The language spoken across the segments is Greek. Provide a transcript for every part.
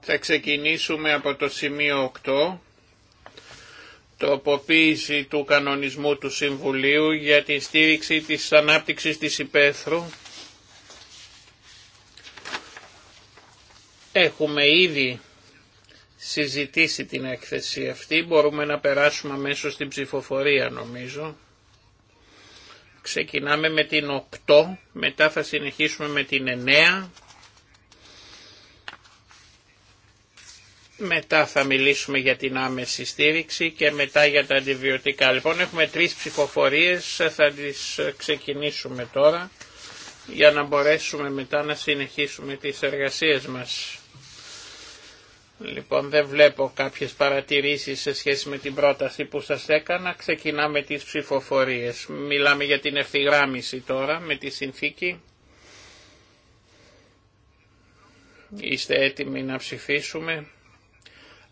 Θα ξεκινήσουμε από το σημείο 8 τοποποίηση του κανονισμού του Συμβουλίου για τη στήριξη της ανάπτυξης της υπαίθρου. Έχουμε ήδη συζητήσει την έκθεση αυτή, μπορούμε να περάσουμε αμέσως στην ψηφοφορία νομίζω. Ξεκινάμε με την 8, μετά θα συνεχίσουμε με την 9, μετά θα μιλήσουμε για την άμεση στήριξη και μετά για τα αντιβιωτικά. Λοιπόν έχουμε τρεις ψηφοφορίες, θα τις ξεκινήσουμε τώρα για να μπορέσουμε μετά να συνεχίσουμε τις εργασίες μας. Λοιπόν δεν βλέπω κάποιες παρατηρήσεις σε σχέση με την πρόταση που σας έκανα. Ξεκινάμε τις ψηφοφορίες. Μιλάμε για την ευθυγράμμιση τώρα με τη συνθήκη. Είστε έτοιμοι να ψηφίσουμε.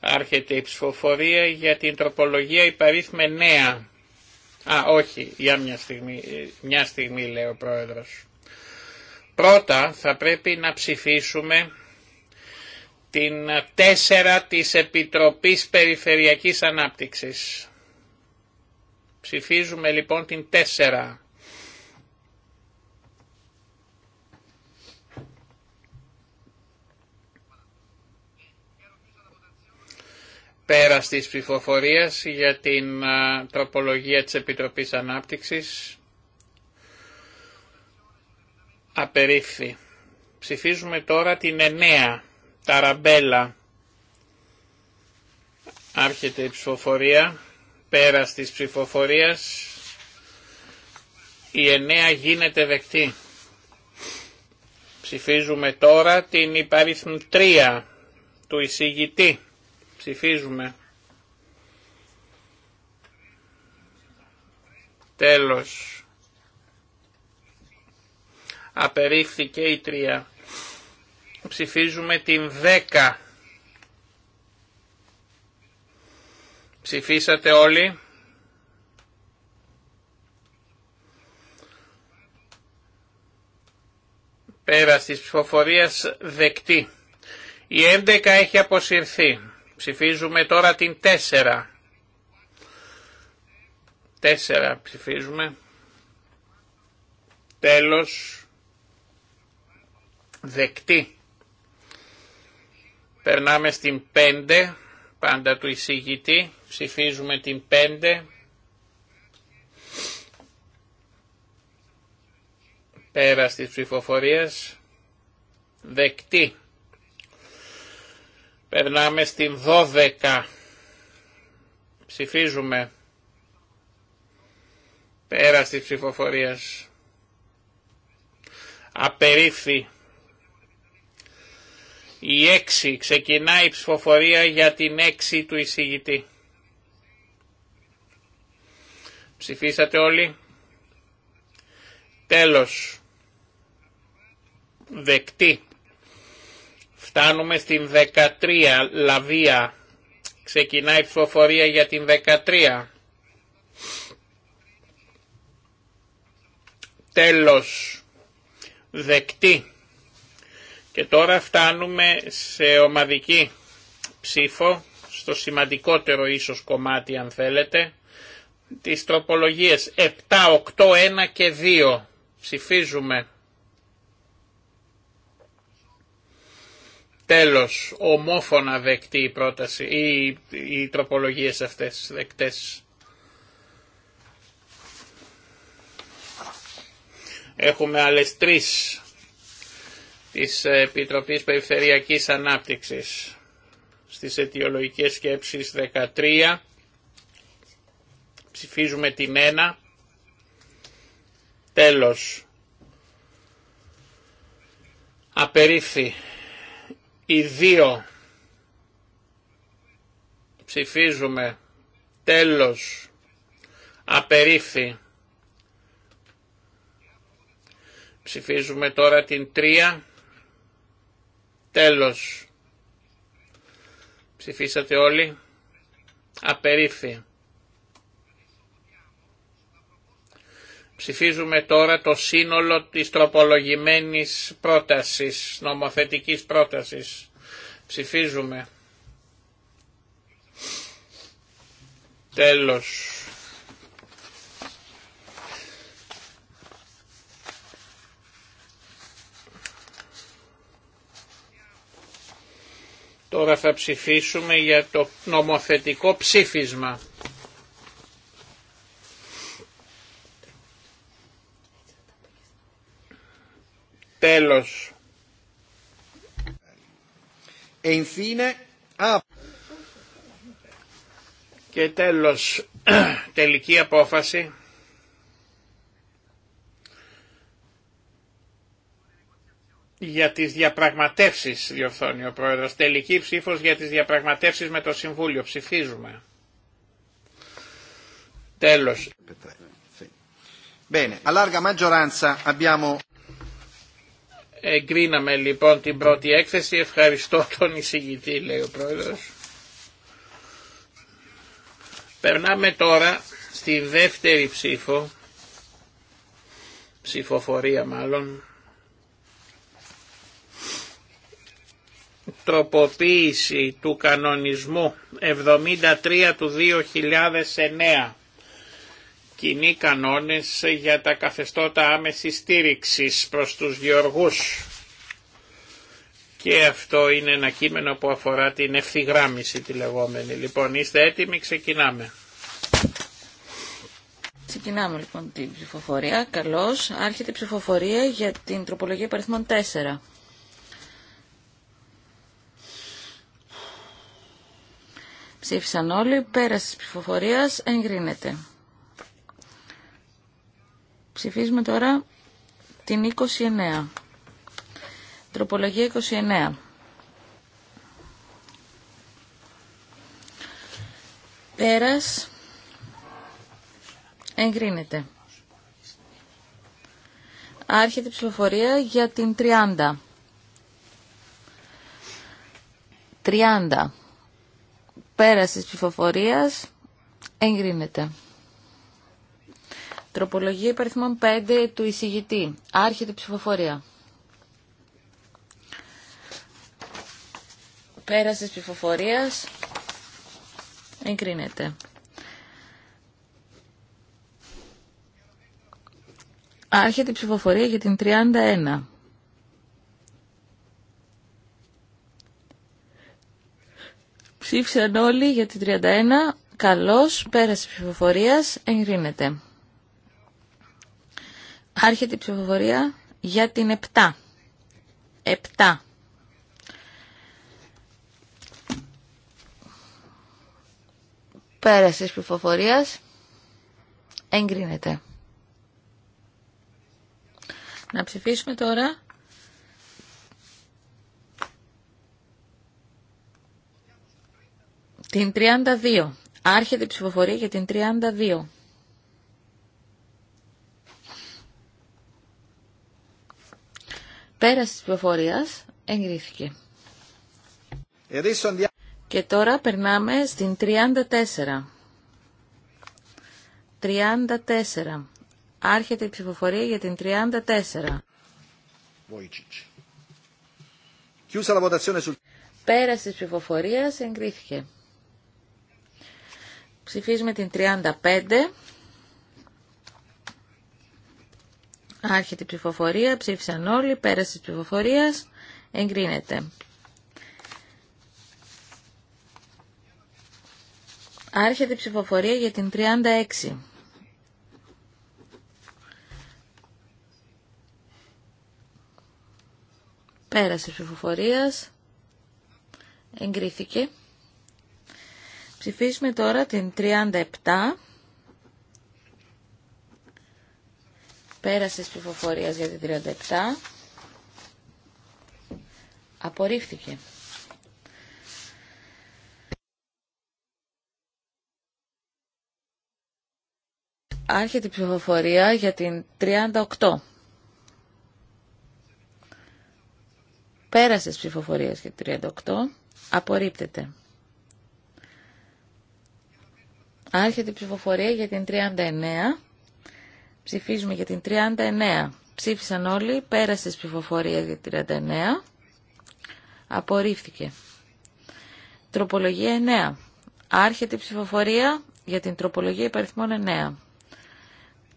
Άρχεται η ψηφοφορία για την τροπολογία υπαρίθμε νέα. Α, όχι, για μια στιγμή, μια στιγμή λέει ο Πρόεδρος. Πρώτα θα πρέπει να ψηφίσουμε την τέσσερα της Επιτροπής Περιφερειακής Ανάπτυξης. Ψηφίζουμε λοιπόν την τέσσερα. Πέρα της ψηφοφορίας για την τροπολογία της Επιτροπής Ανάπτυξης απερίφθη. Ψηφίζουμε τώρα την 9, ταραμπέλα. Άρχεται η ψηφοφορία, πέρας της ψηφοφορίας, η 9 γίνεται δεκτή. Ψηφίζουμε τώρα την υπαριθμητρία 3 του εισηγητή. Ψηφίζουμε. Τέλος. Απερίφθηκε η τρία. Ψηφίζουμε την δέκα. Ψηφίσατε όλοι. Πέρα της ψηφοφορίας δεκτή. Η 11 έχει αποσυρθεί. Ψηφίζουμε τώρα την 4. 4 ψηφίζουμε. Τέλος. Δεκτή. Περνάμε στην 5. Πάντα του εισηγητή. Ψηφίζουμε την 5. Πέρα της ψηφοφορίας. Δεκτή. Περνάμε στην 12. Ψηφίζουμε. Πέρα της ψηφοφορίας. Απερίφθη. Η 6. Ξεκινάει η ψηφοφορία για την 6 του εισηγητή. Ψηφίσατε όλοι. Τέλος. Δεκτή. Φτάνουμε στην 13, Λαβία. Ξεκινάει η ψηφοφορία για την 13. Τέλος. Δεκτή. Και τώρα φτάνουμε σε ομαδική ψήφο, στο σημαντικότερο ίσως κομμάτι αν θέλετε, τις τροπολογίες 7, 8, 1 και 2. Ψηφίζουμε. Τέλος, ομόφωνα δεκτή η πρόταση ή οι τροπολογίες αυτές δεκτές. Έχουμε άλλες τρεις της Επιτροπής Περιφερειακής Ανάπτυξης στις αιτιολογικές σκέψεις 13. Ψηφίζουμε την 1. Τέλος. Απερίφθη οι δύο ψηφίζουμε τέλος απερίφθη. Ψηφίζουμε τώρα την 3. Τέλος. Ψηφίσατε όλοι. Απερίφθη. Ψηφίζουμε τώρα το σύνολο της τροπολογημένης πρότασης, νομοθετικής πρότασης. Ψηφίζουμε. Τέλος. Τώρα θα ψηφίσουμε για το νομοθετικό ψήφισμα. Τέλος. Ε, Και τέλος, τελική απόφαση. για τις διαπραγματεύσεις, διορθώνει ο Πρόεδρος. Τελική ψήφος για τις διαπραγματεύσεις με το Συμβούλιο. Ψηφίζουμε. Τέλος. Bene, a larga maggioranza Εγκρίναμε λοιπόν την πρώτη έκθεση. Ευχαριστώ τον εισηγητή, λέει ο πρόεδρος. Περνάμε τώρα στη δεύτερη ψήφο, ψηφοφορία μάλλον, τροποποίηση του κανονισμού 73 του 2009 κοινοί κανόνες για τα καθεστώτα άμεσης στήριξης προς τους διοργούς. Και αυτό είναι ένα κείμενο που αφορά την ευθυγράμμιση τη λεγόμενη. Λοιπόν, είστε έτοιμοι, ξεκινάμε. Ξεκινάμε λοιπόν την ψηφοφορία. Καλώς. Άρχεται η ψηφοφορία για την τροπολογία παριθμών 4. Ψήφισαν όλοι, πέραση τη ψηφοφορία εγκρίνεται. Ψηφίζουμε τώρα την 29. Τροπολογία 29. Πέρας εγκρίνεται. Άρχεται ψηφοφορία για την 30. 30. Πέρας της ψηφοφορίας εγκρίνεται. Τροπολογία υπαριθμών 5 του εισηγητή. Άρχεται ψηφοφορία. Πέραση της ψηφοφορίας. Εγκρίνεται. Άρχεται η ψηφοφορία για την 31. Ψήφισαν όλοι για την 31. Καλώς, πέραση ψηφοφορίας, εγκρίνεται. Άρχεται η ψηφοφορία για την 7. 7. Πέραση ψηφοφορία εγκρίνεται. Να ψηφίσουμε τώρα την 32. Άρχεται η ψηφοφορία για την 32. Πέραση της πληροφορίας εγκρίθηκε. Και τώρα περνάμε στην 34. 34. Άρχεται η ψηφοφορία για την 34. Πέραση της ψηφοφορίας εγκρίθηκε. Ψηφίζουμε την 35. Άρχεται η ψηφοφορία, ψήφισαν όλοι, πέρασε τη ψηφοφορία, εγκρίνεται. Άρχεται η ψηφοφορία για την 36. Πέρασε ψηφοφορία. Εγκρίθηκε. Ψηφίσουμε τώρα την 37. Πέρασες ψηφοφορίας για την 37. Απορρίφθηκε. Άρχεται η ψηφοφορία για την 38. Πέρασες ψηφοφορίας ψηφοφορία για την 38. Απορρίπτεται. Άρχεται η ψηφοφορία για την 39. Ψηφίζουμε για την 39. Ψήφισαν όλοι, πέρασε ψηφοφορία για την 39. Απορρίφθηκε. Τροπολογία 9. Άρχεται η ψηφοφορία για την τροπολογία υπαριθμών 9.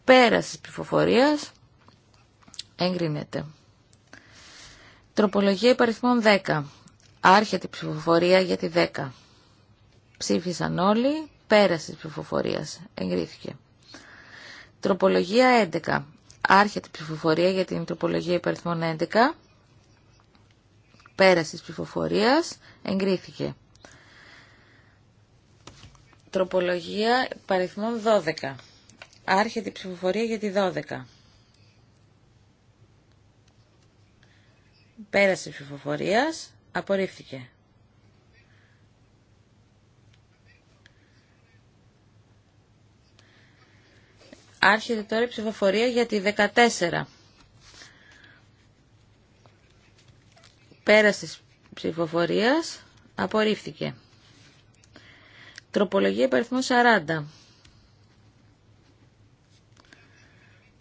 Πέρασε ψηφοφορία. Εγκρίνεται. Τροπολογία υπαριθμών 10. Άρχεται η ψηφοφορία για τη 10. Ψήφισαν όλοι, πέρασε ψηφοφορία. Εγκρίθηκε. Τροπολογία 11. Άρχεται η ψηφοφορία για την τροπολογία υπαριθμών 11. Πέραση της ψηφοφορίας. Εγκρίθηκε. Τροπολογία υπαριθμών 12. Άρχεται η ψηφοφορία για τη 12. Πέραση ψηφοφορίας. Απορρίφθηκε. Άρχεται τώρα η ψηφοφορία για τη 14. Πέρας της ψηφοφορίας απορρίφθηκε. Τροπολογία υπαριθμών 40.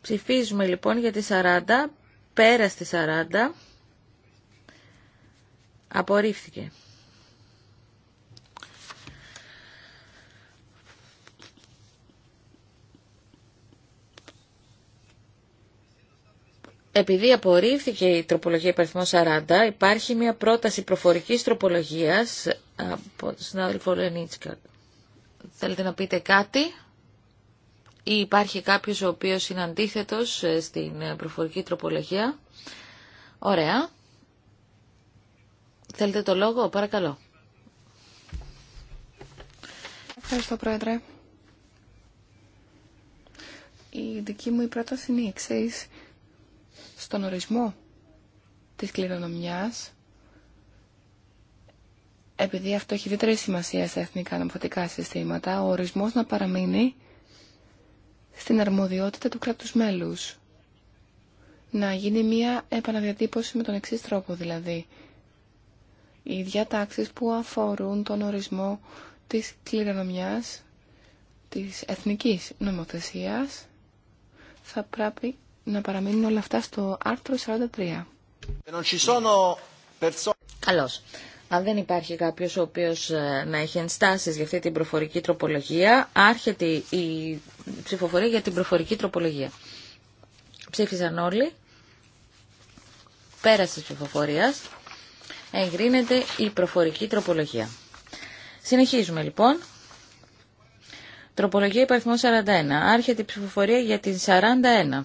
Ψηφίζουμε λοιπόν για τη 40. πέρα τη 40 απορρίφθηκε. επειδή απορρίφθηκε η τροπολογία υπαριθμό 40, υπάρχει μια πρόταση προφορικής τροπολογίας από τον συνάδελφο Λενίτσκα. Θέλετε να πείτε κάτι ή υπάρχει κάποιος ο οποίος είναι αντίθετος ε, στην ε, προφορική τροπολογία. Ωραία. Θέλετε το λόγο, παρακαλώ. Ευχαριστώ, Πρόεδρε. Η δική μου η πρόταση είναι η εξής στον ορισμό της κληρονομιάς, επειδή αυτό έχει ιδιαίτερη σημασία σε εθνικά νομοθετικά συστήματα, ο ορισμός να παραμείνει στην αρμοδιότητα του κράτους μέλους. Να γίνει μια επαναδιατύπωση με τον εξή τρόπο δηλαδή. Οι διατάξεις που αφορούν τον ορισμό της κληρονομιάς της εθνικής νομοθεσίας θα πρέπει να παραμείνουν όλα αυτά στο άρθρο 43. Καλώς. Αν δεν υπάρχει κάποιος ο οποίος ε, να έχει ενστάσεις για αυτή την προφορική τροπολογία, άρχεται η ψηφοφορία για την προφορική τροπολογία. Ψήφισαν όλοι. Πέρασε της ψηφοφορίας. Εγκρίνεται η προφορική τροπολογία. Συνεχίζουμε λοιπόν. Τροπολογία υπαριθμό 41. Άρχεται η ψηφοφορία για την 41.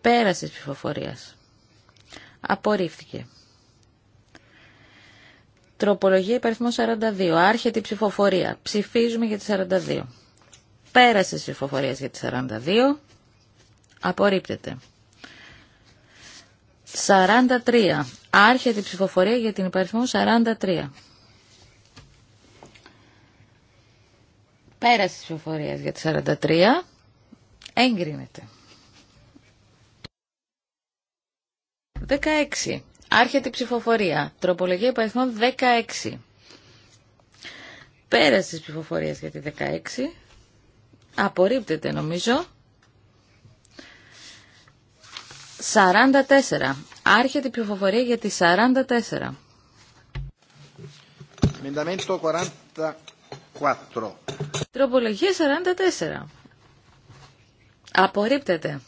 Πέρασε τη ψηφοφορίας. Απορρίφθηκε. Τροπολογία υπαριθμό 42. Άρχεται η ψηφοφορία. Ψηφίζουμε για τη 42. Πέρασε τη ψηφοφορία για τη 42. Απορρίπτεται. 43. Άρχεται η ψηφοφορία για την υπαριθμό 43. Πέρασε τη ψηφοφορία για τη 43. Έγκρινεται. 16. Άρχεται η ψηφοφορία. Τροπολογία υπαριθμών 16. Πέρασε τη ψηφοφορία για τη 16. Απορρίπτεται νομίζω. 44. Άρχεται η ψηφοφορία για τη 44. Μενταμέντο 44. Τροπολογία 44. Απορρίπτεται.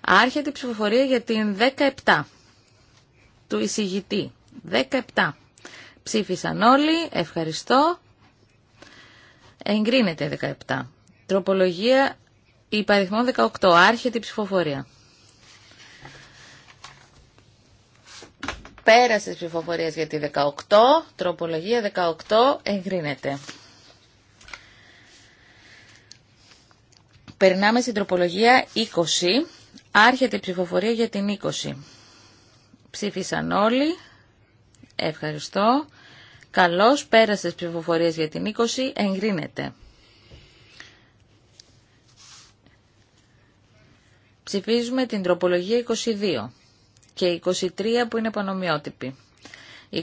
Άρχεται η ψηφοφορία για την 17 του εισηγητή. 17. Ψήφισαν όλοι. Ευχαριστώ. Εγκρίνεται 17. Τροπολογία υπαριθμό 18. Άρχεται η ψηφοφορία. Πέρασε ψηφοφορία για τη 18. Τροπολογία 18. Εγκρίνεται. Περνάμε στην τροπολογία 20. Άρχεται η ψηφοφορία για την 20. Ψήφισαν όλοι. Ευχαριστώ. Καλώς πέρασε ψηφοφορίες για την 20. Εγκρίνεται. Ψηφίζουμε την τροπολογία 22 και 23 που είναι πανομοιότυπη. 22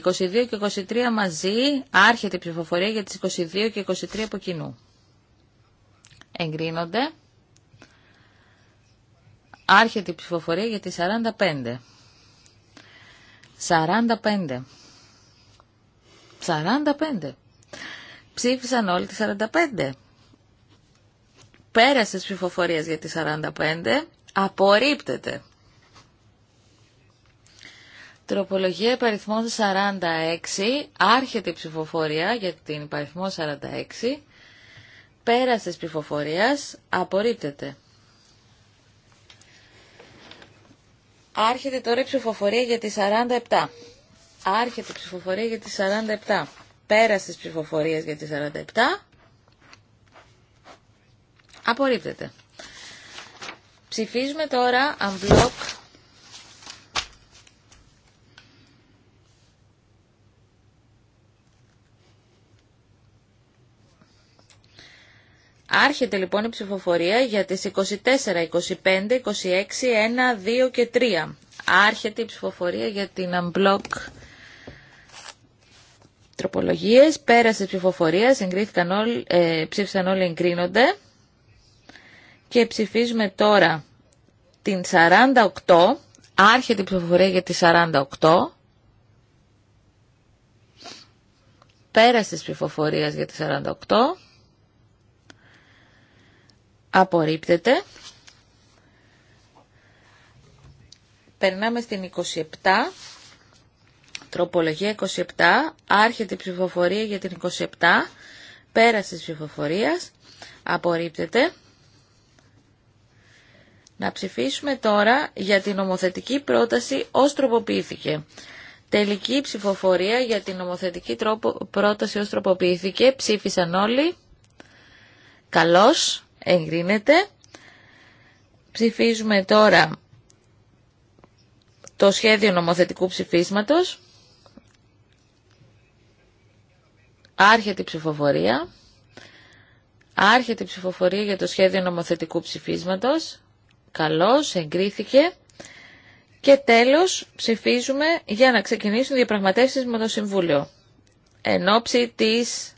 και 23 μαζί άρχεται η ψηφοφορία για τις 22 και 23 από κοινού. Εγκρίνονται. Άρχεται η ψηφοφορία για τις 45. 45. 45. Ψήφισαν όλοι τη 45. Πέρασε ψηφοφορία για τη 45. Απορρίπτεται. Τροπολογία υπαριθμών 46. Άρχεται η ψηφοφορία για την υπαριθμό 46. Πέρασε ψηφοφορία. Απορρίπτεται. Άρχεται τώρα η ψηφοφορία για τη 47. Άρχεται η ψηφοφορία για τη 47. Πέρα στις ψηφοφορίες για τη 47. Απορρίπτεται. Ψηφίζουμε τώρα unblock Άρχεται λοιπόν η ψηφοφορία για τις 24, 25, 26, 1, 2 και 3. Άρχεται η ψηφοφορία για την unblock τροπολογίες. Πέρασε η ψηφοφορία, συγκρίθηκαν ε, ψήφισαν όλοι εγκρίνονται. Και ψηφίζουμε τώρα την 48. Άρχεται η ψηφοφορία για τη 48. Πέρασε τη ψηφοφορία για τη 48 απορρίπτεται. Περνάμε στην 27, τροπολογία 27, άρχεται η ψηφοφορία για την 27, πέραση της ψηφοφορίας, απορρίπτεται. Να ψηφίσουμε τώρα για την νομοθετική πρόταση ως τροποποιήθηκε. Τελική ψηφοφορία για την νομοθετική τρόπο, πρόταση ως τροποποιήθηκε. Ψήφισαν όλοι. Καλώς εγκρίνεται. Ψηφίζουμε τώρα το σχέδιο νομοθετικού ψηφίσματος. Άρχεται η ψηφοφορία. Άρχεται η ψηφοφορία για το σχέδιο νομοθετικού ψηφίσματος. Καλώς, εγκρίθηκε. Και τέλος ψηφίζουμε για να ξεκινήσουν διαπραγματεύσεις με το Συμβούλιο. Εν της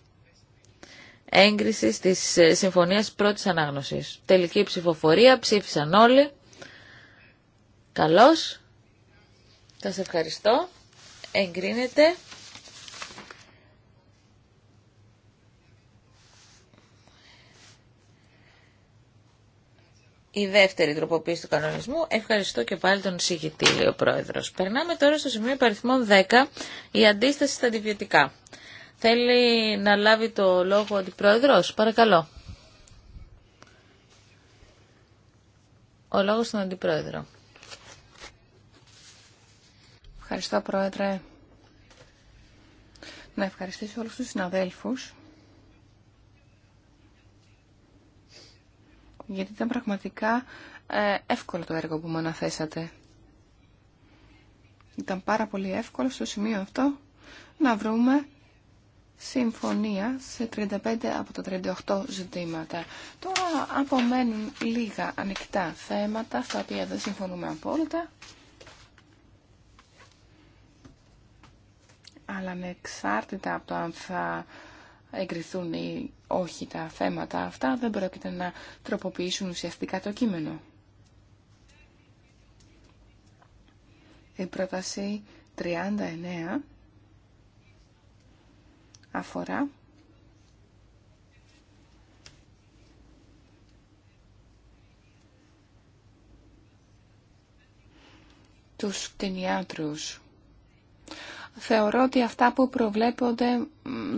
έγκρισης της ε, συμφωνίας πρώτης ανάγνωσης. Τελική ψηφοφορία, ψήφισαν όλοι. Καλώς. Σας ευχαριστώ. Εγκρίνεται. η δεύτερη τροποποίηση του κανονισμού. Ευχαριστώ και πάλι τον εισηγητή, λέει ο Πρόεδρος. Περνάμε τώρα στο σημείο παριθμών 10, η αντίσταση στα αντιβιωτικά. Θέλει να λάβει το λόγο ο Αντιπρόεδρος. Παρακαλώ. Ο λόγος στον Αντιπρόεδρο. Ευχαριστώ, Πρόεδρε. Να ευχαριστήσω όλους τους συναδέλφους. Γιατί ήταν πραγματικά ε, εύκολο το έργο που μου αναθέσατε. Ήταν πάρα πολύ εύκολο στο σημείο αυτό να βρούμε συμφωνία σε 35 από τα 38 ζητήματα. Τώρα απομένουν λίγα ανοιχτά θέματα στα οποία δεν συμφωνούμε απόλυτα. Αλλά ανεξάρτητα από το αν θα εγκριθούν ή όχι τα θέματα αυτά, δεν πρόκειται να τροποποιήσουν ουσιαστικά το κείμενο. Η πρόταση 39 αφορά τους κτηνιάτρους. Θεωρώ ότι αυτά που προβλέπονται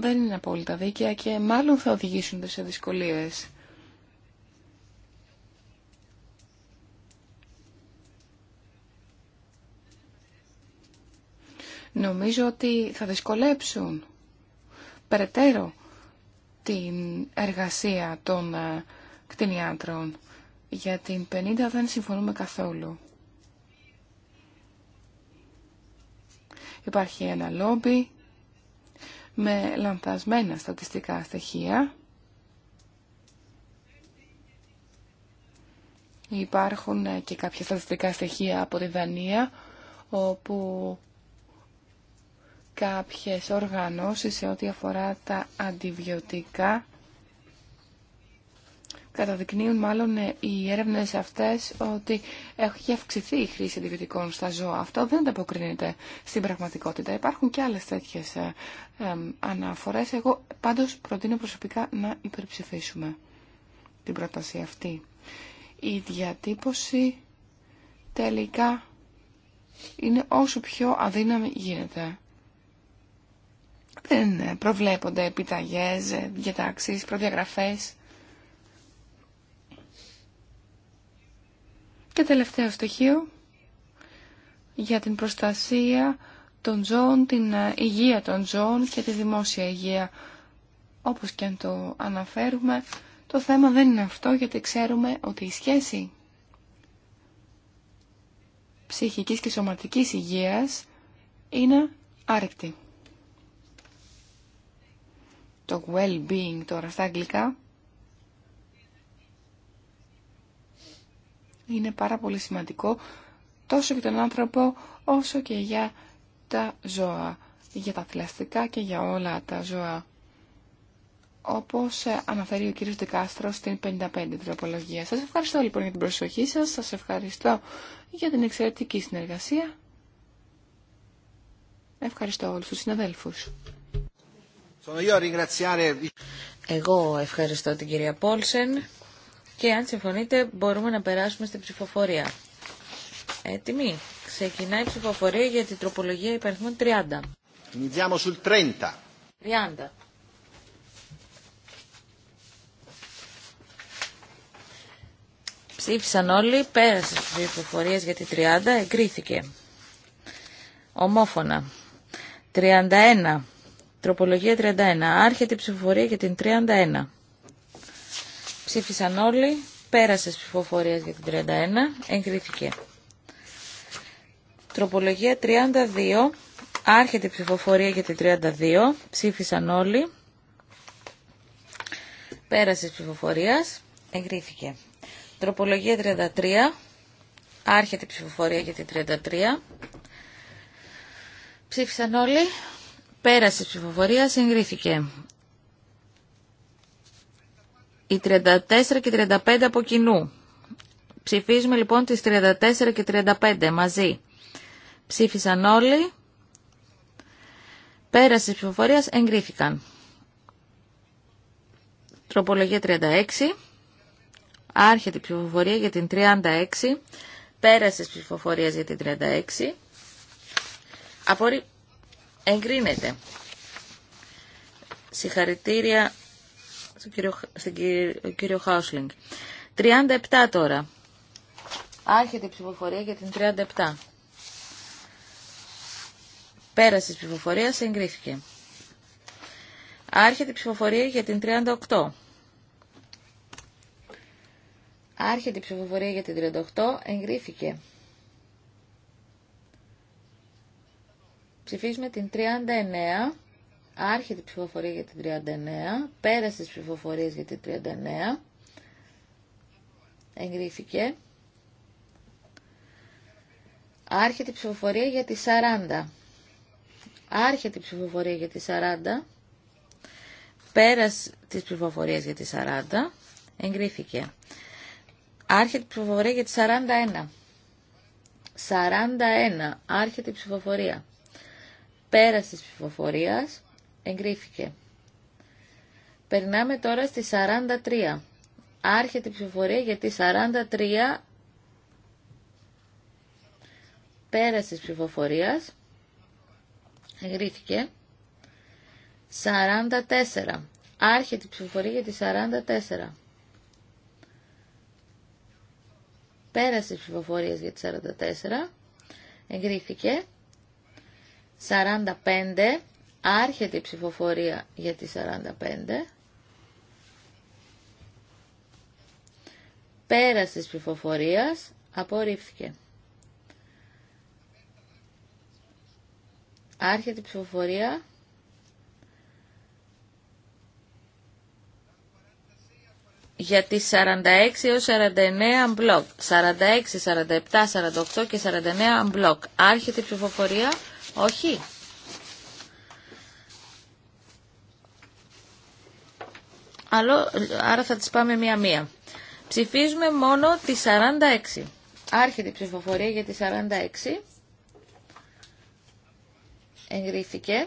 δεν είναι απόλυτα δίκαια και μάλλον θα οδηγήσουν σε δυσκολίες. Νομίζω ότι θα δυσκολέψουν περαιτέρω την εργασία των ε, κτηνιάτρων. Για την 50 δεν συμφωνούμε καθόλου. Υπάρχει ένα λόμπι με λανθασμένα στατιστικά στοιχεία. Υπάρχουν ε, και κάποια στατιστικά στοιχεία από τη Δανία, όπου κάποιες οργανώσεις σε ό,τι αφορά τα αντιβιωτικά. Καταδεικνύουν μάλλον ε, οι έρευνες αυτές ότι έχει αυξηθεί η χρήση αντιβιωτικών στα ζώα. Αυτό δεν ανταποκρίνεται στην πραγματικότητα. Υπάρχουν και άλλες τέτοιες ε, αναφορές. Εγώ πάντως προτείνω προσωπικά να υπερψηφίσουμε την πρόταση αυτή. Η διατύπωση τελικά είναι όσο πιο αδύναμη γίνεται. Δεν προβλέπονται επιταγές, διατάξεις, προδιαγραφές. Και τελευταίο στοιχείο για την προστασία των ζώων, την ε, υγεία των ζώων και τη δημόσια υγεία. Όπως και αν το αναφέρουμε, το θέμα δεν είναι αυτό γιατί ξέρουμε ότι η σχέση ψυχικής και σωματικής υγείας είναι άρρηκτη το well-being τώρα στα αγγλικά, είναι πάρα πολύ σημαντικό τόσο για τον άνθρωπο όσο και για τα ζώα, για τα θηλαστικά και για όλα τα ζώα. Όπως αναφέρει ο κύριος Δεκάστρο στην 55 τροπολογία. Σας ευχαριστώ λοιπόν για την προσοχή σας, σας ευχαριστώ για την εξαιρετική συνεργασία. Ευχαριστώ όλους τους συναδέλφους. Εγώ ευχαριστώ την κυρία Πόλσεν και αν συμφωνείτε μπορούμε να περάσουμε στην ψηφοφορία. Έτοιμοι. Ξεκινάει η ψηφοφορία για την τροπολογία υπαριθμών 30. Iniziamo sul 30. 30. Ψήφισαν όλοι, πέρασε τις ψηφοφορίες για τη 30, εγκρίθηκε. Ομόφωνα. 31. Τροπολογία 31. Άρχεται η ψηφοφορία για την 31. Ψήφισαν όλοι. Πέρασε ψηφοφορία για την 31. Εγκρίθηκε. Τροπολογία 32. Άρχεται η ψηφοφορία για την 32. Ψήφισαν όλοι. Πέρασε ψηφοφορία. Εγκρίθηκε. Τροπολογία 33. Άρχεται η ψηφοφορία για την 33. Ψήφισαν όλοι. Πέρασε ψηφοφορία εγκρίθηκε. Οι 34 και 35 από κοινού. Ψηφίζουμε λοιπόν τις 34 και 35 μαζί. Ψήφισαν όλοι. Πέρασε ψηφοφορία ψηφοφορίας εγκρίθηκαν. Τροπολογία 36. Άρχεται η ψηφοφορία για την 36. πέρασε ψηφοφορία ψηφοφορίας για την 36. Απορρίπτω. Εγκρίνεται. Συγχαρητήρια στον κύριο, κύριο, Χάουσλινγκ. 37 τώρα. Άρχεται η ψηφοφορία για την 37. Πέραση ψηφοφορία ψηφοφορίας εγκρίθηκε. Άρχεται η ψηφοφορία για την 38. Άρχεται η ψηφοφορία για την 38 εγκρίθηκε. Ψηφίζουμε την 39. Άρχεται η ψηφοφορία για την 39. Πέρασε τις ψηφοφορίες για την 39. Εγκρίθηκε. Άρχεται η ψηφοφορία για τη 40. Άρχεται η ψηφοφορία για τη 40. Πέρασε της ψηφοφορίας για τη 40. Εγκρίθηκε. Άρχεται η ψηφοφορία για τη 41. 41. Άρχεται η ψηφοφορία. Πέρας της ψηφοφορίας εγκρίθηκε. Περνάμε τώρα στη 43. Άρχεται η ψηφοφορία τη 43 Πέρασε της ψηφοφορίας εγκρίθηκε. 44. Άρχεται τη ψηφοφορία για τη 44. Πέρασε τη ψηφοφορία για τη 44. Εγκρίθηκε. 45. Άρχεται η ψηφοφορία για τη 45. Πέρας της ψηφοφορίας απορρίφθηκε. Άρχεται η ψηφοφορία. για τη 46 έως 49 μπλοκ. 46, 47, 48 και 49 μπλοκ. Άρχεται η ψηφοφορία. Όχι. Άλλο, άρα θα τις πάμε μία-μία. Ψηφίζουμε μόνο τη 46. Άρχεται η ψηφοφορία για τη 46. Εγκρίθηκε.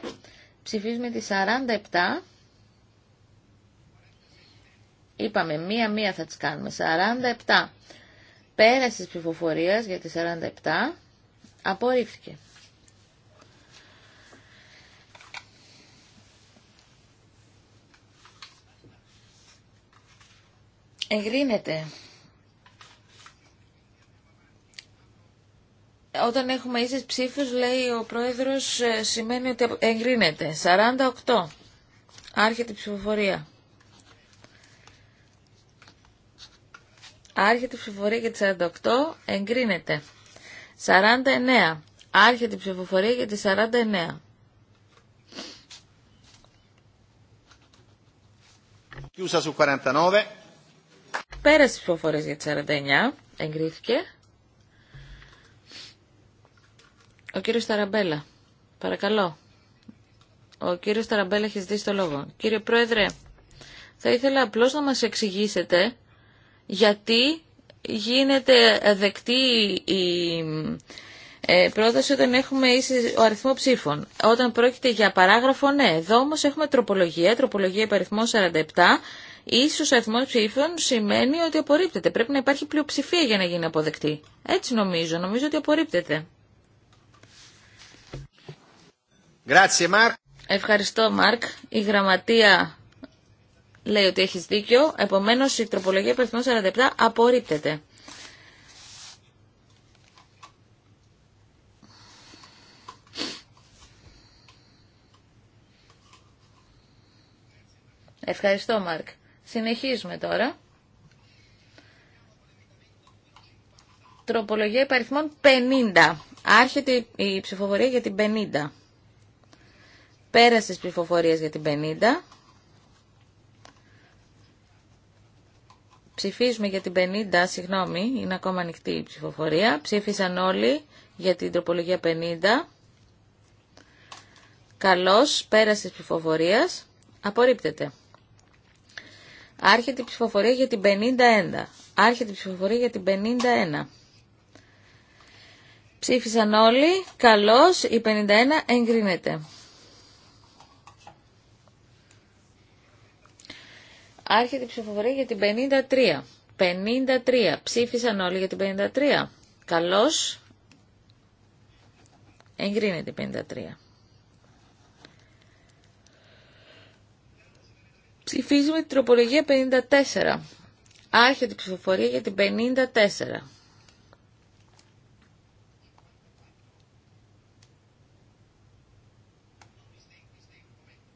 Ψηφίζουμε τη 47. Είπαμε μία-μία θα τις κάνουμε. 47. Πέρασε της ψηφοφορίας για τη 47. Απορρίφθηκε. εγρίνεται. Όταν έχουμε ίσες ψήφους, λέει ο πρόεδρος, ε, σημαίνει ότι εγκρίνεται. 48. Άρχεται η ψηφοφορία. Άρχεται η ψηφοφορία για τις 48. Εγκρίνεται. 49. Άρχεται η ψηφοφορία για τις 49. Chiusa su 49. Πέρασε τι προφορέ για τι 49. Εγκρίθηκε. Ο κύριος Ταραμπέλα. Παρακαλώ. Ο κύριος Ταραμπέλα έχει ζητήσει το λόγο. Κύριε Πρόεδρε, θα ήθελα απλώς να μας εξηγήσετε γιατί γίνεται δεκτή η ε, πρόταση όταν έχουμε ίση, ο αριθμό ψήφων. Όταν πρόκειται για παράγραφο, ναι. Εδώ όμω έχουμε τροπολογία, τροπολογία υπαριθμό 47, ίσως αριθμό ψήφων σημαίνει ότι απορρίπτεται. Πρέπει να υπάρχει πλειοψηφία για να γίνει αποδεκτή. Έτσι νομίζω. Νομίζω ότι απορρίπτεται. Ευχαριστώ Μάρκ. Η γραμματεία λέει ότι έχεις δίκιο. Επομένως η τροπολογία περθμό 47 απορρίπτεται. Ευχαριστώ Μάρκ. Συνεχίζουμε τώρα. Τροπολογία υπαριθμών 50. Άρχεται η ψηφοφορία για την 50. Πέρασε τις ψηφοφορίες για την 50. Ψηφίζουμε για την 50, συγγνώμη, είναι ακόμα ανοιχτή η ψηφοφορία. Ψήφισαν όλοι για την τροπολογία 50. Καλώς, πέρασε τις ψηφοφορίας. Απορρίπτεται. Άρχεται η ψηφοφορία για την 51. Άρχεται η ψηφοφορία για την 51. Ψήφισαν όλοι. Καλώς. Η 51 εγκρίνεται. Άρχεται η ψηφοφορία για την 53. 53. Ψήφισαν όλοι για την 53. Καλώς. Εγκρίνεται η 53. Ψηφίζουμε την τροπολογία 54. Άρχεται η ψηφοφορία για την 54.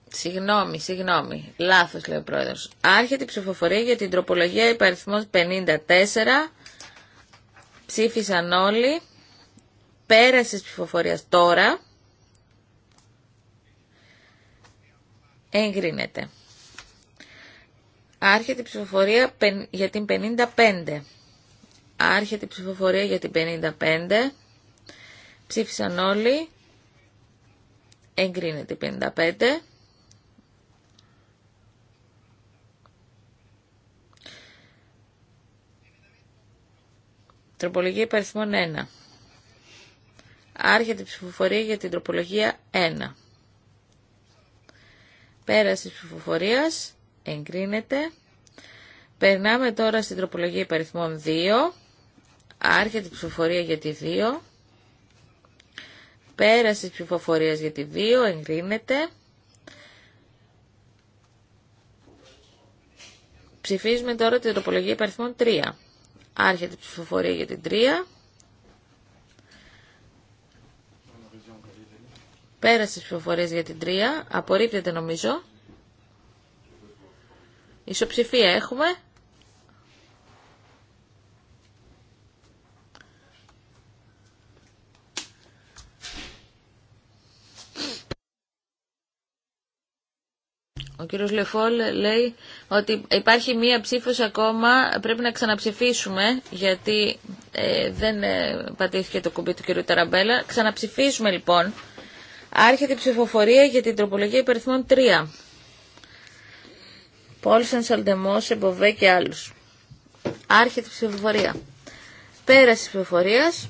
Συγγνώμη, συγγνώμη. Λάθος λέει ο πρόεδρος. Άρχεται η ψηφοφορία για την τροπολογία υπαριθμός 54. Ψήφισαν όλοι. Πέρασε η ψηφοφορία τώρα. Εγκρίνεται. Άρχεται η ψηφοφορία για την 55. Άρχεται η ψηφοφορία για την 55. Ψήφισαν όλοι. Εγκρίνεται η 55. Τροπολογία υπαριθμών 1. Άρχεται η ψηφοφορία για την τροπολογία 1. Πέραση ψηφοφορίας εγκρίνεται. Περνάμε τώρα στην τροπολογία υπαριθμών 2. Άρχεται η ψηφοφορία για τη 2. Πέραση η ψηφοφορία για τη 2 εγκρίνεται. Ψηφίζουμε τώρα την τροπολογία υπαριθμών 3. Άρχεται η ψηφοφορία για την 3. Πέρασε τις ψηφοφορία για την 3. Απορρίπτεται νομίζω. Ισοψηφία έχουμε. Ο κύριος Λεφόλ λέει ότι υπάρχει μία ψήφος ακόμα, πρέπει να ξαναψηφίσουμε, γιατί ε, δεν ε, πατήθηκε το κουμπί του κύριου Ταραμπέλα. Ξαναψηφίσουμε λοιπόν. Άρχεται η ψηφοφορία για την τροπολογία υπεριθμών 3. Πόλσεν, Σαλτεμό, Εμποβέ και άλλου. Άρχεται η ψηφοφορία. Πέραση τη ψηφοφορίας.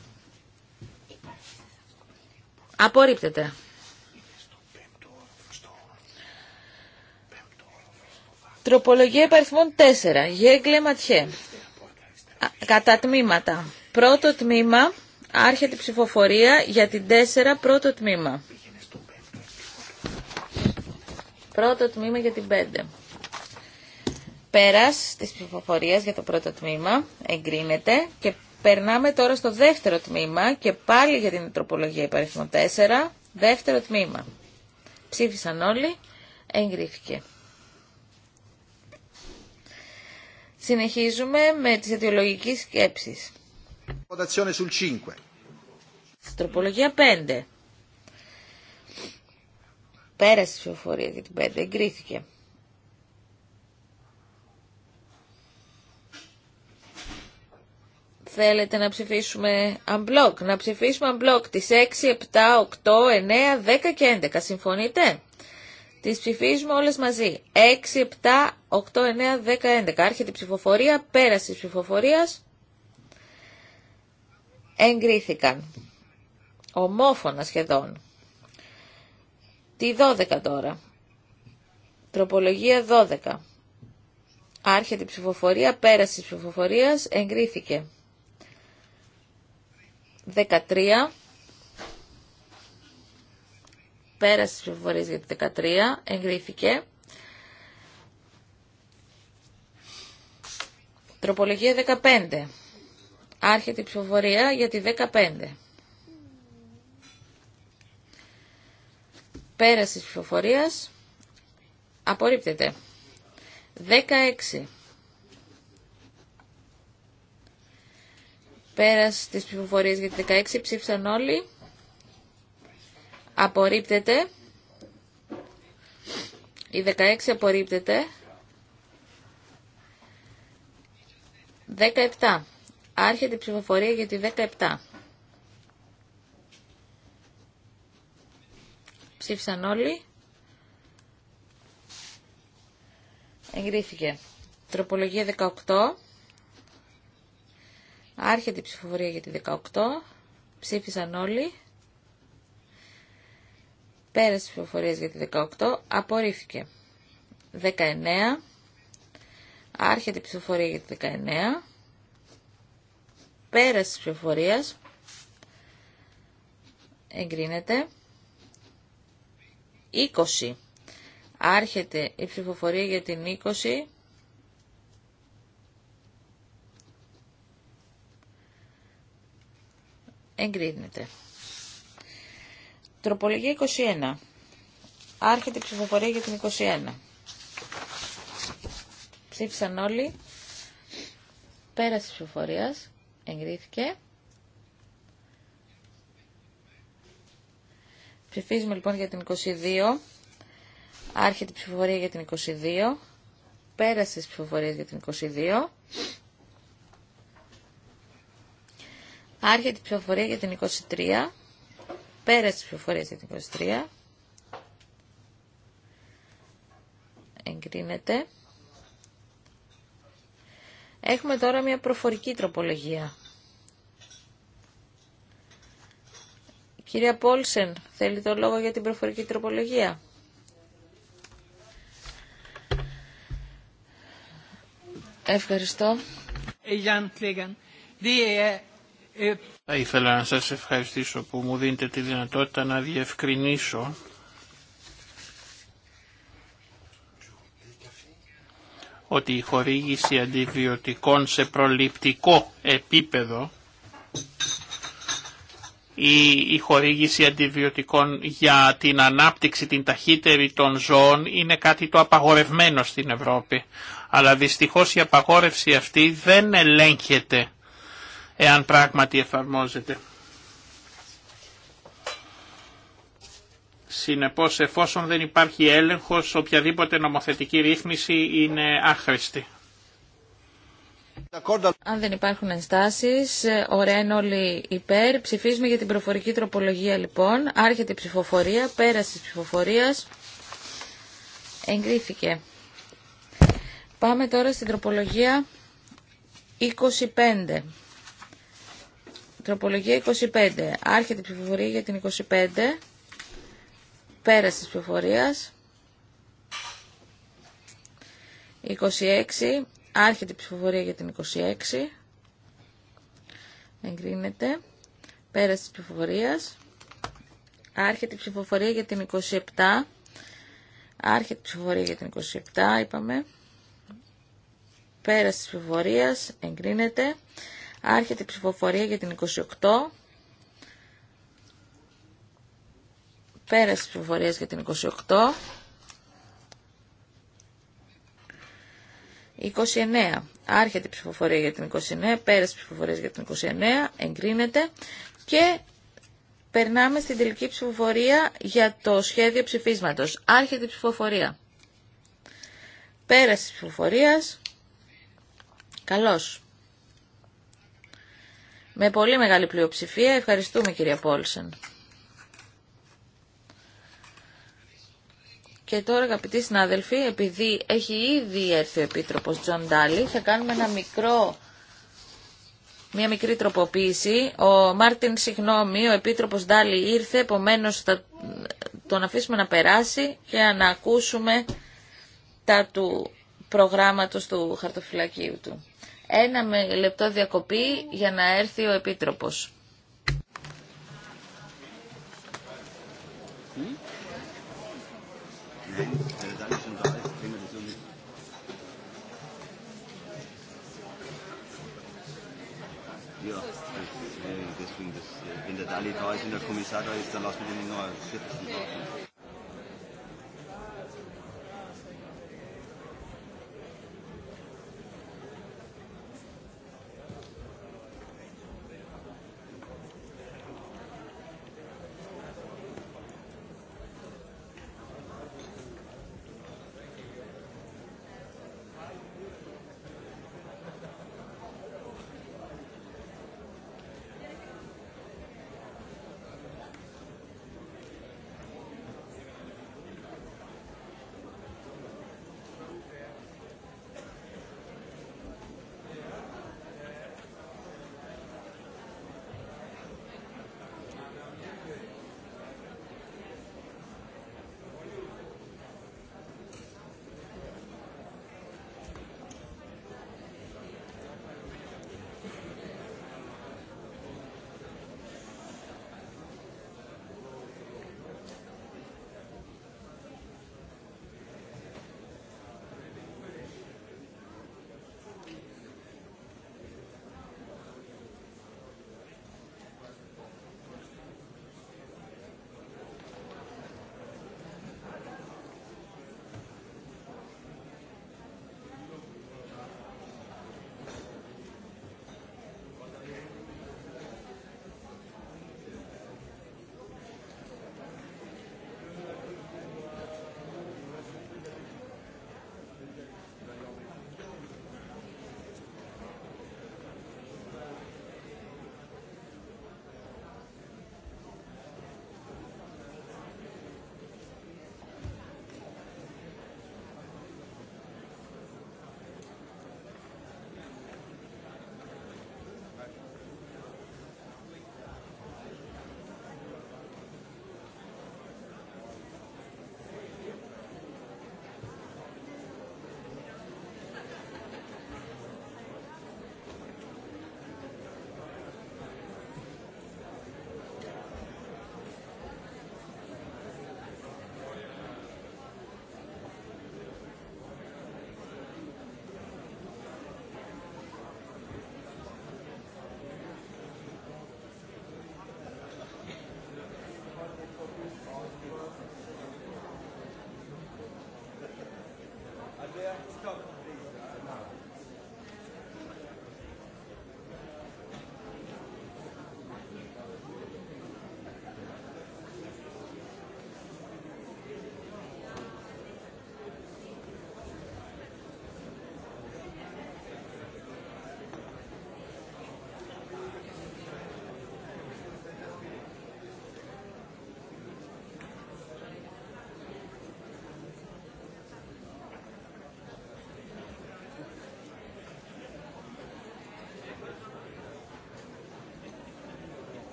Απορρίπτεται. Τροπολογία υπαριθμών 4. Γέγκλε Ματιέ. Κατά τμήματα. Πρώτο τμήμα. Άρχεται η ψηφοφορία για την 4 πρώτο τμήμα. Πρώτο τμήμα για την 5. Πέρας της ψηφοφορίας για το πρώτο τμήμα εγκρίνεται και περνάμε τώρα στο δεύτερο τμήμα και πάλι για την τροπολογία υπαριθμό 4, δεύτερο τμήμα. Ψήφισαν όλοι, εγκρίθηκε. Συνεχίζουμε με τις αιτιολογικές σκέψεις. Sul 5. Τροπολογία 5. Πέρασε η ψηφοφορία για την 5, εγκρίθηκε. Θέλετε να ψηφίσουμε unblock. Να ψηφίσουμε unblock τις 6, 7, 8, 9, 10 και 11. Συμφωνείτε. Τις ψηφίζουμε όλες μαζί. 6, 7, 8, 9, 10, 11. Άρχεται η ψηφοφορία. Πέραση της ψηφοφορίας. Εγκρίθηκαν. Ομόφωνα σχεδόν. Τη 12 τώρα. Τροπολογία 12. Άρχεται η ψηφοφορία, πέραση τη ψηφοφορίας, εγκρίθηκε. 13. Πέρασε τις για τη 13. Εγκρίθηκε. Τροπολογία 15. Άρχεται η ψηφοφορία για τη 15. Πέραση τη ψηφοφορία. απορρίπτεται. 16. Πέρας τις ψηφοφορίες για τη 16 ψήφισαν όλοι. Απορρίπτεται. Η 16 απορρίπτεται. 17. Άρχεται η ψηφοφορία για τη 17. Ψήφισαν όλοι. Εγκρίθηκε. Τροπολογία 18. Άρχεται η ψηφοφορία για τη 18. Ψήφισαν όλοι. Πέρασε τις ψηφοφορίες για τη 18. Απορρίφθηκε. 19. Άρχεται η ψηφοφορία για τη 19. Πέρασε της ψηφοφορίας. Εγκρίνεται. 20. Άρχεται η ψηφοφορία για την 20. εγκρίνεται. Τροπολογία 21. Άρχεται η ψηφοφορία για την 21. Ψήφισαν όλοι. Πέρασε η ψηφοφορία. Εγκρίθηκε. Ψηφίζουμε λοιπόν για την 22. Άρχεται η ψηφοφορία για την 22. Πέρασε η ψηφοφορίας για την 22. Άρχεται την ψηφοφορία για την 23. Πέρασε τη πληροφορία για την 23. Εγκρίνεται. Έχουμε τώρα μια προφορική τροπολογία. Κυρία Πόλσεν, θέλει το λόγο για την προφορική τροπολογία. Ευχαριστώ. Θα ήθελα να σας ευχαριστήσω που μου δίνετε τη δυνατότητα να διευκρινίσω ότι η χορήγηση αντιβιωτικών σε προληπτικό επίπεδο ή η χορήγηση αντιβιωτικών για την ανάπτυξη την ταχύτερη των ζώων είναι κάτι το απαγορευμένο στην Ευρώπη. Αλλά δυστυχώς η απαγόρευση αυτή δεν ελέγχεται εάν πράγματι εφαρμόζεται. Συνεπώς εφόσον δεν υπάρχει έλεγχος οποιαδήποτε νομοθετική ρύθμιση είναι άχρηστη. Αν δεν υπάρχουν ενστάσεις, ωραία είναι όλοι υπέρ. Ψηφίζουμε για την προφορική τροπολογία λοιπόν. Άρχεται η ψηφοφορία, πέραση της ψηφοφορίας. Εγκρίθηκε. Πάμε τώρα στην τροπολογία 25. Τροπολογία 25. Άρχεται η ψηφοφορία για την 25. πέρασε της ψηφοφορίας. 26. Άρχεται η ψηφοφορία για την 26. Εγκρίνεται. πέρασε της ψηφοφορίας. Άρχεται η ψηφοφορία για την 27. Άρχεται η ψηφοφορία για την 27, είπαμε. πέρασε της ψηφοφορίας. Εγκρίνεται. Άρχεται η ψηφοφορία για την 28. Πέρασε η ψηφοφορίας για την 28. 29. Άρχεται η ψηφοφορία για την 29, πέρασε ψηφοφορία για την 29, εγκρίνεται και περνάμε στην τελική ψηφοφορία για το σχέδιο ψηφίσματος. Άρχεται η ψηφοφορία. Πέραση ψηφοφορία. Καλώς με πολύ μεγάλη πλειοψηφία. Ευχαριστούμε κυρία Πόλσεν. Και τώρα αγαπητοί συνάδελφοι, επειδή έχει ήδη έρθει ο Επίτροπος Τζον Ντάλι, θα κάνουμε ένα μικρό, μια μικρή τροποποίηση. Ο Μάρτιν, συγγνώμη, ο Επίτροπος Ντάλι ήρθε, επομένως θα τον αφήσουμε να περάσει και να ακούσουμε τα του προγράμματος του χαρτοφυλακίου του. Ένα με λεπτό διακοπή για να έρθει ο Επίτροπος. Ja, deswegen, das, wenn der Dali da ist und der Kommissar da ist, dann lassen wir den noch 40 Minuten.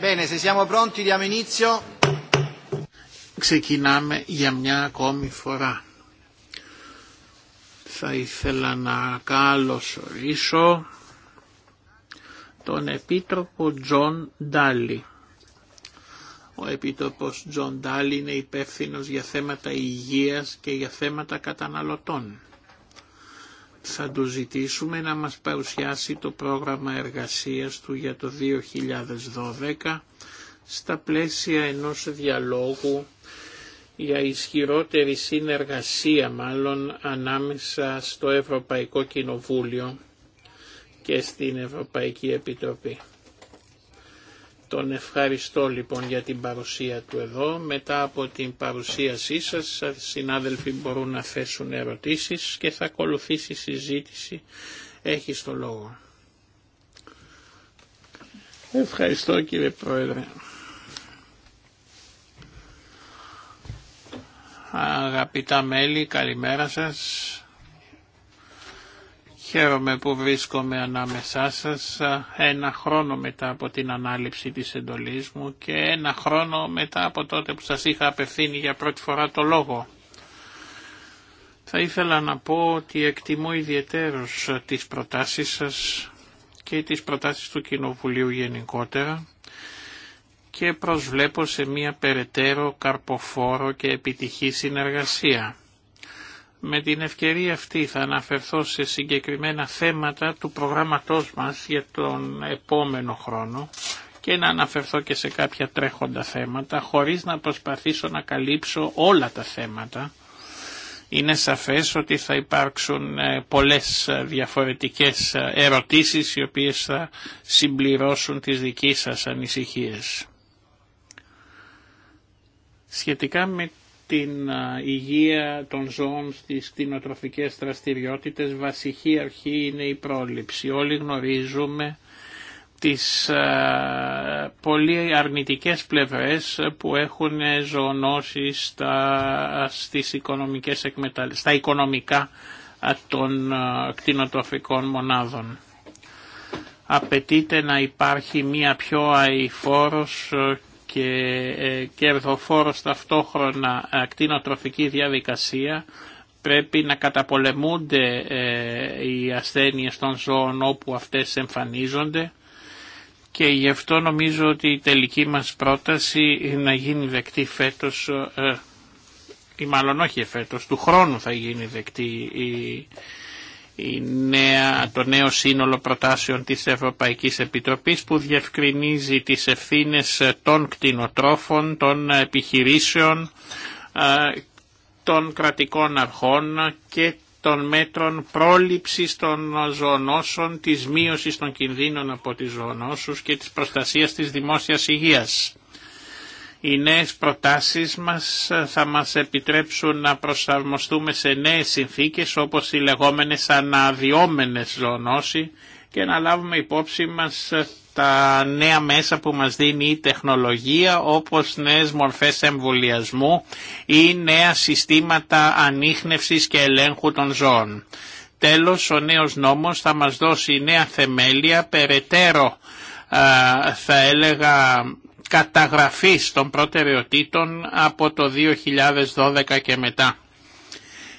Bene, se siamo pronti Ξεκινάμε για μια ακόμη φορά. Θα ήθελα να καλωσορίσω τον Επίτροπο Τζον Ντάλι. Ο Επίτροπος Τζον Ντάλι είναι υπεύθυνος για θέματα υγείας και για θέματα καταναλωτών θα του ζητήσουμε να μας παρουσιάσει το πρόγραμμα εργασίας του για το 2012 στα πλαίσια ενός διαλόγου για ισχυρότερη συνεργασία μάλλον ανάμεσα στο Ευρωπαϊκό Κοινοβούλιο και στην Ευρωπαϊκή Επιτροπή. Τον ευχαριστώ λοιπόν για την παρουσία του εδώ. Μετά από την παρουσίασή σας, συνάδελφοι μπορούν να θέσουν ερωτήσεις και θα ακολουθήσει συζήτηση. Έχει το λόγο. Ευχαριστώ κύριε Πρόεδρε. Αγαπητά μέλη, καλημέρα σας. Χαίρομαι που βρίσκομαι ανάμεσά σας ένα χρόνο μετά από την ανάληψη της εντολής μου και ένα χρόνο μετά από τότε που σας είχα απευθύνει για πρώτη φορά το λόγο. Θα ήθελα να πω ότι εκτιμώ ιδιαίτερως τις προτάσεις σας και τις προτάσεις του Κοινοβουλίου γενικότερα και προσβλέπω σε μία περαιτέρω καρποφόρο και επιτυχή συνεργασία. Με την ευκαιρία αυτή θα αναφερθώ σε συγκεκριμένα θέματα του προγράμματός μας για τον επόμενο χρόνο και να αναφερθώ και σε κάποια τρέχοντα θέματα χωρίς να προσπαθήσω να καλύψω όλα τα θέματα. Είναι σαφές ότι θα υπάρξουν ε, πολλές διαφορετικές ε, ερωτήσεις οι οποίες θα συμπληρώσουν τις δικές σας ανησυχίες. Σχετικά με την υγεία των ζώων στις κτηνοτροφικές δραστηριότητες βασική αρχή είναι η πρόληψη. Όλοι γνωρίζουμε τις πολύ αρνητικές πλευρές που έχουν ζωνώσει στα, στις οικονομικές εκμεταλλ... στα οικονομικά των κτηνοτροφικών μονάδων. Απαιτείται να υπάρχει μία πιο αηφόρος και ε, κερδοφόρος ταυτόχρονα ε, ακτινοτροφική διαδικασία πρέπει να καταπολεμούνται ε, οι ασθένειες των ζώων όπου αυτές εμφανίζονται και γι' αυτό νομίζω ότι η τελική μας πρόταση να γίνει δεκτή φέτος ή μάλλον όχι φέτος, του χρόνου θα γίνει δεκτή η η το νέο σύνολο προτάσεων της Ευρωπαϊκής Επιτροπής που διευκρινίζει τις ευθύνες των κτηνοτρόφων, των επιχειρήσεων, ε, των κρατικών αρχών και των μέτρων πρόληψης των ζωονόσων, της μείωσης των κινδύνων από τις ζωονόσους και της προστασίας της δημόσιας υγείας. Οι νέες προτάσεις μας θα μας επιτρέψουν να προσαρμοστούμε σε νέες συνθήκες όπως οι λεγόμενες αναδιόμενες ζωνώσει και να λάβουμε υπόψη μας τα νέα μέσα που μας δίνει η τεχνολογία όπως νέες μορφές εμβολιασμού ή νέα συστήματα ανείχνευσης και ελέγχου των ζώων. Τέλος, ο νέος νόμος θα μας δώσει νέα θεμέλια, περαιτέρω θα έλεγα καταγραφής των προτεραιοτήτων από το 2012 και μετά.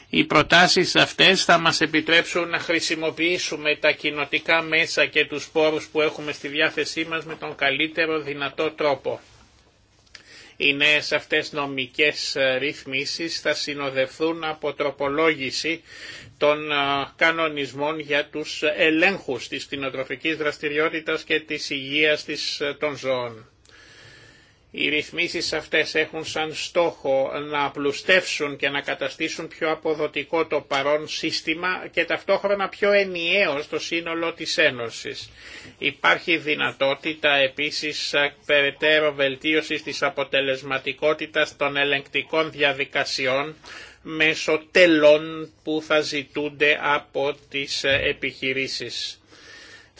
Οι προτάσεις αυτές θα μας επιτρέψουν να χρησιμοποιήσουμε τα κοινοτικά μέσα και τους πόρους που έχουμε στη διάθεσή μας με τον καλύτερο δυνατό τρόπο. Οι νέες αυτές νομικές ε, ρυθμίσεις θα συνοδευθούν από τροπολόγηση των ε, κανονισμών για τους ελέγχους της κτηνοτροφικής δραστηριότητας και της υγείας ε, των ζώων. Οι ρυθμίσεις αυτές έχουν σαν στόχο να απλουστεύσουν και να καταστήσουν πιο αποδοτικό το παρόν σύστημα και ταυτόχρονα πιο ενιαίο στο σύνολο της Ένωσης. Υπάρχει δυνατότητα επίσης περαιτέρω βελτίωσης της αποτελεσματικότητας των ελεγκτικών διαδικασιών μέσω τελών που θα ζητούνται από τις επιχειρήσεις.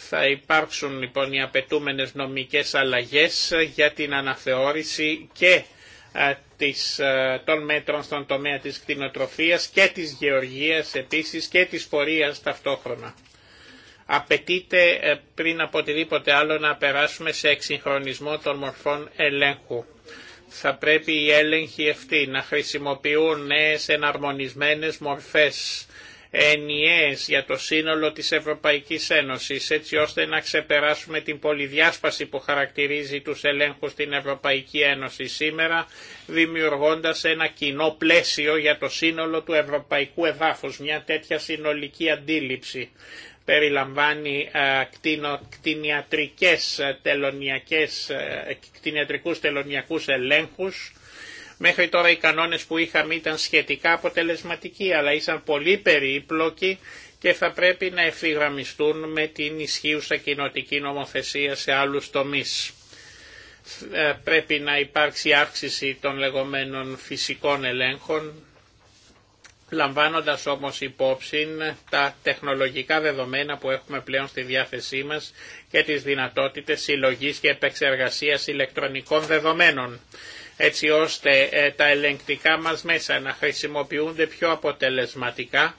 Θα υπάρξουν λοιπόν οι απαιτούμενες νομικές αλλαγές για την αναθεώρηση και ε, ε, των μέτρων στον τομέα της κτηνοτροφίας και της γεωργίας επίσης και της πορείας ταυτόχρονα. Απαιτείται ε, πριν από οτιδήποτε άλλο να περάσουμε σε εξυγχρονισμό των μορφών ελέγχου. Θα πρέπει οι έλεγχοι αυτοί να χρησιμοποιούν νέες εναρμονισμένες μορφές ενιαίες για το σύνολο της Ευρωπαϊκής Ένωσης έτσι ώστε να ξεπεράσουμε την πολυδιάσπαση που χαρακτηρίζει τους ελέγχους στην Ευρωπαϊκή Ένωση σήμερα δημιουργώντας ένα κοινό πλαίσιο για το σύνολο του ευρωπαϊκού εδάφους, μια τέτοια συνολική αντίληψη περιλαμβάνει ε, κτηνο, κτηνιατρικές, ε, τελωνιακές, ε, κτηνιατρικούς τελωνιακούς ελέγχους, Μέχρι τώρα οι κανόνες που είχαμε ήταν σχετικά αποτελεσματικοί, αλλά ήσαν πολύ περίπλοκοι και θα πρέπει να ευθυγραμμιστούν με την ισχύουσα κοινοτική νομοθεσία σε άλλους τομείς. Ε, πρέπει να υπάρξει αύξηση των λεγόμενων φυσικών ελέγχων, λαμβάνοντας όμως υπόψη τα τεχνολογικά δεδομένα που έχουμε πλέον στη διάθεσή μας και τις δυνατότητες συλλογής και επεξεργασίας ηλεκτρονικών δεδομένων έτσι ώστε ε, τα ελεγκτικά μας μέσα να χρησιμοποιούνται πιο αποτελεσματικά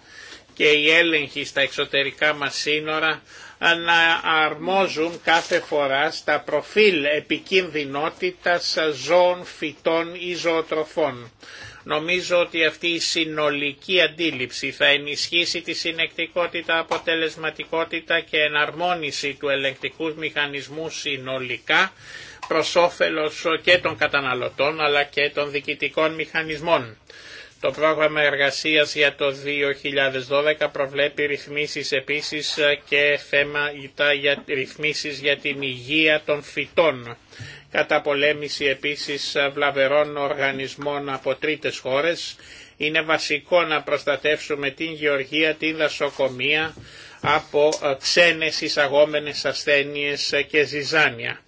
και οι έλεγχοι στα εξωτερικά μας σύνορα ε, να αρμόζουν κάθε φορά στα προφίλ επικίνδυνοτητας ζώων, φυτών ή ζωοτροφών. Νομίζω ότι αυτή η συνολική αντίληψη θα ενισχύσει τη συνεκτικότητα, αποτελεσματικότητα και εναρμόνιση του ελεγκτικού μηχανισμού συνολικά προς όφελος και των καταναλωτών αλλά και των διοικητικών μηχανισμών. Το πρόγραμμα εργασίας για το 2012 προβλέπει ρυθμίσεις επίσης και θέμα για ρυθμίσεις για την υγεία των φυτών. Καταπολέμηση επίσης βλαβερών οργανισμών από τρίτες χώρες. Είναι βασικό να προστατεύσουμε την γεωργία, την δασοκομεία από ε, ξένες εισαγόμενες ασθένειες και ζυζάνια.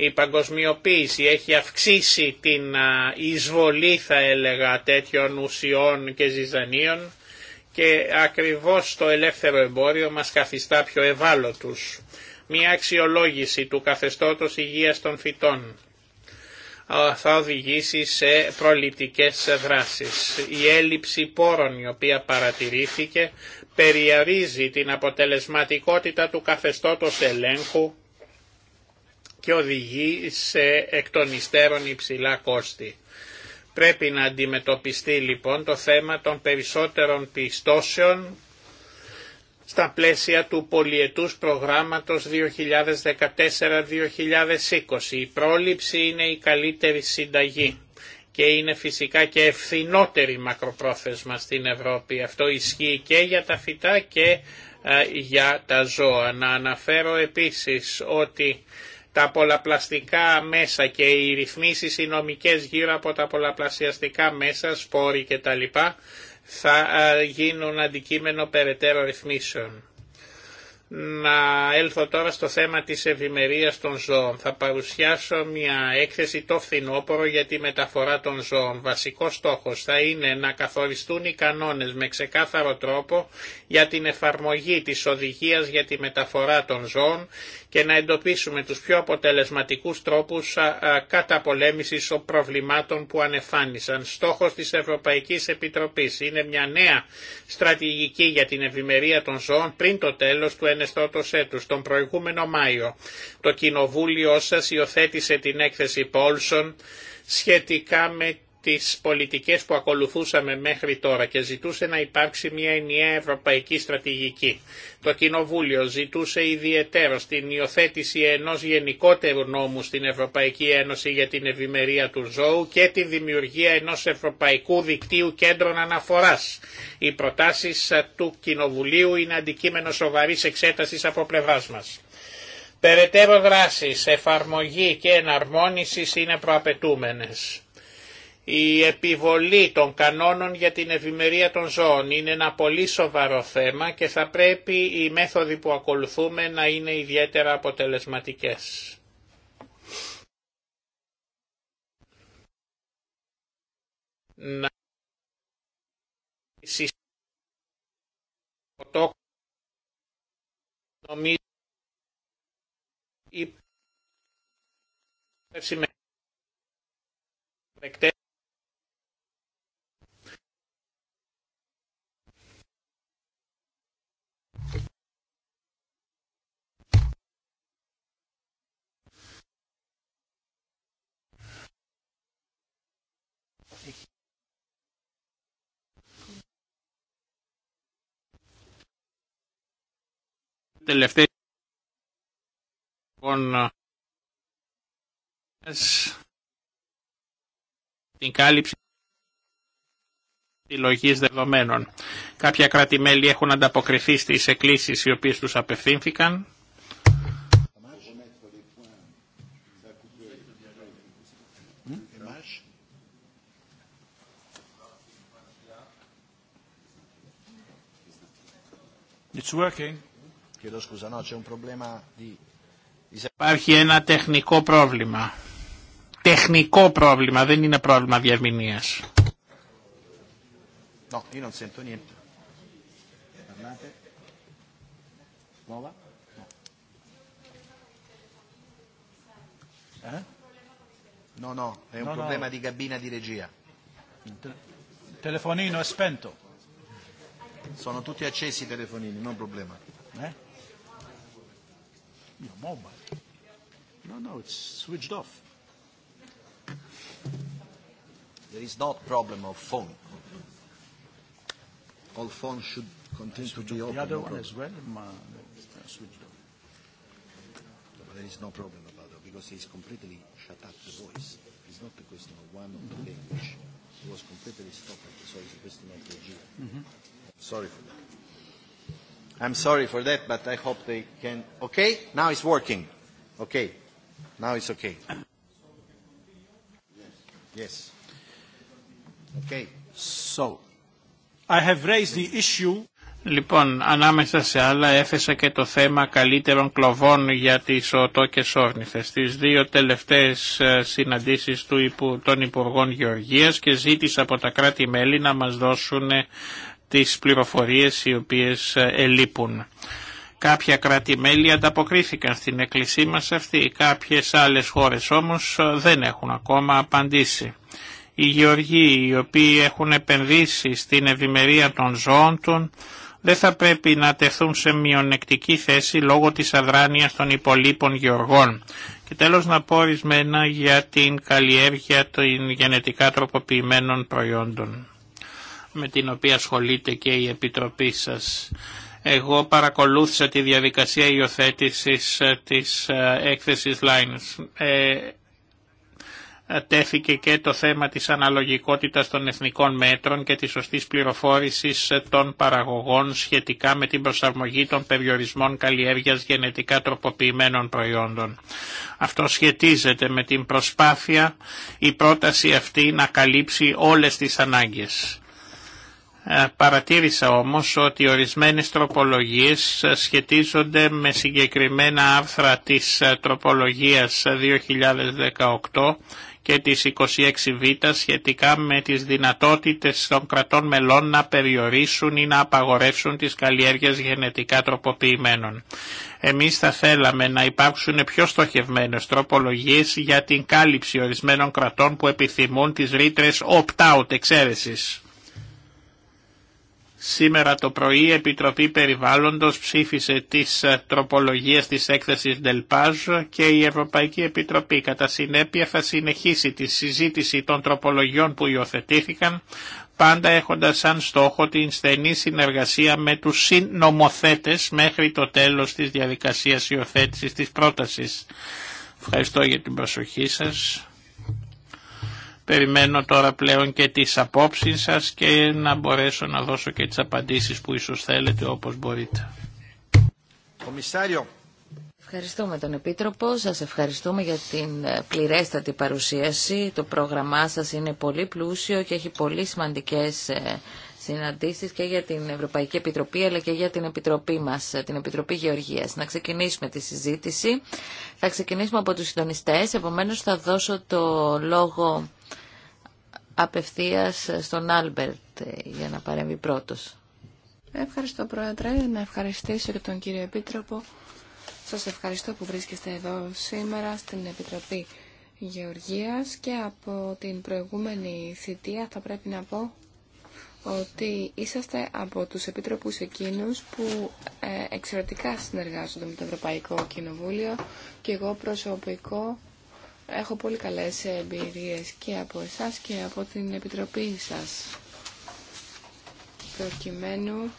Η παγκοσμιοποίηση έχει αυξήσει την εισβολή θα έλεγα τέτοιων ουσιών και ζυζανίων και ακριβώς το ελεύθερο εμπόριο μας καθιστά πιο ευάλωτους. Μια αξιολόγηση του καθεστώτος υγείας των φυτών θα οδηγήσει σε προληπτικές δράσεις. Η έλλειψη πόρων η οποία παρατηρήθηκε περιορίζει την αποτελεσματικότητα του καθεστώτος ελέγχου και οδηγεί σε εκ των υψηλά κόστη. Πρέπει να αντιμετωπιστεί λοιπόν το θέμα των περισσότερων πιστώσεων στα πλαίσια του πολιετούς προγράμματος 2014-2020. Η πρόληψη είναι η καλύτερη συνταγή και είναι φυσικά και ευθυνότερη μακροπρόθεσμα στην Ευρώπη. Αυτό ισχύει και για τα φυτά και ε, για τα ζώα. Να αναφέρω επίσης ότι τα πολλαπλαστικά μέσα και οι ρυθμίσεις οι νομικές γύρω από τα πολλαπλασιαστικά μέσα, σπόροι κτλ. θα γίνουν αντικείμενο περαιτέρω ρυθμίσεων. Να έλθω τώρα στο θέμα της ευημερία των ζώων. Θα παρουσιάσω μια έκθεση το φθινόπωρο για τη μεταφορά των ζώων. Βασικός στόχος θα είναι να καθοριστούν οι κανόνες με ξεκάθαρο τρόπο για την εφαρμογή της οδηγίας για τη μεταφορά των ζώων και να εντοπίσουμε τους πιο αποτελεσματικούς τρόπους καταπολέμησης των προβλημάτων που ανεφάνισαν. Στόχος της Ευρωπαϊκής Επιτροπής είναι μια νέα στρατηγική για την ευημερία των ζώων πριν το τέλος του ενεστώτος έτους, τον προηγούμενο Μάιο. Το Κοινοβούλιο σας υιοθέτησε την έκθεση Πόλσον σχετικά με τις πολιτικές που ακολουθούσαμε μέχρι τώρα και ζητούσε να υπάρξει μια ενιαία ευρωπαϊκή στρατηγική. Το Κοινοβούλιο ζητούσε ιδιαίτερο την υιοθέτηση ενός γενικότερου νόμου στην Ευρωπαϊκή Ένωση για την ευημερία του ζώου και τη δημιουργία ενός Ευρωπαϊκού Δικτύου Κέντρων Αναφοράς. Οι προτάσει του Κοινοβουλίου είναι αντικείμενο σοβαρής εξέτασης από πλευρά μας. Περαιτέρω δράσεις, εφαρμογή και εναρμόνισης είναι προαπαιτούμενες. Η επιβολή των κανόνων για την ευημερία των ζώων είναι ένα πολύ σοβαρό θέμα και θα πρέπει οι μέθοδοι που ακολουθούμε να είναι ιδιαίτερα αποτελεσματικές. Να τελευταία λοιπόν, ε, την κάλυψη συλλογής δεδομένων. Κάποια κράτη-μέλη έχουν ανταποκριθεί στις εκκλήσεις οι οποίες τους απευθύνθηκαν. It's scusa, no c'è un problema di Υπάρχει ένα τεχνικό πρόβλημα. Τεχνικό πρόβλημα, δεν είναι πρόβλημα διαμηνίας. No, io non sento niente. Parlate. Nuova? No. Eh? No, no, è un problema di cabina di regia. Il telefonino è spento. Sono tutti accesi i telefonini, non problema. Eh? mobile. No, no, it's switched off. There is no problem of phone. All phones should continue to be open. The other one as well switched off. There is no problem about that because it's completely shut up the voice. It's not the question of one of the language. It was completely stopped, so it's question of the Sorry for that. I'm sorry Λοιπόν, ανάμεσα σε άλλα έθεσα και το θέμα καλύτερων κλοβών για τις οτόκες όρνηθες. Στις δύο τελευταίες ε, συναντήσεις του, των Υπουργών Γεωργίας και ζήτησα από τα κράτη-μέλη να μας δώσουν τις πληροφορίες οι οποίες ε, ελείπουν. Κάποια κράτη-μέλη ανταποκρίθηκαν στην εκκλησία μας αυτή, κάποιες άλλες χώρες όμως ε, δεν έχουν ακόμα απαντήσει. Οι γεωργοί οι οποίοι έχουν επενδύσει στην ευημερία των ζώων του δεν θα πρέπει να τεθούν σε μειονεκτική θέση λόγω της αδράνειας των υπολείπων γεωργών. Και τέλος να πω ορισμένα για την καλλιέργεια των γενετικά τροποποιημένων προϊόντων με την οποία ασχολείται και η Επιτροπή σας. Εγώ παρακολούθησα τη διαδικασία υιοθέτηση ε, της ε, έκθεσης Lines. Ε, τέθηκε και το θέμα της αναλογικότητας των εθνικών μέτρων και της σωστής πληροφόρησης ε, των παραγωγών σχετικά με την προσαρμογή των περιορισμών καλλιέργειας γενετικά τροποποιημένων προϊόντων. Αυτό σχετίζεται με την προσπάθεια η πρόταση αυτή να καλύψει όλες τις ανάγκες. Ε, παρατήρησα όμως ότι ορισμένες τροπολογίες σχετίζονται με συγκεκριμένα άρθρα της ε, τροπολογίας 2018 και της 26Β σχετικά με τις δυνατότητες των κρατών μελών να περιορίσουν ή να απαγορεύσουν τις καλλιέργειες γενετικά τροποποιημένων. Εμείς θα θέλαμε να υπάρξουν πιο στοχευμένες τροπολογίες για την κάλυψη ορισμένων κρατών που επιθυμούν τις ρήτρες opt-out εξαίρεσης. Σήμερα το πρωί η Επιτροπή Περιβάλλοντος ψήφισε τις ε, τροπολογίες της έκθεσης Δελπάζ και η Ευρωπαϊκή Επιτροπή κατά συνέπεια θα συνεχίσει τη συζήτηση των τροπολογιών που υιοθετήθηκαν πάντα έχοντας σαν στόχο την στενή συνεργασία με τους συνομοθέτες μέχρι το τέλος της διαδικασίας υιοθέτησης της πρότασης. Ευχαριστώ για την προσοχή σας. Περιμένω τώρα πλέον και τις απόψεις σας και να μπορέσω να δώσω και τις απαντήσεις που ίσως θέλετε όπως μπορείτε. Ευχαριστούμε τον Επίτροπο, σας ευχαριστούμε για την ε, πληρέστατη παρουσίαση. Το πρόγραμμά σας είναι πολύ πλούσιο και έχει πολύ σημαντικές ε, συναντήσεις και για την Ευρωπαϊκή Επιτροπή αλλά και για την Επιτροπή μας, ε, την Επιτροπή Γεωργίας. Να ξεκινήσουμε τη συζήτηση. Θα ξεκινήσουμε από τους συντονιστές, επομένως θα δώσω το λόγο απευθείας στον Άλμπερτ για να παρέμβει πρώτος. Ευχαριστώ Πρόεδρε, να ευχαριστήσω και τον κύριο Επίτροπο. Σας ευχαριστώ που βρίσκεστε εδώ σήμερα στην Επιτροπή Γεωργίας και από την προηγούμενη θητεία θα πρέπει να πω ότι είσαστε από τους Επίτροπους εκείνους που ε, εξαιρετικά συνεργάζονται με το Ευρωπαϊκό Κοινοβούλιο και εγώ προσωπικό Έχω πολύ καλές εμπειρίες και από εσάς και από την Επιτροπή σας. Προκειμένου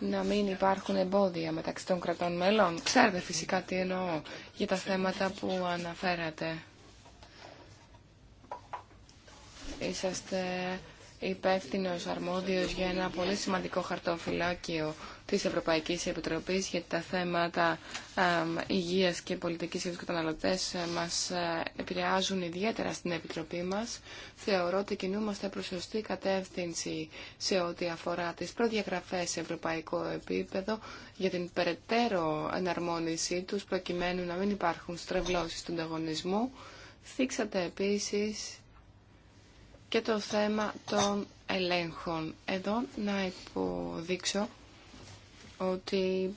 να μην υπάρχουν εμπόδια μεταξύ των κρατών μελών. Ξέρετε φυσικά τι εννοώ για τα θέματα που αναφέρατε. Είσαστε υπεύθυνο αρμόδιο για ένα πολύ σημαντικό χαρτοφυλάκιο τη Ευρωπαϊκή Επιτροπή για τα θέματα υγεία και πολιτική για του καταναλωτέ ε, μα ε, επηρεάζουν ιδιαίτερα στην Επιτροπή μα. Θεωρώ ότι κινούμαστε προ σωστή κατεύθυνση σε ό,τι αφορά τι προδιαγραφέ σε ευρωπαϊκό επίπεδο για την περαιτέρω εναρμόνιση του προκειμένου να μην υπάρχουν στρεβλώσει του ανταγωνισμού. Θίξατε επίσης και το θέμα των ελέγχων. Εδώ να υποδείξω ότι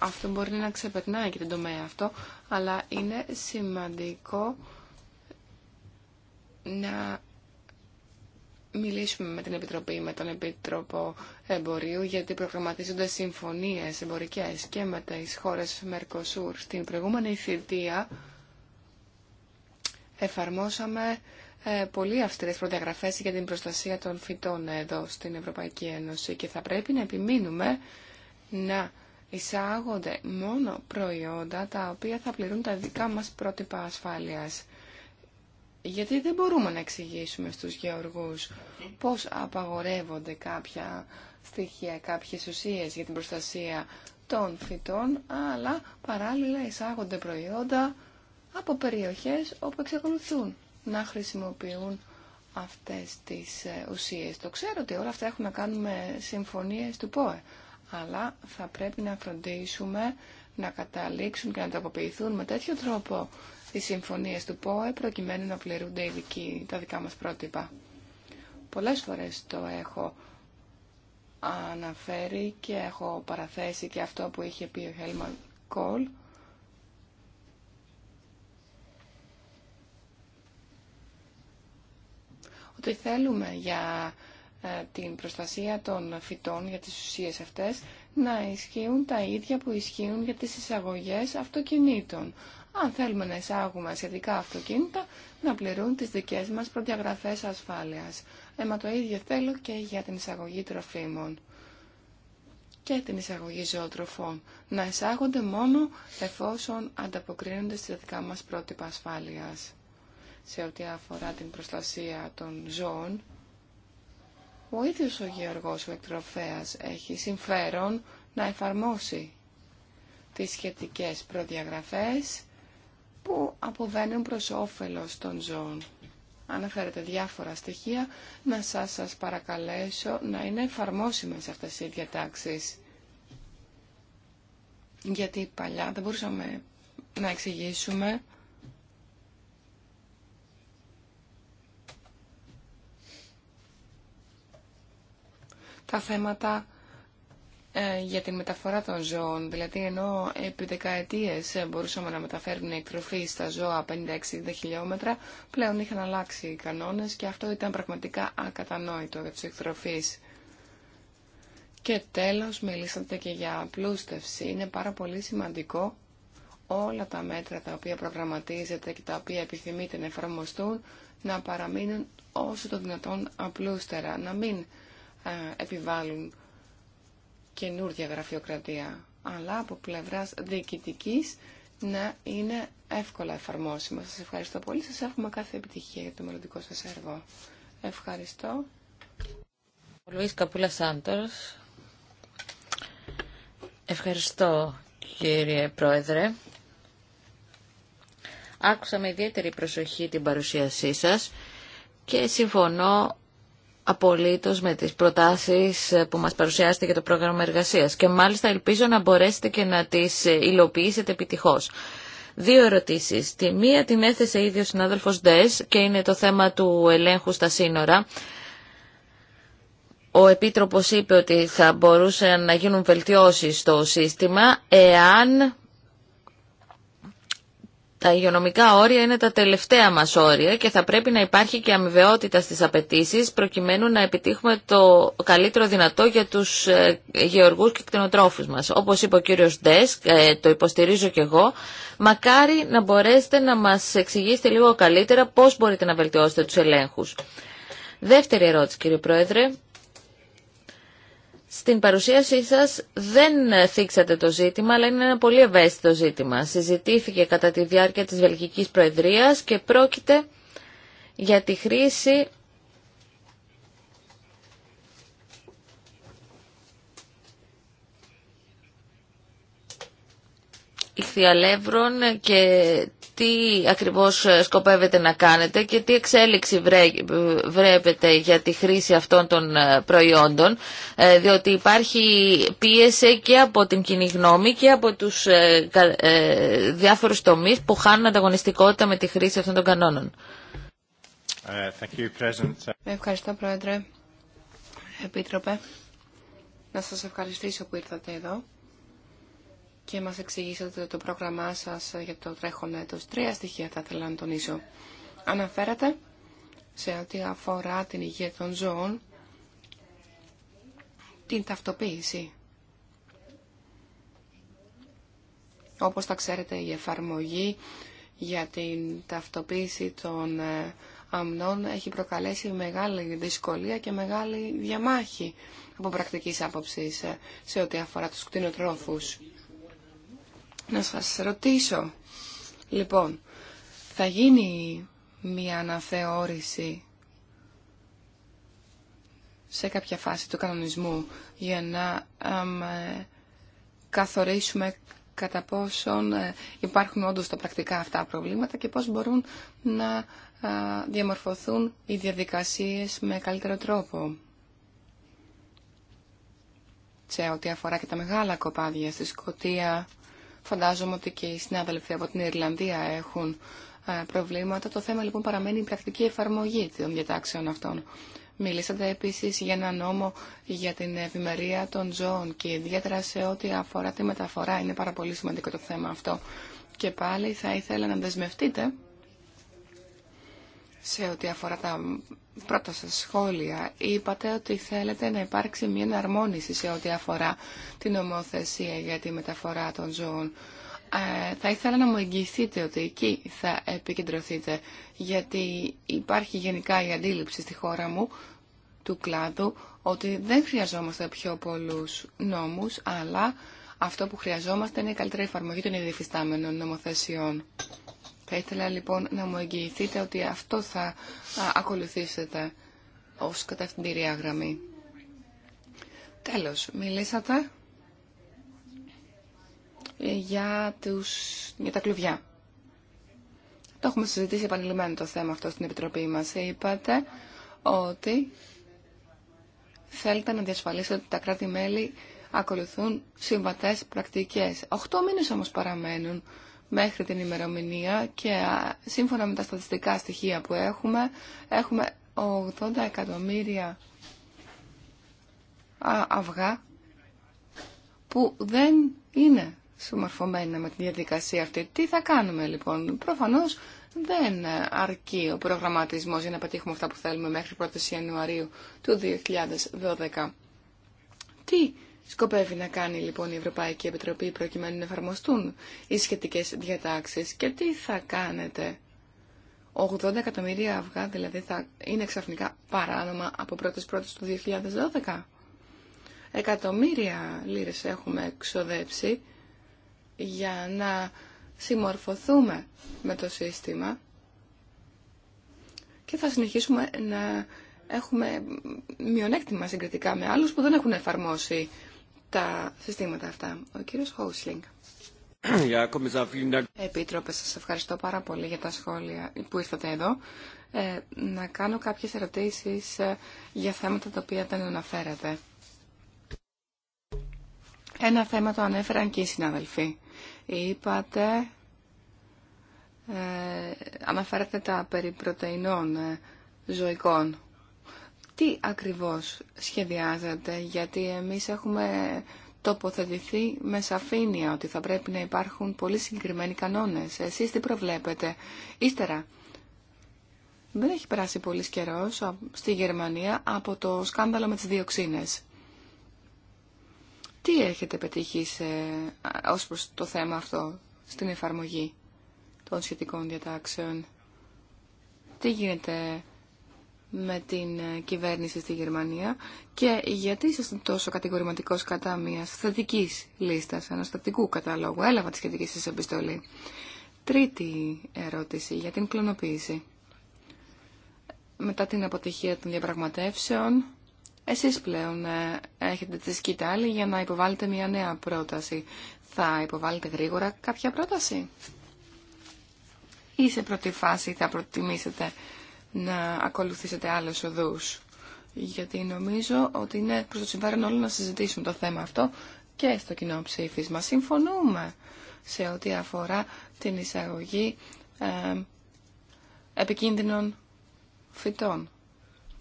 αυτό μπορεί να ξεπερνάει και τον τομέα αυτό, αλλά είναι σημαντικό να μιλήσουμε με την Επιτροπή, με τον Επίτροπο Εμπορίου, γιατί προγραμματίζονται συμφωνίες εμπορικές και με τις χώρες Μερκοσούρ. Στην προηγούμενη θητεία εφαρμόσαμε ε, πολύ αυστηρές προδιαγραφές για την προστασία των φυτών εδώ στην Ευρωπαϊκή Ένωση και θα πρέπει να επιμείνουμε να εισάγονται μόνο προϊόντα τα οποία θα πληρούν τα δικά μας πρότυπα ασφάλειας. Γιατί δεν μπορούμε να εξηγήσουμε στους γεωργούς πώς απαγορεύονται κάποια στοιχεία, κάποιες ουσίες για την προστασία των φυτών, αλλά παράλληλα εισάγονται προϊόντα από περιοχές όπου εξακολουθούν να χρησιμοποιούν αυτές τις ε, ουσίες. Το ξέρω ότι όλα αυτά έχουν να κάνουν με συμφωνίες του ΠΟΕ, αλλά θα πρέπει να φροντίσουμε να καταλήξουν και να τροποποιηθούν με τέτοιο τρόπο οι συμφωνίες του ΠΟΕ προκειμένου να πληρούνται οι τα δικά μας πρότυπα. Πολλές φορές το έχω αναφέρει και έχω παραθέσει και αυτό που είχε πει ο Χέλμαν Κόλ ότι θέλουμε για ε, την προστασία των φυτών για τις ουσίες αυτές να ισχύουν τα ίδια που ισχύουν για τις εισαγωγές αυτοκινήτων. Αν θέλουμε να εισάγουμε ασιατικά αυτοκίνητα, να πληρούν τις δικές μας προδιαγραφές ασφάλειας. Έμα το ίδιο θέλω και για την εισαγωγή τροφίμων και την εισαγωγή ζωοτροφών. Να εισάγονται μόνο εφόσον ανταποκρίνονται στις δικά μας πρότυπα ασφάλειας σε ό,τι αφορά την προστασία των ζώων, ο ίδιος ο Γεωργός, ο έχει συμφέρον να εφαρμόσει τις σχετικές προδιαγραφές που αποβαίνουν προς όφελος των ζώων. Αναφέρετε διάφορα στοιχεία, να σας, σας παρακαλέσω να είναι εφαρμόσιμες αυτές οι διατάξεις. Γιατί παλιά δεν μπορούσαμε να εξηγήσουμε τα θέματα ε, για την μεταφορά των ζώων. Δηλαδή, ενώ επί δεκαετίες ε, μπορούσαμε να μεταφέρουμε εκτροφή στα ζώα 50-60 χιλιόμετρα, πλέον είχαν αλλάξει οι κανόνες και αυτό ήταν πραγματικά ακατανόητο για τους εκτροφεί. Και τέλος, μιλήσατε και για απλούστευση. Είναι πάρα πολύ σημαντικό όλα τα μέτρα τα οποία προγραμματίζετε και τα οποία επιθυμείτε να εφαρμοστούν να παραμείνουν όσο το δυνατόν απλούστερα, να μην ε, επιβάλλουν καινούργια γραφειοκρατία, αλλά από πλευράς διοικητικής να είναι εύκολα εφαρμόσιμα. Σας ευχαριστώ πολύ. Σας εύχομαι κάθε επιτυχία για το μελλοντικό σας έργο. Ευχαριστώ. Ο Λουίς Καπούλα Σάντορς. Ευχαριστώ κύριε Πρόεδρε. Άκουσα με ιδιαίτερη προσοχή την παρουσίασή σας και συμφωνώ απολύτως με τις προτάσεις ε, που μας παρουσιάσετε για το πρόγραμμα εργασίας και μάλιστα ελπίζω να μπορέσετε και να τις ε, υλοποιήσετε επιτυχώς. Δύο ερωτήσεις. Τη μία την έθεσε ήδη ο συνάδελφος Ντες και είναι το θέμα του ελέγχου στα σύνορα. Ο Επίτροπος είπε ότι θα μπορούσαν να γίνουν βελτιώσεις στο σύστημα εάν τα υγειονομικά όρια είναι τα τελευταία μας όρια και θα πρέπει να υπάρχει και αμοιβαιότητα στις απαιτήσει προκειμένου να επιτύχουμε το καλύτερο δυνατό για τους ε, γεωργούς και κτηνοτρόφους μας. Όπως είπε ο κύριος Ντέσκ, ε, το υποστηρίζω και εγώ, μακάρι να μπορέσετε να μας εξηγήσετε λίγο καλύτερα πώς μπορείτε να βελτιώσετε τους ελέγχους. Δεύτερη ερώτηση κύριε Πρόεδρε, στην παρουσίασή σας δεν θίξατε το ζήτημα, αλλά είναι ένα πολύ ευαίσθητο ζήτημα. Συζητήθηκε κατά τη διάρκεια της Βελγικής Προεδρίας και πρόκειται για τη χρήση ηχθιαλεύρων και τι ακριβώς σκοπεύετε να κάνετε και τι εξέλιξη βρέπετε για τη χρήση αυτών των ε, προϊόντων, ε, διότι υπάρχει πίεση και από την κοινή γνώμη και από τους ε, διάφορους τομείς που χάνουν ανταγωνιστικότητα με τη χρήση αυτών των κανόνων. Ευχαριστώ, Πρόεδρε. Επίτροπε, να σας ευχαριστήσω που ήρθατε εδώ και μας εξηγήσατε το πρόγραμμά σας για το τρέχον έτος. Τρία στοιχεία θα ήθελα να τονίσω. Αναφέρατε σε ό,τι αφορά την υγεία των ζώων, την ταυτοποίηση. Όπως τα ξέρετε, η εφαρμογή για την ταυτοποίηση των ε, αμνών έχει προκαλέσει μεγάλη δυσκολία και μεγάλη διαμάχη από πρακτικής άποψης ε, σε ό,τι αφορά τους κτηνοτρόφους να σας ρωτήσω. Λοιπόν, θα γίνει μία αναθεώρηση σε κάποια φάση του κανονισμού για να ε, καθορίσουμε κατά πόσον ε, υπάρχουν όντως τα πρακτικά αυτά προβλήματα και πώς μπορούν να διαμορφωθούν οι διαδικασίες με καλύτερο τρόπο. Σε ό,τι αφορά και τα μεγάλα κοπάδια στη Σκωτία, Φαντάζομαι ότι και οι συνάδελφοι από την Ιρλανδία έχουν ε, προβλήματα. Το θέμα λοιπόν παραμένει η πρακτική εφαρμογή των διατάξεων αυτών. Μιλήσατε επίσης για ένα νόμο για την ευημερία των ζώων και ιδιαίτερα σε ό,τι αφορά τη μεταφορά. Είναι πάρα πολύ σημαντικό το θέμα αυτό. Και πάλι θα ήθελα να δεσμευτείτε σε ό,τι αφορά τα πρώτα σας σχόλια είπατε ότι θέλετε να υπάρξει μια εναρμόνιση σε ό,τι αφορά την νομοθεσία για τη μεταφορά των ζώων. Ε, θα ήθελα να μου εγγυηθείτε ότι εκεί θα επικεντρωθείτε, γιατί υπάρχει γενικά η αντίληψη στη χώρα μου του κλάδου ότι δεν χρειαζόμαστε πιο πολλούς νόμους, αλλά αυτό που χρειαζόμαστε είναι η καλύτερη εφαρμογή των ειδηφιστάμενων νομοθεσιών. Θα ήθελα λοιπόν να μου εγγυηθείτε ότι αυτό θα ακολουθήσετε ως κατευθυντήρια γραμμή. Τέλος, μιλήσατε για, τους, τα κλουβιά. Το έχουμε συζητήσει επανειλημμένο το θέμα αυτό στην Επιτροπή μας. Είπατε ότι θέλετε να διασφαλίσετε ότι τα κράτη-μέλη ακολουθούν συμβατές πρακτικές. Οχτώ μήνες όμως παραμένουν μέχρι την ημερομηνία και σύμφωνα με τα στατιστικά στοιχεία που έχουμε, έχουμε 80 εκατομμύρια αυγά που δεν είναι συμμορφωμένα με τη διαδικασία αυτή. Τι θα κάνουμε λοιπόν. Προφανώς δεν αρκεί ο προγραμματισμός για να πετύχουμε αυτά που θέλουμε μέχρι 1η Ιανουαρίου του 2012. Τι σκοπεύει να κάνει λοιπόν η Ευρωπαϊκή Επιτροπή προκειμένου να εφαρμοστούν οι σχετικές διατάξεις και τι θα κάνετε. 80 εκατομμύρια αυγά δηλαδή θα είναι ξαφνικά παράνομα από πρώτες πρώτες του 2012. Εκατομμύρια λίρες έχουμε εξοδέψει για να συμμορφωθούμε με το σύστημα και θα συνεχίσουμε να έχουμε μειονέκτημα συγκριτικά με άλλους που δεν έχουν εφαρμόσει τα συστήματα αυτά. Ο κύριος Χόουσλινγκ. Επίτροπε, σας ευχαριστώ πάρα πολύ για τα σχόλια που ήρθατε εδώ. Ε, να κάνω κάποιες ερωτήσεις ε, για θέματα τα οποία δεν αναφέρατε. Ένα θέμα το ανέφεραν και οι συναδελφοί. Είπατε, ε, αναφέρατε τα περί πρωτεϊνών ε, ζωικών τι ακριβώς σχεδιάζεται, γιατί εμείς έχουμε τοποθετηθεί με σαφήνεια ότι θα πρέπει να υπάρχουν πολύ συγκεκριμένοι κανόνες. Εσείς τι προβλέπετε. Ύστερα, δεν έχει περάσει πολύ καιρό στη Γερμανία από το σκάνδαλο με τις διοξίνες. Τι έχετε πετύχει σε, ως προς το θέμα αυτό στην εφαρμογή των σχετικών διατάξεων. Τι γίνεται με την ε, κυβέρνηση στη Γερμανία και γιατί είστε τόσο κατηγορηματικός κατά μία θετικής λίστας, ενό θετικού καταλόγου. Έλαβα τη σχετική σας επιστολή. Τρίτη ερώτηση για την κλωνοποίηση. Μετά την αποτυχία των διαπραγματεύσεων, εσείς πλέον ε, έχετε τη σκητάλη για να υποβάλλετε μια νέα πρόταση. Θα υποβάλλετε γρήγορα κάποια πρόταση ή σε πρώτη φάση θα προτιμήσετε να ακολουθήσετε άλλες οδούς. Γιατί νομίζω ότι είναι προς το συμφέρον όλων να συζητήσουμε το θέμα αυτό και στο κοινό ψήφισμα. Συμφωνούμε σε ό,τι αφορά την εισαγωγή ε, επικίνδυνων φυτών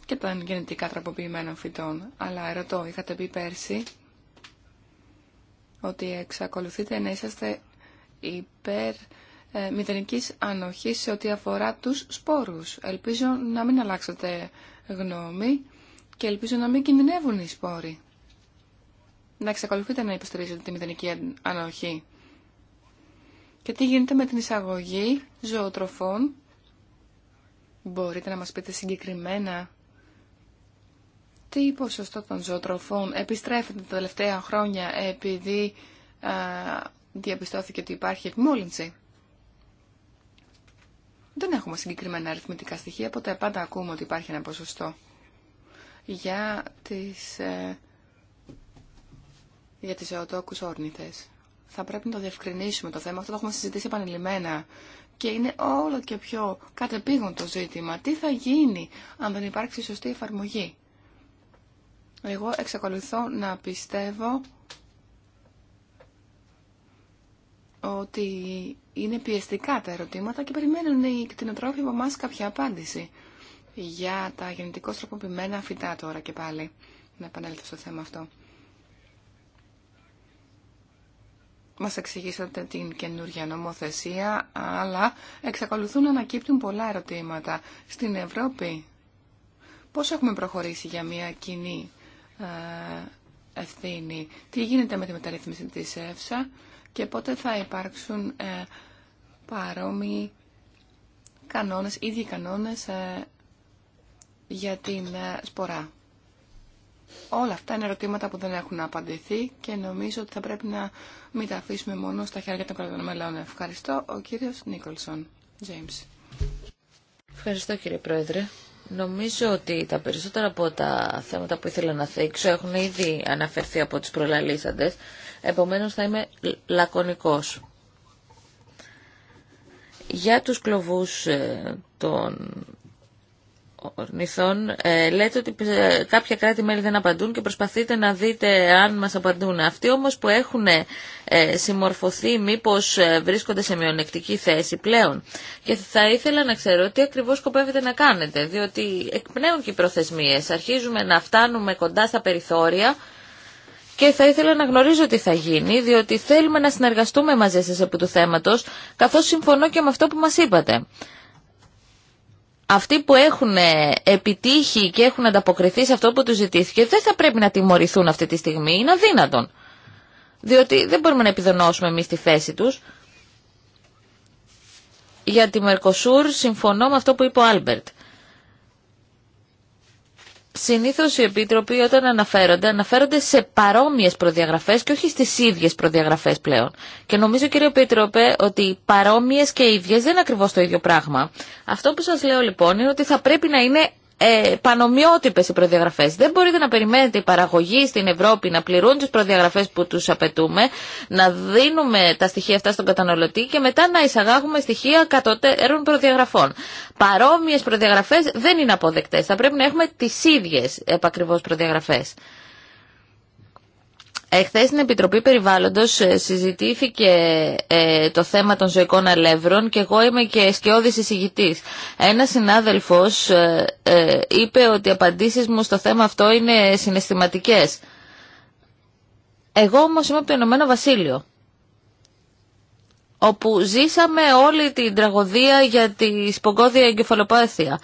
και των γενετικά τραποποιημένων φυτών. Αλλά ρωτώ, είχατε πει πέρσι ότι εξακολουθείτε να είσαστε υπέρ ε, μηδενικής ανοχής σε ό,τι αφορά τους σπόρους. Ελπίζω να μην αλλάξετε γνώμη και ελπίζω να μην κινδυνεύουν οι σπόροι. Να εξακολουθείτε να υποστηρίζετε τη μηδενική ανοχή. Και τι γίνεται με την εισαγωγή ζωοτροφών. Μπορείτε να μας πείτε συγκεκριμένα τι ποσοστό των ζωοτροφών επιστρέφεται τα τελευταία χρόνια επειδή διαπιστώθηκε ότι υπάρχει εκμόλυνση. Δεν έχουμε συγκεκριμένα αριθμητικά στοιχεία, ποτέ πάντα ακούμε ότι υπάρχει ένα ποσοστό για τις, ε, για τις εωτόκους όρνηθες. Θα πρέπει να το διευκρινίσουμε το θέμα. Αυτό το έχουμε συζητήσει επανειλημμένα και είναι όλο και πιο κατεπήγον το ζήτημα. Τι θα γίνει αν δεν υπάρξει σωστή εφαρμογή. Εγώ εξακολουθώ να πιστεύω ότι είναι πιεστικά τα ερωτήματα και περιμένουν οι κτηνοτρόφοι από εμάς κάποια απάντηση για τα γεννητικώς τροποποιημένα φυτά τώρα και πάλι. Να επανέλθω στο θέμα αυτό. Μας εξηγήσατε την καινούργια νομοθεσία, αλλά εξακολουθούν να ανακύπτουν πολλά ερωτήματα. Στην Ευρώπη, πώς έχουμε προχωρήσει για μια κοινή ε, ευθύνη, τι γίνεται με τη μεταρρύθμιση της ΕΦΣΑ, και πότε θα υπάρξουν ε, παρόμοιοι κανόνες, ίδιοι κανόνες ε, για την ε, σπορά. Όλα αυτά είναι ερωτήματα που δεν έχουν απαντηθεί και νομίζω ότι θα πρέπει να μην τα αφήσουμε μόνο στα χέρια των κρατών μελών. Ευχαριστώ. Ο κύριος Νίκολσον. James. Ευχαριστώ κύριε Πρόεδρε. Νομίζω ότι τα περισσότερα από τα θέματα που ήθελα να θέξω έχουν ήδη αναφερθεί από τους προλαλήσαντες επομένως θα είμαι λακωνικός. Για τους κλοβούς ε, των ορνηθών, ε, λέτε ότι ε, κάποια κράτη-μέλη δεν απαντούν και προσπαθείτε να δείτε αν μας απαντούν. Αυτοί όμως που έχουν συμμορφωθεί μήπως βρίσκονται σε μειονεκτική θέση πλέον. Και θα ήθελα να ξέρω τι ακριβώς σκοπεύετε να κάνετε, διότι εκπνέουν και οι προθεσμίες. Αρχίζουμε να φτάνουμε κοντά στα περιθώρια και θα ήθελα να γνωρίζω τι θα γίνει, διότι θέλουμε να συνεργαστούμε μαζί σας επί του θέματος, καθώς συμφωνώ και με αυτό που μας είπατε. Αυτοί που έχουν ε, επιτύχει και έχουν ανταποκριθεί σε αυτό που τους ζητήθηκε, δεν θα πρέπει να τιμωρηθούν αυτή τη στιγμή, είναι αδύνατον. Διότι δεν μπορούμε να επιδονώσουμε εμείς τη θέση τους. Για τη Μερκοσούρ συμφωνώ με αυτό που είπε ο Άλμπερτ. Συνήθω οι επίτροποι όταν αναφέρονται, αναφέρονται σε παρόμοιε προδιαγραφές και όχι στις ίδιε προδιαγραφές πλέον. Και νομίζω κύριε επίτροπε ότι παρόμοιες και ίδιε, δεν είναι ακριβώς το ίδιο πράγμα. Αυτό που σας λέω λοιπόν είναι ότι θα πρέπει να είναι ε, πανομοιότυπες οι προδιαγραφές. Δεν μπορείτε να περιμένετε οι παραγωγοί στην Ευρώπη να πληρούν τις προδιαγραφές που τους απαιτούμε, να δίνουμε τα στοιχεία αυτά στον καταναλωτή και μετά να εισαγάγουμε στοιχεία κατωτέρων προδιαγραφών. Παρόμοιες προδιαγραφές δεν είναι αποδεκτές. Θα πρέπει να έχουμε τις ίδιες επακριβώς προδιαγραφές. Εχθές στην Επιτροπή Περιβάλλοντος ε, συζητήθηκε ε, το θέμα των ζωικών αλεύρων και εγώ είμαι και σκιώδης εισηγητής. Ένας συνάδελφος ε, είπε ότι οι απαντήσεις μου στο θέμα αυτό είναι συναισθηματικές. Εγώ όμως είμαι από το Ηνωμένο Βασίλειο όπου ζήσαμε όλη την τραγωδία για τη σπογκώδια εγκεφαλοπάθεια.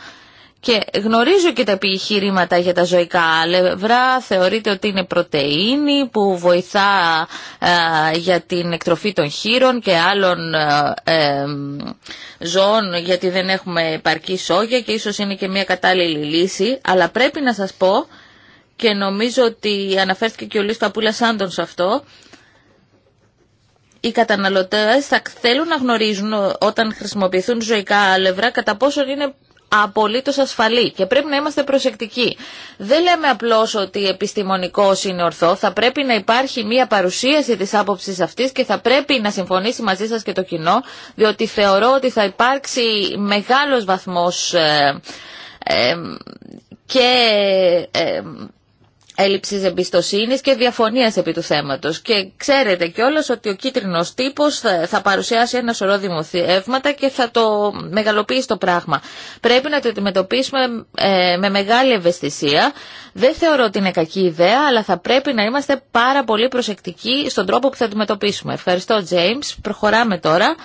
Και γνωρίζω και τα επιχειρήματα για τα ζωικά αλευρά, θεωρείται ότι είναι πρωτεΐνη που βοηθά ε, για την εκτροφή των χείρων και άλλων ε, ζώων γιατί δεν έχουμε επαρκή σόγια και ίσως είναι και μια κατάλληλη λύση. Αλλά πρέπει να σας πω και νομίζω ότι αναφέρθηκε και ο Λίς Πούλα Σάντον σε αυτό, οι καταναλωτές θα θέλουν να γνωρίζουν όταν χρησιμοποιηθούν ζωικά αλευρά κατά πόσο είναι απολύτως ασφαλή και πρέπει να είμαστε προσεκτικοί. Δεν λέμε απλώς ότι επιστημονικός είναι ορθό, θα πρέπει να υπάρχει μια παρουσίαση της άποψη αυτής και θα πρέπει να συμφωνήσει μαζί σας και το κοινό, διότι θεωρώ ότι θα υπάρξει μεγάλος βαθμός ε, ε, και... Ε, έλλειψης εμπιστοσύνης και διαφωνίας επί του θέματος. Και ξέρετε κιόλας ότι ο κίτρινος τύπος θα παρουσιάσει ένα σωρό δημοθεύματα και θα το μεγαλοποιήσει το πράγμα. Πρέπει να το αντιμετωπίσουμε ε, με μεγάλη ευαισθησία. Δεν θεωρώ ότι είναι κακή ιδέα, αλλά θα πρέπει να είμαστε πάρα πολύ προσεκτικοί στον τρόπο που θα αντιμετωπίσουμε. Ευχαριστώ, James. Προχωράμε τώρα.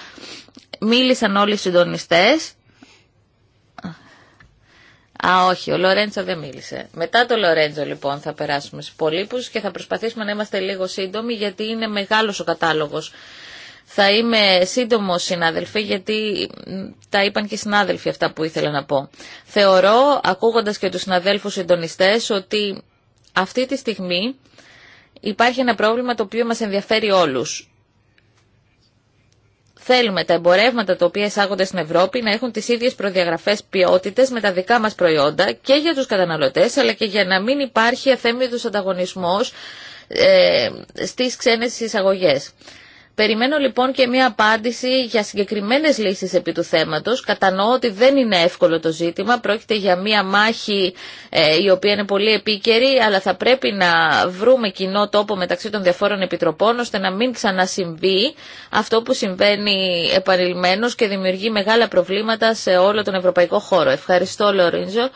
Μίλησαν όλοι οι συντονιστές. Α, όχι, ο Λορέντζο δεν μίλησε. Μετά το Λορέντζο, λοιπόν, θα περάσουμε στου υπολείπου και θα προσπαθήσουμε να είμαστε λίγο σύντομοι, γιατί είναι μεγάλος ο κατάλογος. Θα είμαι σύντομο, συνάδελφοι, γιατί τα είπαν και οι συνάδελφοι αυτά που ήθελα να πω. Θεωρώ, ακούγοντας και τους συναδέλφους συντονιστέ, ότι αυτή τη στιγμή υπάρχει ένα πρόβλημα το οποίο μας ενδιαφέρει όλους. Θέλουμε τα εμπορεύματα τα οποία εισάγονται στην Ευρώπη να έχουν τις ίδιες προδιαγραφές ποιότητες με τα δικά μας προϊόντα και για τους καταναλωτές αλλά και για να μην υπάρχει αθέμιδος ανταγωνισμός ε, στις ξένες εισαγωγές. Περιμένω λοιπόν και μια απάντηση για συγκεκριμένες λύσεις επί του θέματος. Κατανοώ ότι δεν είναι εύκολο το ζήτημα, πρόκειται για μια μάχη ε, η οποία είναι πολύ επίκαιρη, αλλά θα πρέπει να βρούμε κοινό τόπο μεταξύ των διαφόρων επιτροπών, ώστε να μην ξανασυμβεί αυτό που συμβαίνει επανειλημμένως και δημιουργεί μεγάλα προβλήματα σε όλο τον ευρωπαϊκό χώρο. Ευχαριστώ Λορίνζο.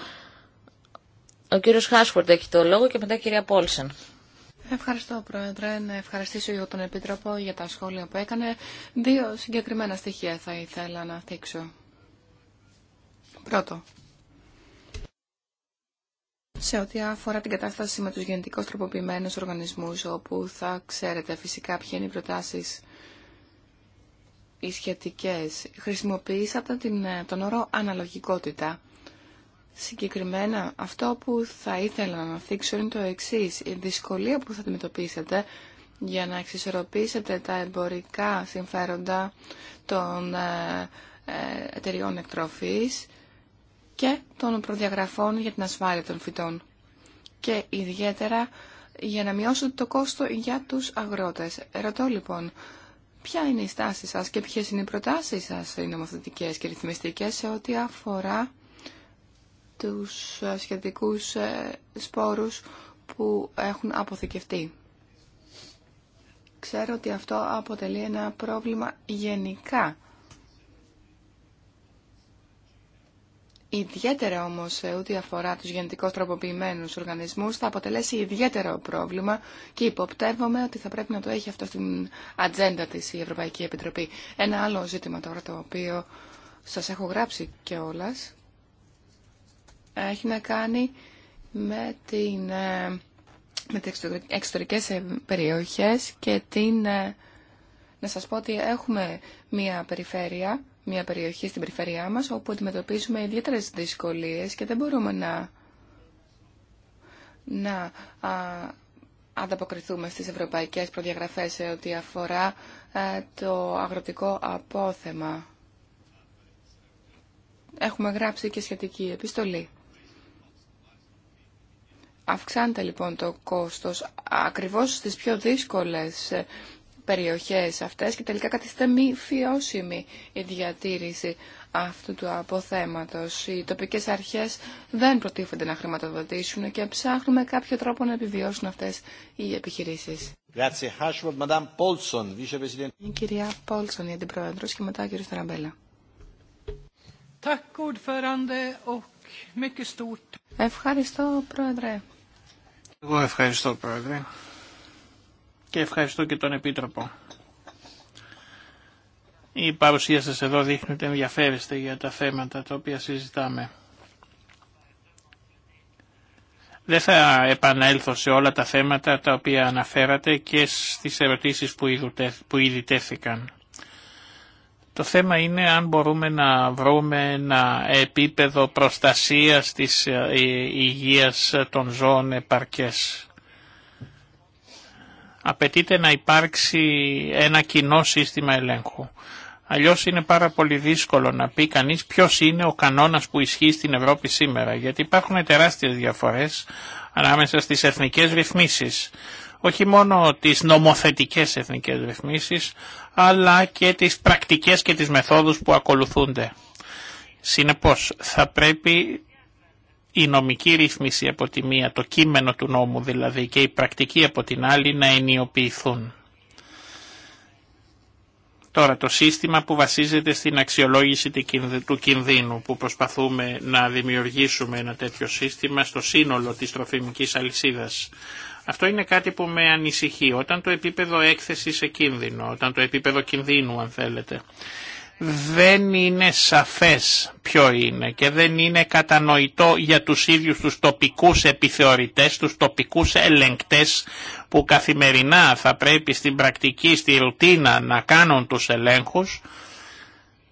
Ο κύριος Χάσφορντ έχει το λόγο και μετά κυρία Πόλσεν. Ευχαριστώ, Πρόεδρε. Να ευχαριστήσω τον Επίτροπο για τα σχόλια που έκανε. Δύο συγκεκριμένα στοιχεία θα ήθελα να θίξω. Πρώτο, σε ό,τι αφορά την κατάσταση με τους γενετικώς τροποποιημένους οργανισμούς, όπου θα ξέρετε φυσικά ποιε είναι οι προτάσεις οι σχετικές. Χρησιμοποίησατε την, τον όρο αναλογικότητα Συγκεκριμένα, αυτό που θα ήθελα να θίξω είναι το εξή. Η δυσκολία που θα αντιμετωπίσετε για να εξισορροπήσετε τα εμπορικά συμφέροντα των ε, ε, εταιριών εκτροφής και των προδιαγραφών για την ασφάλεια των φυτών. Και ιδιαίτερα για να μειώσετε το κόστο για τους αγρότες. Ρωτώ λοιπόν, ποια είναι η στάση σας και ποιες είναι οι προτάσεις σας οι νομοθετικές και ρυθμιστικές σε ό,τι αφορά τους ε, σχετικούς ε, σπόρους που έχουν αποθηκευτεί. Ξέρω ότι αυτό αποτελεί ένα πρόβλημα γενικά. Ιδιαίτερα όμως σε ό,τι αφορά τους γενετικώς τροποποιημένους οργανισμούς θα αποτελέσει ιδιαίτερο πρόβλημα και υποπτεύομαι ότι θα πρέπει να το έχει αυτό στην ατζέντα της η Ευρωπαϊκή Επιτροπή. Ένα άλλο ζήτημα τώρα το οποίο σας έχω γράψει κιόλα έχει να κάνει με, την, ε, με τις εξωτερικές ε, περιοχές και την... Ε, να σας πω ότι έχουμε μία περιφέρεια, μία περιοχή στην περιφέρειά μας όπου αντιμετωπίζουμε ιδιαίτερε δυσκολίες και δεν μπορούμε να, να ανταποκριθούμε στις ευρωπαϊκές προδιαγραφές σε ό,τι αφορά το αγροτικό απόθεμα. Έχουμε γράψει και σχετική επιστολή. Αυξάνεται λοιπόν το κόστος ακριβώς στις πιο δύσκολες ε, περιοχές αυτές και τελικά καθιστά μη φιώσιμη η διατήρηση αυτού του αποθέματος. Οι τοπικές αρχές δεν προτίθενται να χρηματοδοτήσουν και ψάχνουμε κάποιο τρόπο να επιβιώσουν αυτές οι επιχειρήσεις. Η κυρία Πόλσον, η Αντιπρόεδρος και μετά ο κύριος Ταραμπέλα. Ευχαριστώ, Πρόεδρε. Εγώ ευχαριστώ Πρόεδρε και ευχαριστώ και τον Επίτροπο. Η παρουσία σας εδώ δείχνει ότι ενδιαφέρεστε για τα θέματα τα οποία συζητάμε. Δεν θα επανέλθω σε όλα τα θέματα τα οποία αναφέρατε και στις ερωτήσεις που ήδη τέθηκαν. Το θέμα είναι αν μπορούμε να βρούμε ένα επίπεδο προστασίας της ε, ε, υγείας των ζώων επαρκές. Απαιτείται να υπάρξει ένα κοινό σύστημα ελέγχου. Αλλιώς είναι πάρα πολύ δύσκολο να πει κανείς ποιος είναι ο κανόνας που ισχύει στην Ευρώπη σήμερα, γιατί υπάρχουν τεράστιες διαφορές ανάμεσα στις εθνικές ρυθμίσεις όχι μόνο τις νομοθετικές εθνικές ρυθμίσεις, αλλά και τις πρακτικές και τις μεθόδους που ακολουθούνται. Συνεπώς, θα πρέπει η νομική ρύθμιση από τη μία, το κείμενο του νόμου δηλαδή και η πρακτική από την άλλη να ενιοποιηθούν. Τώρα το σύστημα που βασίζεται στην αξιολόγηση του κινδύνου που προσπαθούμε να δημιουργήσουμε ένα τέτοιο σύστημα στο σύνολο της τροφιμικής αλυσίδας. Αυτό είναι κάτι που με ανησυχεί. Όταν το επίπεδο έκθεση σε κίνδυνο, όταν το επίπεδο κινδύνου αν θέλετε, δεν είναι σαφές ποιο είναι και δεν είναι κατανοητό για τους ίδιους τους τοπικούς επιθεωρητές, τους τοπικούς ελεγκτές που καθημερινά θα πρέπει στην πρακτική, στη ρουτίνα να κάνουν τους ελέγχους,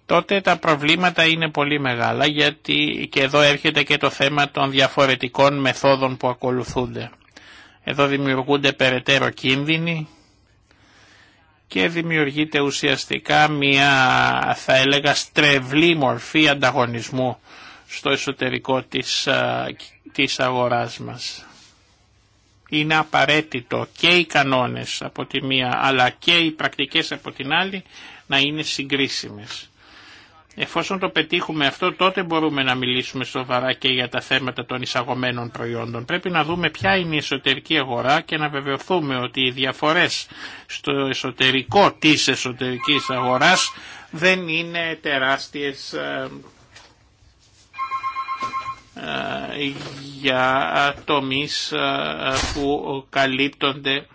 τότε τα προβλήματα είναι πολύ μεγάλα γιατί και εδώ έρχεται και το θέμα των διαφορετικών μεθόδων που ακολουθούνται. Εδώ δημιουργούνται περαιτέρω κίνδυνοι και δημιουργείται ουσιαστικά μια θα έλεγα στρεβλή μορφή ανταγωνισμού στο εσωτερικό της, της αγοράς μας. Είναι απαραίτητο και οι κανόνες από τη μία αλλά και οι πρακτικές από την άλλη να είναι συγκρίσιμες. Εφόσον το πετύχουμε αυτό, τότε μπορούμε να μιλήσουμε σοβαρά και για τα θέματα των εισαγωμένων προϊόντων. Πρέπει να δούμε ποια είναι η εσωτερική αγορά και να βεβαιωθούμε ότι οι διαφορές στο εσωτερικό της εσωτερικής αγοράς δεν είναι τεράστιες ε, ε, για τομείς ε, που καλύπτονται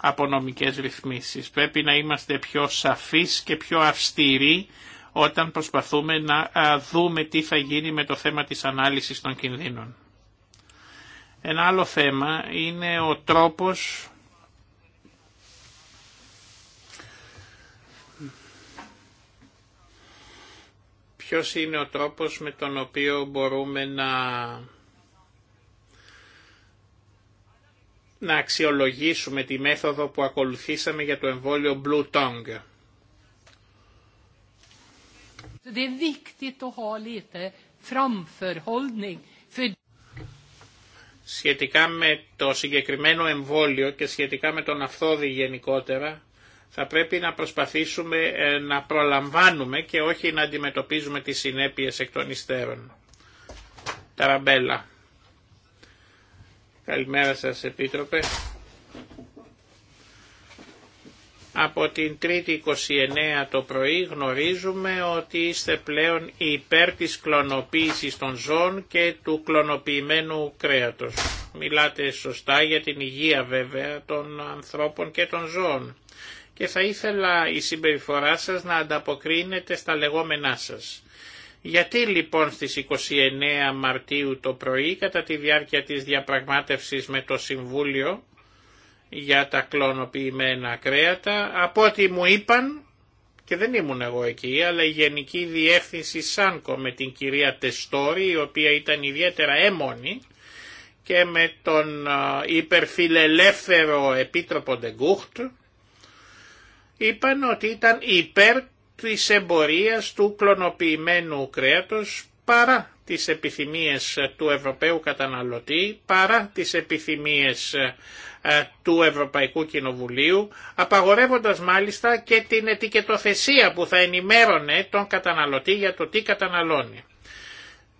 από νομικές ρυθμίσεις. Πρέπει να είμαστε πιο σαφείς και πιο αυστηροί όταν προσπαθούμε να δούμε τι θα γίνει με το θέμα της ανάλυσης των κινδύνων. Ένα άλλο θέμα είναι ο τρόπος ποιος είναι ο τρόπος με τον οποίο μπορούμε να να αξιολογήσουμε τη μέθοδο που ακολουθήσαμε για το εμβόλιο Blue Tongue. Σχετικά με το συγκεκριμένο εμβόλιο και σχετικά με τον αυθόδη γενικότερα, θα πρέπει να προσπαθήσουμε ε, να προλαμβάνουμε και όχι να αντιμετωπίζουμε τις συνέπειες εκ των υστέρων. Ταραμπέλα. Καλημέρα σας Επίτροπε. Από την 3η 29 το πρωί γνωρίζουμε ότι είστε πλέον υπέρ της κλωνοποίησης των ζώων και του κλωνοποιημένου κρέατος. Μιλάτε σωστά για την υγεία βέβαια των ανθρώπων και των ζώων και θα ήθελα η συμπεριφορά σας να ανταποκρίνεται στα λεγόμενά σας. Γιατί λοιπόν στις 29 Μαρτίου το πρωί κατά τη διάρκεια της διαπραγμάτευσης με το Συμβούλιο για τα κλωνοποιημένα κρέατα, από ό,τι μου είπαν, και δεν ήμουν εγώ εκεί, αλλά η Γενική Διεύθυνση ΣΑΝΚΟ με την κυρία Τεστόρη, η οποία ήταν ιδιαίτερα έμονη, και με τον υπερφιλελεύθερο Επίτροπο Ντεγκούχτ, είπαν ότι ήταν υπέρ της εμπορίας του κλωνοποιημένου κρέατος παρά τις επιθυμίες του Ευρωπαίου καταναλωτή, παρά τι επιθυμίε ε, του Ευρωπαϊκού Κοινοβουλίου, απαγορεύοντας μάλιστα και την ετικετοθεσία που θα ενημέρωνε τον καταναλωτή για το τι καταναλώνει.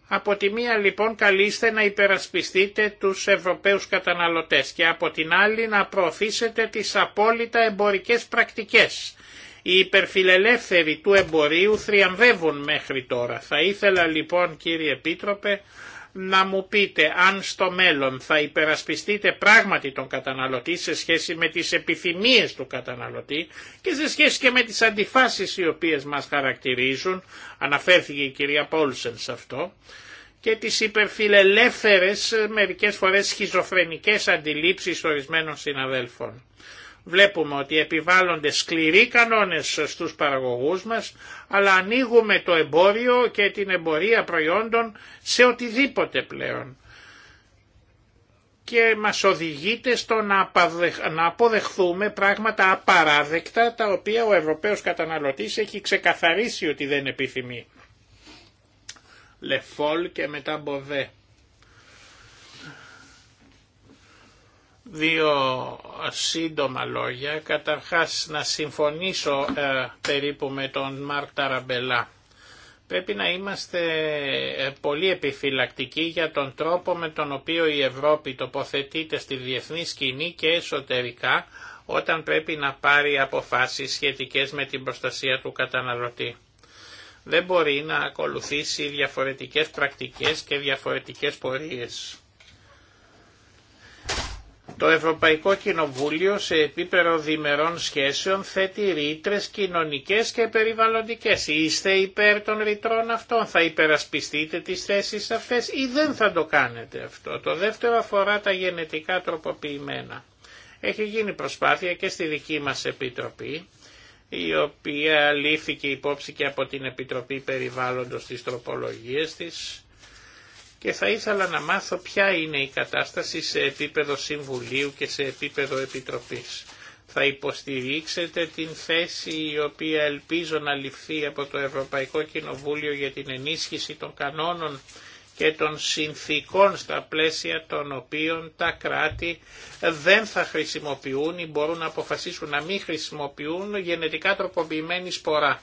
Από τη μία λοιπόν καλείστε να υπερασπιστείτε τους Ευρωπαίους καταναλωτές και από την άλλη να προωθήσετε τις απόλυτα εμπορικές πρακτικές οι υπερφιλελεύθεροι του εμπορίου θριαμβεύουν μέχρι τώρα. Θα ήθελα λοιπόν κύριε Επίτροπε να μου πείτε αν στο μέλλον θα υπερασπιστείτε πράγματι τον καταναλωτή σε σχέση με τις επιθυμίες του καταναλωτή και σε σχέση και με τις αντιφάσεις οι οποίες μας χαρακτηρίζουν, αναφέρθηκε η κυρία Πόλσεν σε αυτό, και τις υπερφιλελεύθερες μερικές φορές σχιζοφρενικές αντιλήψεις ορισμένων συναδέλφων. Βλέπουμε ότι επιβάλλονται σκληροί κανόνες στους παραγωγούς μας, αλλά ανοίγουμε το εμπόριο και την εμπορία προϊόντων σε οτιδήποτε πλέον. Και μας οδηγείται στο να αποδεχθούμε πράγματα απαράδεκτα, τα οποία ο Ευρωπαίος καταναλωτής έχει ξεκαθαρίσει ότι δεν επιθυμεί. Λεφόλ και μετά Μποδέ. Δύο σύντομα λόγια. Καταρχάς να συμφωνήσω ε, περίπου με τον Μάρκ Ταραμπελά. Πρέπει να είμαστε ε, πολύ επιφυλακτικοί για τον τρόπο με τον οποίο η Ευρώπη τοποθετείται στη διεθνή σκηνή και εσωτερικά όταν πρέπει να πάρει αποφάσεις σχετικές με την προστασία του καταναλωτή. Δεν μπορεί να ακολουθήσει διαφορετικές πρακτικές και διαφορετικές πορείες. Το Ευρωπαϊκό Κοινοβούλιο σε επίπεδο διμερών σχέσεων θέτει ρήτρε κοινωνικές και περιβαλλοντικές. Είστε υπέρ των ρητρών αυτών, θα υπερασπιστείτε τις θέσεις αυτές ή δεν θα το κάνετε αυτό. Το δεύτερο αφορά τα γενετικά τροποποιημένα. Έχει γίνει προσπάθεια και στη δική μας Επιτροπή, η οποία λήφθηκε υπόψη και από την Επιτροπή Περιβάλλοντος της τροπολογίες της και θα ήθελα να μάθω ποια είναι η κατάσταση σε επίπεδο Συμβουλίου και σε επίπεδο Επιτροπής. Θα υποστηρίξετε την θέση η οποία ελπίζω να ληφθεί από το Ευρωπαϊκό Κοινοβούλιο για την ενίσχυση των κανόνων και των συνθήκων στα πλαίσια των οποίων τα κράτη δεν θα χρησιμοποιούν ή μπορούν να αποφασίσουν να μην χρησιμοποιούν γενετικά τροποποιημένη σπορά.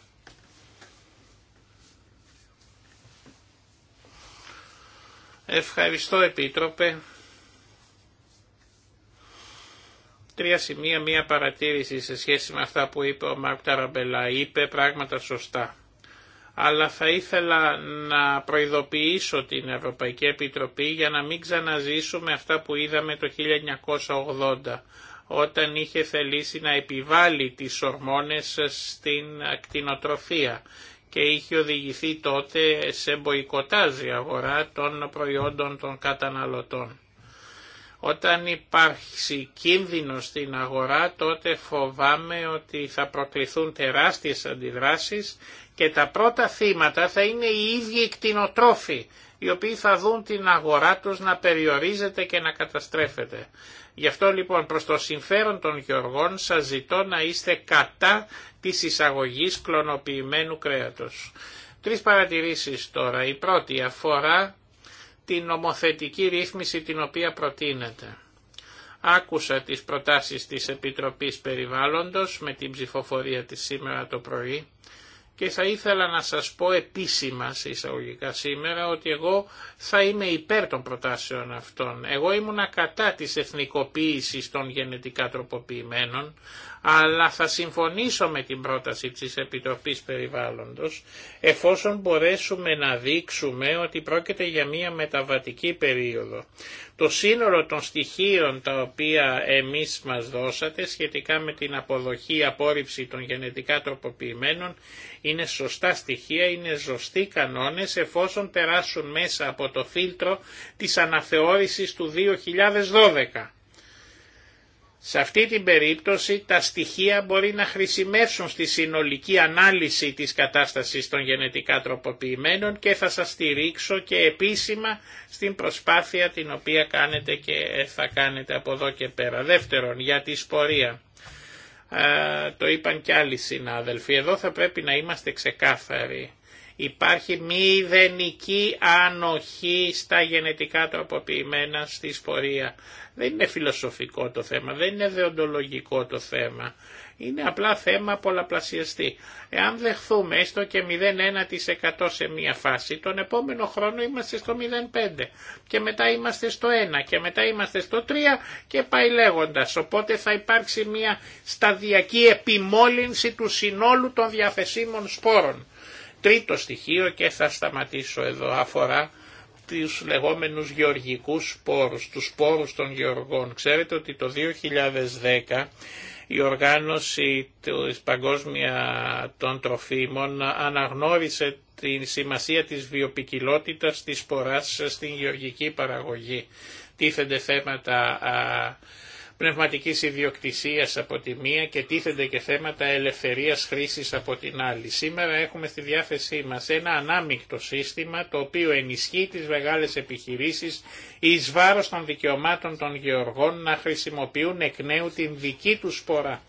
Ευχαριστώ Επίτροπε. Τρία σημεία, μία παρατήρηση σε σχέση με αυτά που είπε ο Μάρκ Ταραμπελά. Είπε πράγματα σωστά. Αλλά θα ήθελα να προειδοποιήσω την Ευρωπαϊκή Επιτροπή για να μην ξαναζήσουμε αυτά που είδαμε το 1980 όταν είχε θελήσει να επιβάλλει τις ορμόνες στην ακτινοτροφία και είχε οδηγηθεί τότε σε μποϊκοτάζ η αγορά των προϊόντων των καταναλωτών. Όταν υπάρχει κίνδυνο στην αγορά τότε φοβάμαι ότι θα προκληθούν τεράστιες αντιδράσεις και τα πρώτα θύματα θα είναι οι ίδιοι οι οι οποίοι θα δουν την αγορά τους να περιορίζεται και να καταστρέφεται. Γι' αυτό λοιπόν προς το συμφέρον των γεωργών σας ζητώ να είστε κατά της εισαγωγής κλωνοποιημένου κρέατος. Τρεις παρατηρήσεις τώρα. Η πρώτη αφορά την νομοθετική ρύθμιση την οποία προτείνεται. Άκουσα τις προτάσεις της Επιτροπής Περιβάλλοντος με την ψηφοφορία της σήμερα το πρωί και θα ήθελα να σας πω επίσημα σε εισαγωγικά σήμερα ότι εγώ θα είμαι υπέρ των προτάσεων αυτών. Εγώ ήμουνα κατά της εθνικοποίησης των γενετικά τροποποιημένων, αλλά θα συμφωνήσω με την πρόταση της Επιτροπής Περιβάλλοντος εφόσον μπορέσουμε να δείξουμε ότι πρόκειται για μια μεταβατική περίοδο. Το σύνολο των στοιχείων τα οποία εμείς μας δώσατε σχετικά με την αποδοχή, απόρριψη των γενετικά τροποποιημένων είναι σωστά στοιχεία, είναι ζωστοί κανόνες εφόσον περάσουν μέσα από το φίλτρο της αναθεώρησης του 2012. Σε αυτή την περίπτωση τα στοιχεία μπορεί να χρησιμεύσουν στη συνολική ανάλυση της κατάστασης των γενετικά τροποποιημένων και θα σας στηρίξω και επίσημα στην προσπάθεια την οποία κάνετε και θα κάνετε από εδώ και πέρα. Δεύτερον, για τη σπορία. το είπαν και άλλοι συνάδελφοι. Εδώ θα πρέπει να είμαστε ξεκάθαροι. Υπάρχει μηδενική ανοχή στα γενετικά τροποποιημένα στη σπορία. Δεν είναι φιλοσοφικό το θέμα, δεν είναι δεοντολογικό το θέμα. Είναι απλά θέμα πολλαπλασιαστή. Εάν δεχθούμε έστω και 0,1% σε μία φάση, τον επόμενο χρόνο είμαστε στο 0,5% και μετά είμαστε στο 1% και μετά είμαστε στο 3% και πάει λέγοντας. Οπότε θα υπάρξει μία σταδιακή επιμόλυνση του συνόλου των διαθεσίμων σπόρων. Τρίτο στοιχείο και θα σταματήσω εδώ αφορά τους λεγόμενους γεωργικούς σπόρους, τους σπόρους των γεωργών. Ξέρετε ότι το 2010 η οργάνωση του Παγκόσμια των Τροφίμων αναγνώρισε τη σημασία της βιοπικιλότητας της σποράς στην γεωργική παραγωγή. Τίθενται θέματα πνευματικής ιδιοκτησίας από τη μία και τίθενται και θέματα ελευθερίας χρήσης από την άλλη. Σήμερα έχουμε στη διάθεσή μας ένα ανάμεικτο σύστημα το οποίο ενισχύει τις μεγάλες επιχειρήσεις εις βάρος των δικαιωμάτων των γεωργών να χρησιμοποιούν εκ νέου την δική του σπορά.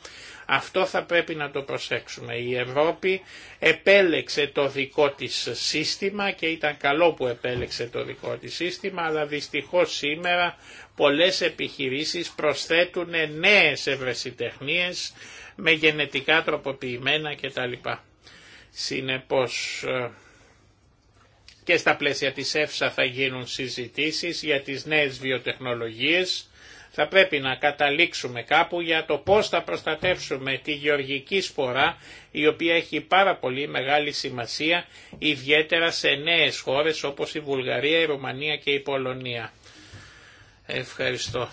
Αυτό θα πρέπει να το προσέξουμε. Η Ευρώπη επέλεξε το δικό της σύστημα και ήταν καλό που επέλεξε το δικό της σύστημα, αλλά δυστυχώς σήμερα πολλές επιχειρήσεις προσθέτουν νέες ευρεσιτεχνίες με γενετικά τροποποιημένα κτλ. Συνεπώς ε, και στα πλαίσια της ΕΦΣΑ θα γίνουν συζητήσεις για τις νέες βιοτεχνολογίες. Θα πρέπει να καταλήξουμε κάπου για το πώς θα προστατεύσουμε τη γεωργική σπορά η οποία έχει πάρα πολύ μεγάλη σημασία ιδιαίτερα σε νέες χώρες όπως η Βουλγαρία, η Ρουμανία και η Πολωνία. Ευχαριστώ.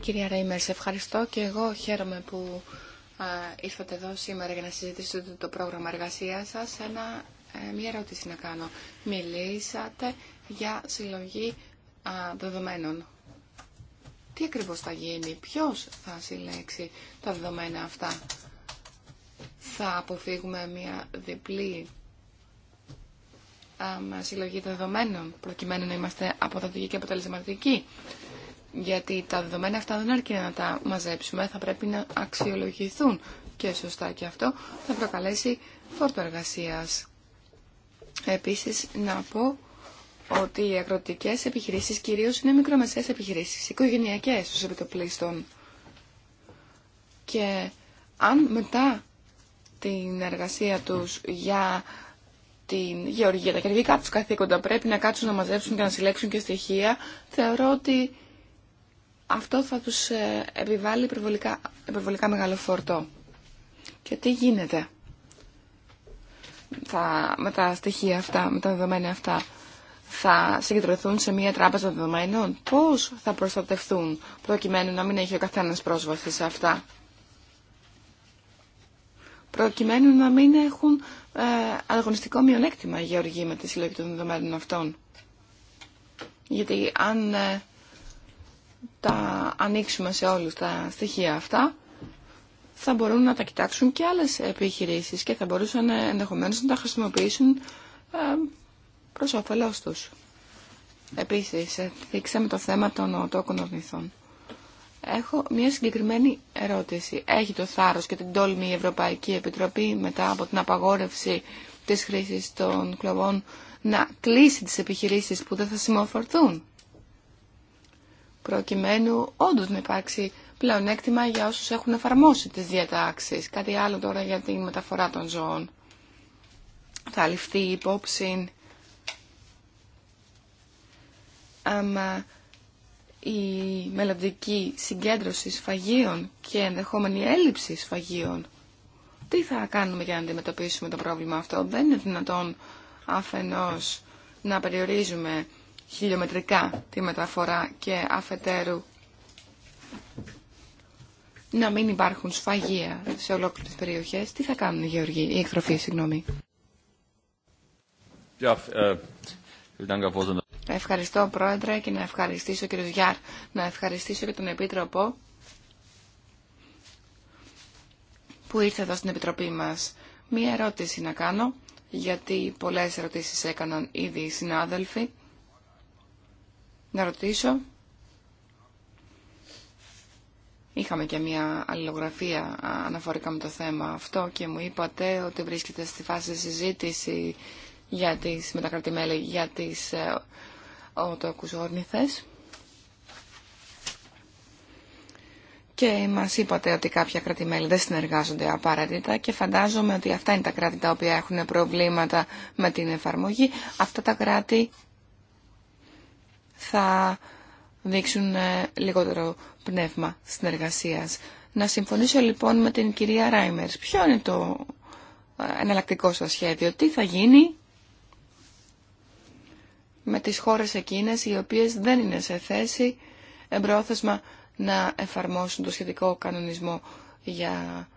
Κυρία σε ευχαριστώ και εγώ χαίρομαι που ήρθατε εδώ σήμερα για να συζητήσετε το πρόγραμμα εργασίας σας. Ένα, ε, μια ερώτηση να κάνω. Μιλήσατε για συλλογή δεδομένων. Τι ακριβώς θα γίνει, ποιος θα συλλέξει τα δεδομένα αυτά. Θα αποφύγουμε μια διπλή συλλογή δεδομένων, προκειμένου να είμαστε αποδοτικοί και αποτελεσματικοί. Γιατί τα δεδομένα αυτά δεν αρκεί να τα μαζέψουμε, θα πρέπει να αξιολογηθούν και σωστά και αυτό θα προκαλέσει φόρτο εργασία. Επίσης να πω ότι οι αγροτικές επιχειρήσεις κυρίως είναι μικρομεσαίες επιχειρήσεις, οικογενειακές ως επιτοπλίστων. Και αν μετά την εργασία τους για την γεωργία, τα κερδικά του καθήκοντα πρέπει να κάτσουν να μαζέψουν και να συλλέξουν και στοιχεία, θεωρώ ότι αυτό θα τους ε, επιβάλλει υπερβολικά, μεγάλο φορτό. Και τι γίνεται θα, με τα στοιχεία αυτά, με τα δεδομένα αυτά. Θα συγκεντρωθούν σε μια τράπεζα δεδομένων. Πώς θα προστατευτούν προκειμένου να μην έχει ο καθένας πρόσβαση σε αυτά. Προκειμένου να μην έχουν ε, αγωνιστικό μειονέκτημα Γεωργή, με τη συλλογή των δεδομένων αυτών. Γιατί αν ε, τα ανοίξουμε σε όλους τα στοιχεία αυτά, θα μπορούν να τα κοιτάξουν και άλλες επιχειρήσεις και θα μπορούσαν ε, ενδεχομένως να τα χρησιμοποιήσουν προς όφελός τους. Επίσης, δείξαμε το θέμα των οτόκων ορνηθών. Έχω μια συγκεκριμένη ερώτηση. Έχει το θάρρος και την τόλμη η Ευρωπαϊκή Επιτροπή μετά από την απαγόρευση της χρήσης των κλοβών να κλείσει τις επιχειρήσεις που δεν θα συμμοφορθούν. προκειμένου όντω να υπάρξει πλεονέκτημα για όσους έχουν εφαρμόσει τις διατάξεις. Κάτι άλλο τώρα για τη μεταφορά των ζώων. Θα ληφθεί υπόψη άμα η μελλοντική συγκέντρωση σφαγίων και ενδεχόμενη έλλειψη σφαγίων. Τι θα κάνουμε για να αντιμετωπίσουμε το πρόβλημα αυτό. Δεν είναι δυνατόν αφενός να περιορίζουμε χιλιομετρικά τη μεταφορά και αφετέρου να μην υπάρχουν σφαγεία σε ολόκληρες περιοχές. Τι θα κάνουν οι γεωργοί, οι εκτροφοί, συγγνώμη. Äh, Ευχαριστώ Πρόεδρε και να ευχαριστήσω κύριο Γιάρ, να ευχαριστήσω και τον Επίτροπο που ήρθε εδώ στην Επιτροπή μας. Μία ερώτηση να κάνω, γιατί πολλές ερωτήσεις έκαναν ήδη οι συνάδελφοι. Να ρωτήσω. Είχαμε και μια αλληλογραφία αναφορικά με το θέμα αυτό και μου είπατε ότι βρίσκεται στη φάση συζήτηση για τις μετακρατημέλη, για τις ε, και μας είπατε ότι κάποια κράτη-μέλη δεν συνεργάζονται απαραίτητα και φαντάζομαι ότι αυτά είναι τα κράτη τα οποία έχουν προβλήματα με την εφαρμογή. Αυτά τα κράτη θα δείξουν ε, λιγότερο πνεύμα συνεργασίας. Να συμφωνήσω λοιπόν με την κυρία Ράιμερς. Ποιο είναι το ε, εναλλακτικό σας σχέδιο, τι θα γίνει με τις χώρες εκείνες οι οποίες δεν είναι σε θέση εμπρόθεσμα να εφαρμόσουν το σχετικό κανονισμό για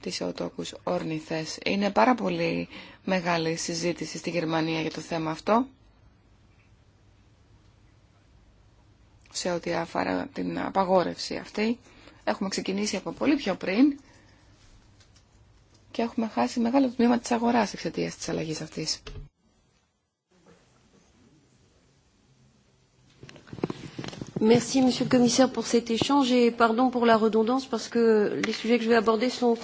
τις οτόκους ορνηθές. Είναι πάρα πολύ μεγάλη συζήτηση στη Γερμανία για το θέμα αυτό. σε ό,τι αφορά την απαγόρευση αυτή. Έχουμε ξεκινήσει από πολύ πιο πριν και έχουμε χάσει μεγάλο τμήμα της αγοράς εξαιτίας της αλλαγής αυτής. Merci, Monsieur le Commissaire, pour cet échange et pardon pour la redondance parce que les sujets que je vais aborder sont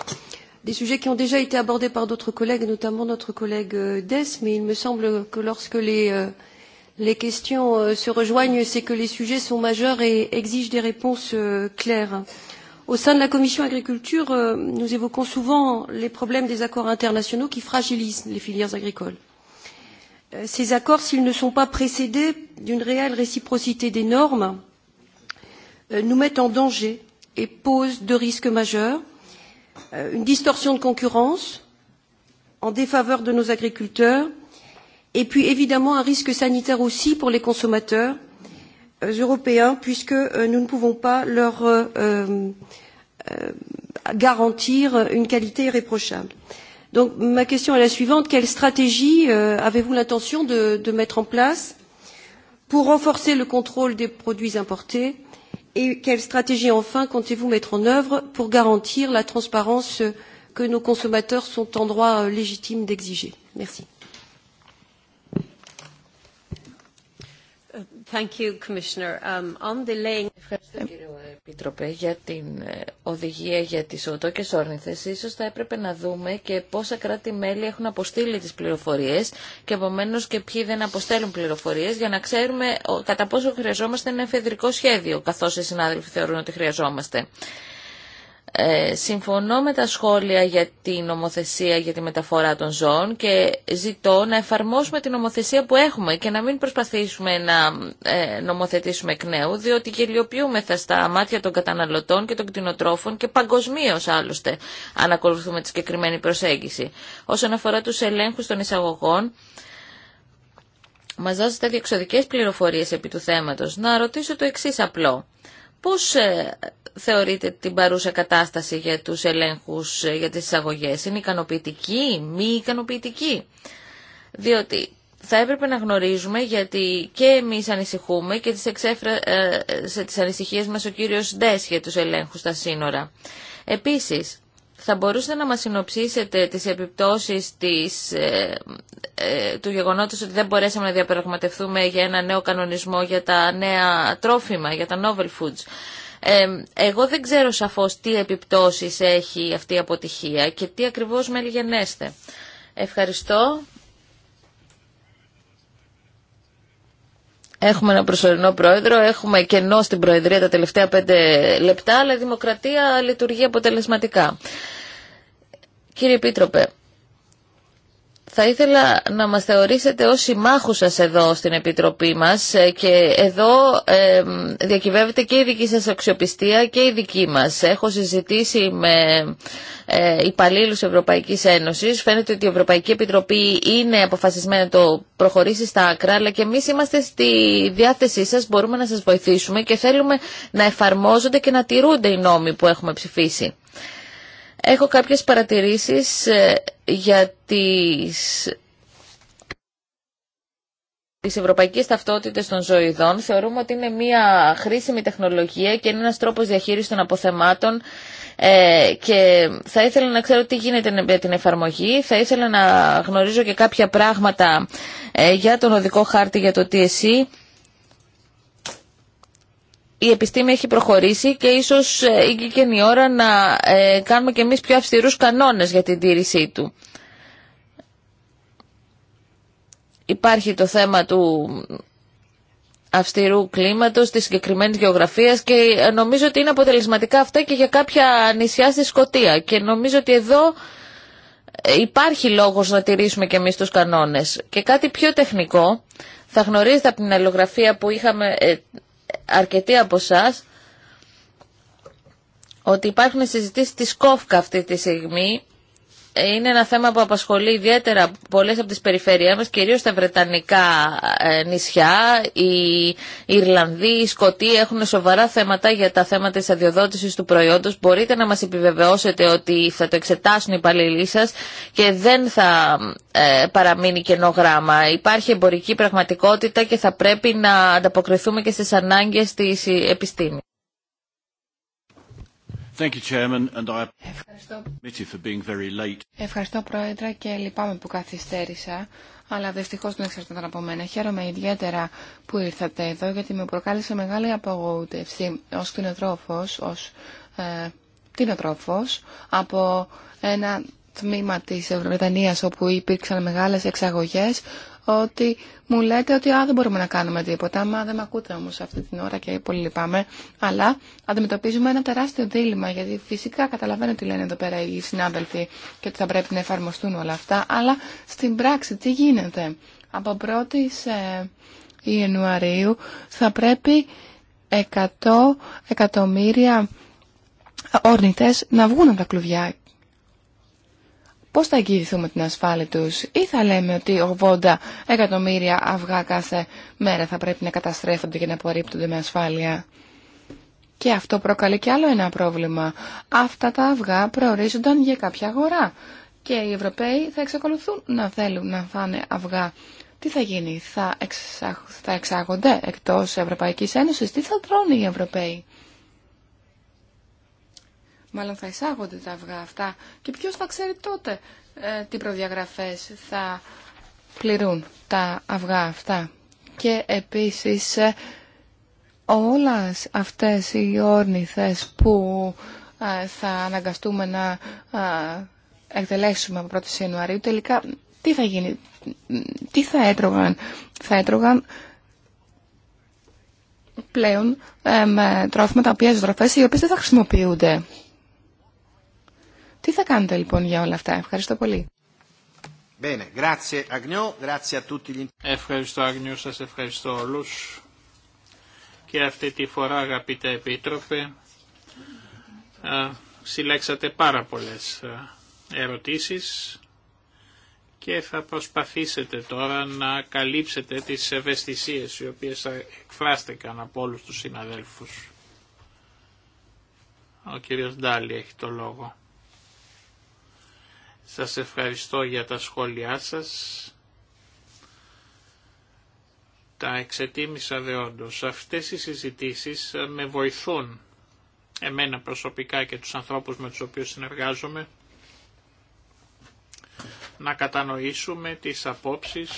des sujets qui ont déjà été abordés par d'autres collègues, notamment notre collègue Dess, mais il me semble que lorsque les questions se rejoignent, c'est que les sujets sont majeurs et exigent des réponses claires. Au sein de la Commission agriculture, nous évoquons souvent les problèmes des accords internationaux qui fragilisent les filières agricoles. Ces accords, s'ils ne sont pas précédés d'une réelle réciprocité des normes, nous mettent en danger et posent deux risques majeurs une distorsion de concurrence en défaveur de nos agriculteurs et puis évidemment un risque sanitaire aussi pour les consommateurs européens puisque nous ne pouvons pas leur garantir une qualité irréprochable. Donc ma question est la suivante quelle stratégie avez-vous l'intention de mettre en place pour renforcer le contrôle des produits importés et stratégie, enfin comptez-vous mettre en œuvre pour garantir la transparence que nos consommateurs sont en droit légitime d'exiger merci Um, Ευχαριστώ κύριε Επίτροπε για την ε, οδηγία για τις οτόκες όρνηθες. Ίσως θα έπρεπε να δούμε και πόσα κράτη-μέλη έχουν αποστείλει τις πληροφορίες και επομένω και ποιοι δεν αποστέλουν πληροφορίες για να ξέρουμε κατά πόσο χρειαζόμαστε ένα εφεδρικό σχέδιο καθώς οι συνάδελφοι θεωρούν ότι χρειαζόμαστε. Ε, συμφωνώ με τα σχόλια για την νομοθεσία για τη μεταφορά των ζώων και ζητώ να εφαρμόσουμε την νομοθεσία που έχουμε και να μην προσπαθήσουμε να ε, νομοθετήσουμε εκ νέου, διότι γελιοποιούμεθα στα μάτια των καταναλωτών και των κτηνοτρόφων και παγκοσμίω άλλωστε, αν ακολουθούμε τη συγκεκριμένη προσέγγιση. Όσον αφορά του ελέγχου των εισαγωγών, μας δώσετε διεξοδικές πληροφορίες επί του θέματος. Να ρωτήσω το εξή απλό. Ε, θεωρείτε την παρούσα κατάσταση για τους ελέγχους, ε, για τις εισαγωγές. Είναι ικανοποιητική, μη ικανοποιητική. Διότι θα έπρεπε να γνωρίζουμε γιατί και εμείς ανησυχούμε και τις εξέφρα, ε, σε τις ανησυχίες μας ο κύριος Ντές για τους ελέγχους στα σύνορα. Επίσης, θα μπορούσατε να μας συνοψίσετε τις επιπτώσεις της, ε, του γεγονότος ότι δεν μπορέσαμε να διαπραγματευτούμε για ένα νέο κανονισμό για τα νέα τρόφιμα, για τα novel foods εγώ δεν ξέρω σαφώς τι επιπτώσεις έχει αυτή η αποτυχία και τι ακριβώς με λιγενέστε. Ευχαριστώ. Έχουμε ένα προσωρινό πρόεδρο, έχουμε κενό στην Προεδρία τα τελευταία πέντε λεπτά, αλλά η δημοκρατία λειτουργεί αποτελεσματικά. Κύριε Επίτροπε, θα ήθελα να μας θεωρήσετε ως συμμάχους σας εδώ στην Επιτροπή μας ε, και εδώ διακυβεύεται και η δική σας αξιοπιστία και η δική μας. Έχω συζητήσει με ε, υπαλλήλου Ευρωπαϊκής Ένωσης. Φαίνεται ότι η Ευρωπαϊκή Επιτροπή είναι αποφασισμένη να το προχωρήσει στα άκρα, αλλά και εμείς είμαστε στη διάθεσή σας, μπορούμε να σας βοηθήσουμε και θέλουμε να εφαρμόζονται και να τηρούνται οι νόμοι που έχουμε ψηφίσει. Έχω κάποιες παρατηρήσεις ε, για τις ευρωπαϊκές ταυτότητες των ζωηδών θεωρούμε ότι είναι μια χρήσιμη τεχνολογία και είναι ένας τρόπος διαχείρισης των αποθεμάτων ε, και θα ήθελα να ξέρω τι γίνεται με την εφαρμογή θα ήθελα να γνωρίζω και κάποια πράγματα ε, για τον οδικό χάρτη για το TSE η επιστήμη έχει προχωρήσει και ίσως είναι και η ώρα να ε, κάνουμε και εμείς πιο αυστηρούς κανόνες για την τήρησή του. Υπάρχει το θέμα του αυστηρού κλίματος, της συγκεκριμένης γεωγραφίας και ε, νομίζω ότι είναι αποτελεσματικά αυτά και για κάποια νησιά στη Σκωτία και νομίζω ότι εδώ ε, υπάρχει λόγος να τηρήσουμε και εμείς τους κανόνες. Και κάτι πιο τεχνικό, θα γνωρίζετε από την αλληλογραφία που είχαμε αρκετοί από εσά ότι υπάρχουν συζητήσεις της ΚΟΦΚΑ αυτή τη στιγμή είναι ένα θέμα που απασχολεί ιδιαίτερα πολλές από τις περιφέρειές μας, κυρίως τα Βρετανικά ε, νησιά. Οι Ιρλανδοί, οι Σκοτοί έχουν σοβαρά θέματα για τα θέματα της αδειοδότησης του προϊόντος. Μπορείτε να μας επιβεβαιώσετε ότι θα το εξετάσουν οι υπαλληλοί σα και δεν θα ε, παραμείνει κενό γράμμα. Υπάρχει εμπορική πραγματικότητα και θα πρέπει να ανταποκριθούμε και στις ανάγκες της ε, επιστήμης. Ευχαριστώ. Πρόεδρε, και λυπάμαι που καθυστέρησα, αλλά δυστυχώ δεν εξαρτάται από μένα. Χαίρομαι ιδιαίτερα που ήρθατε εδώ, γιατί με προκάλεσε μεγάλη απογοήτευση ω κτηνοτρόφο, ω ε, από ένα τμήμα της Ευρωβρετανία όπου υπήρξαν μεγάλες εξαγωγέ ότι μου λέτε ότι α, δεν μπορούμε να κάνουμε τίποτα, μα δεν με ακούτε όμως αυτή την ώρα και πολύ λυπάμαι, αλλά αντιμετωπίζουμε ένα τεράστιο δίλημα, γιατί φυσικά καταλαβαίνω τι λένε εδώ πέρα οι συνάδελφοι και ότι θα πρέπει να εφαρμοστούν όλα αυτά, αλλά στην πράξη τι γίνεται. Από 1η Ιανουαρίου θα πρέπει 100 εκατομμύρια ορνητές να βγουν από τα κλουβιά πώς θα εγγυηθούμε την ασφάλεια τους ή θα λέμε ότι 80 εκατομμύρια αυγά κάθε μέρα θα πρέπει να καταστρέφονται και να απορρίπτονται με ασφάλεια. Και αυτό προκαλεί και άλλο ένα πρόβλημα. Αυτά τα αυγά προορίζονταν για κάποια αγορά και οι Ευρωπαίοι θα εξακολουθούν να θέλουν να φάνε αυγά. Τι θα γίνει, θα, θα εξάγονται εκτός Ευρωπαϊκής Ένωσης, τι θα τρώνε οι Ευρωπαίοι μάλλον θα εισάγονται τα αυγά αυτά και ποιος θα ξέρει τότε ε, τι προδιαγραφές θα πληρούν τα αυγά αυτά. Και επίσης ε, όλες αυτές οι όρνηθες που ε, θα αναγκαστούμε να ε, εκτελέσουμε από 1η Ιανουαρίου τελικά τι θα γίνει, τι θα έτρωγαν, θα έτρωγαν πλέον με τρόφιμα τα οποία ζωτροφές οι οποίες δεν θα χρησιμοποιούνται. Τι θα κάνετε λοιπόν για όλα αυτά. Ευχαριστώ πολύ. Ευχαριστώ Αγνιού, σας ευχαριστώ όλους. Και αυτή τη φορά αγαπητέ Επίτροπε, συλλέξατε πάρα πολλές ερωτήσεις και θα προσπαθήσετε τώρα να καλύψετε τις ευαισθησίες οι οποίες εκφράστηκαν από όλους τους συναδέλφους. Ο κύριος Ντάλι έχει το λόγο. Σας ευχαριστώ για τα σχόλιά σας. Τα εξετίμησα δεόντως. Αυτές οι συζητήσεις ε, με βοηθούν εμένα προσωπικά και τους ανθρώπους με τους οποίους συνεργάζομαι να κατανοήσουμε τις απόψεις,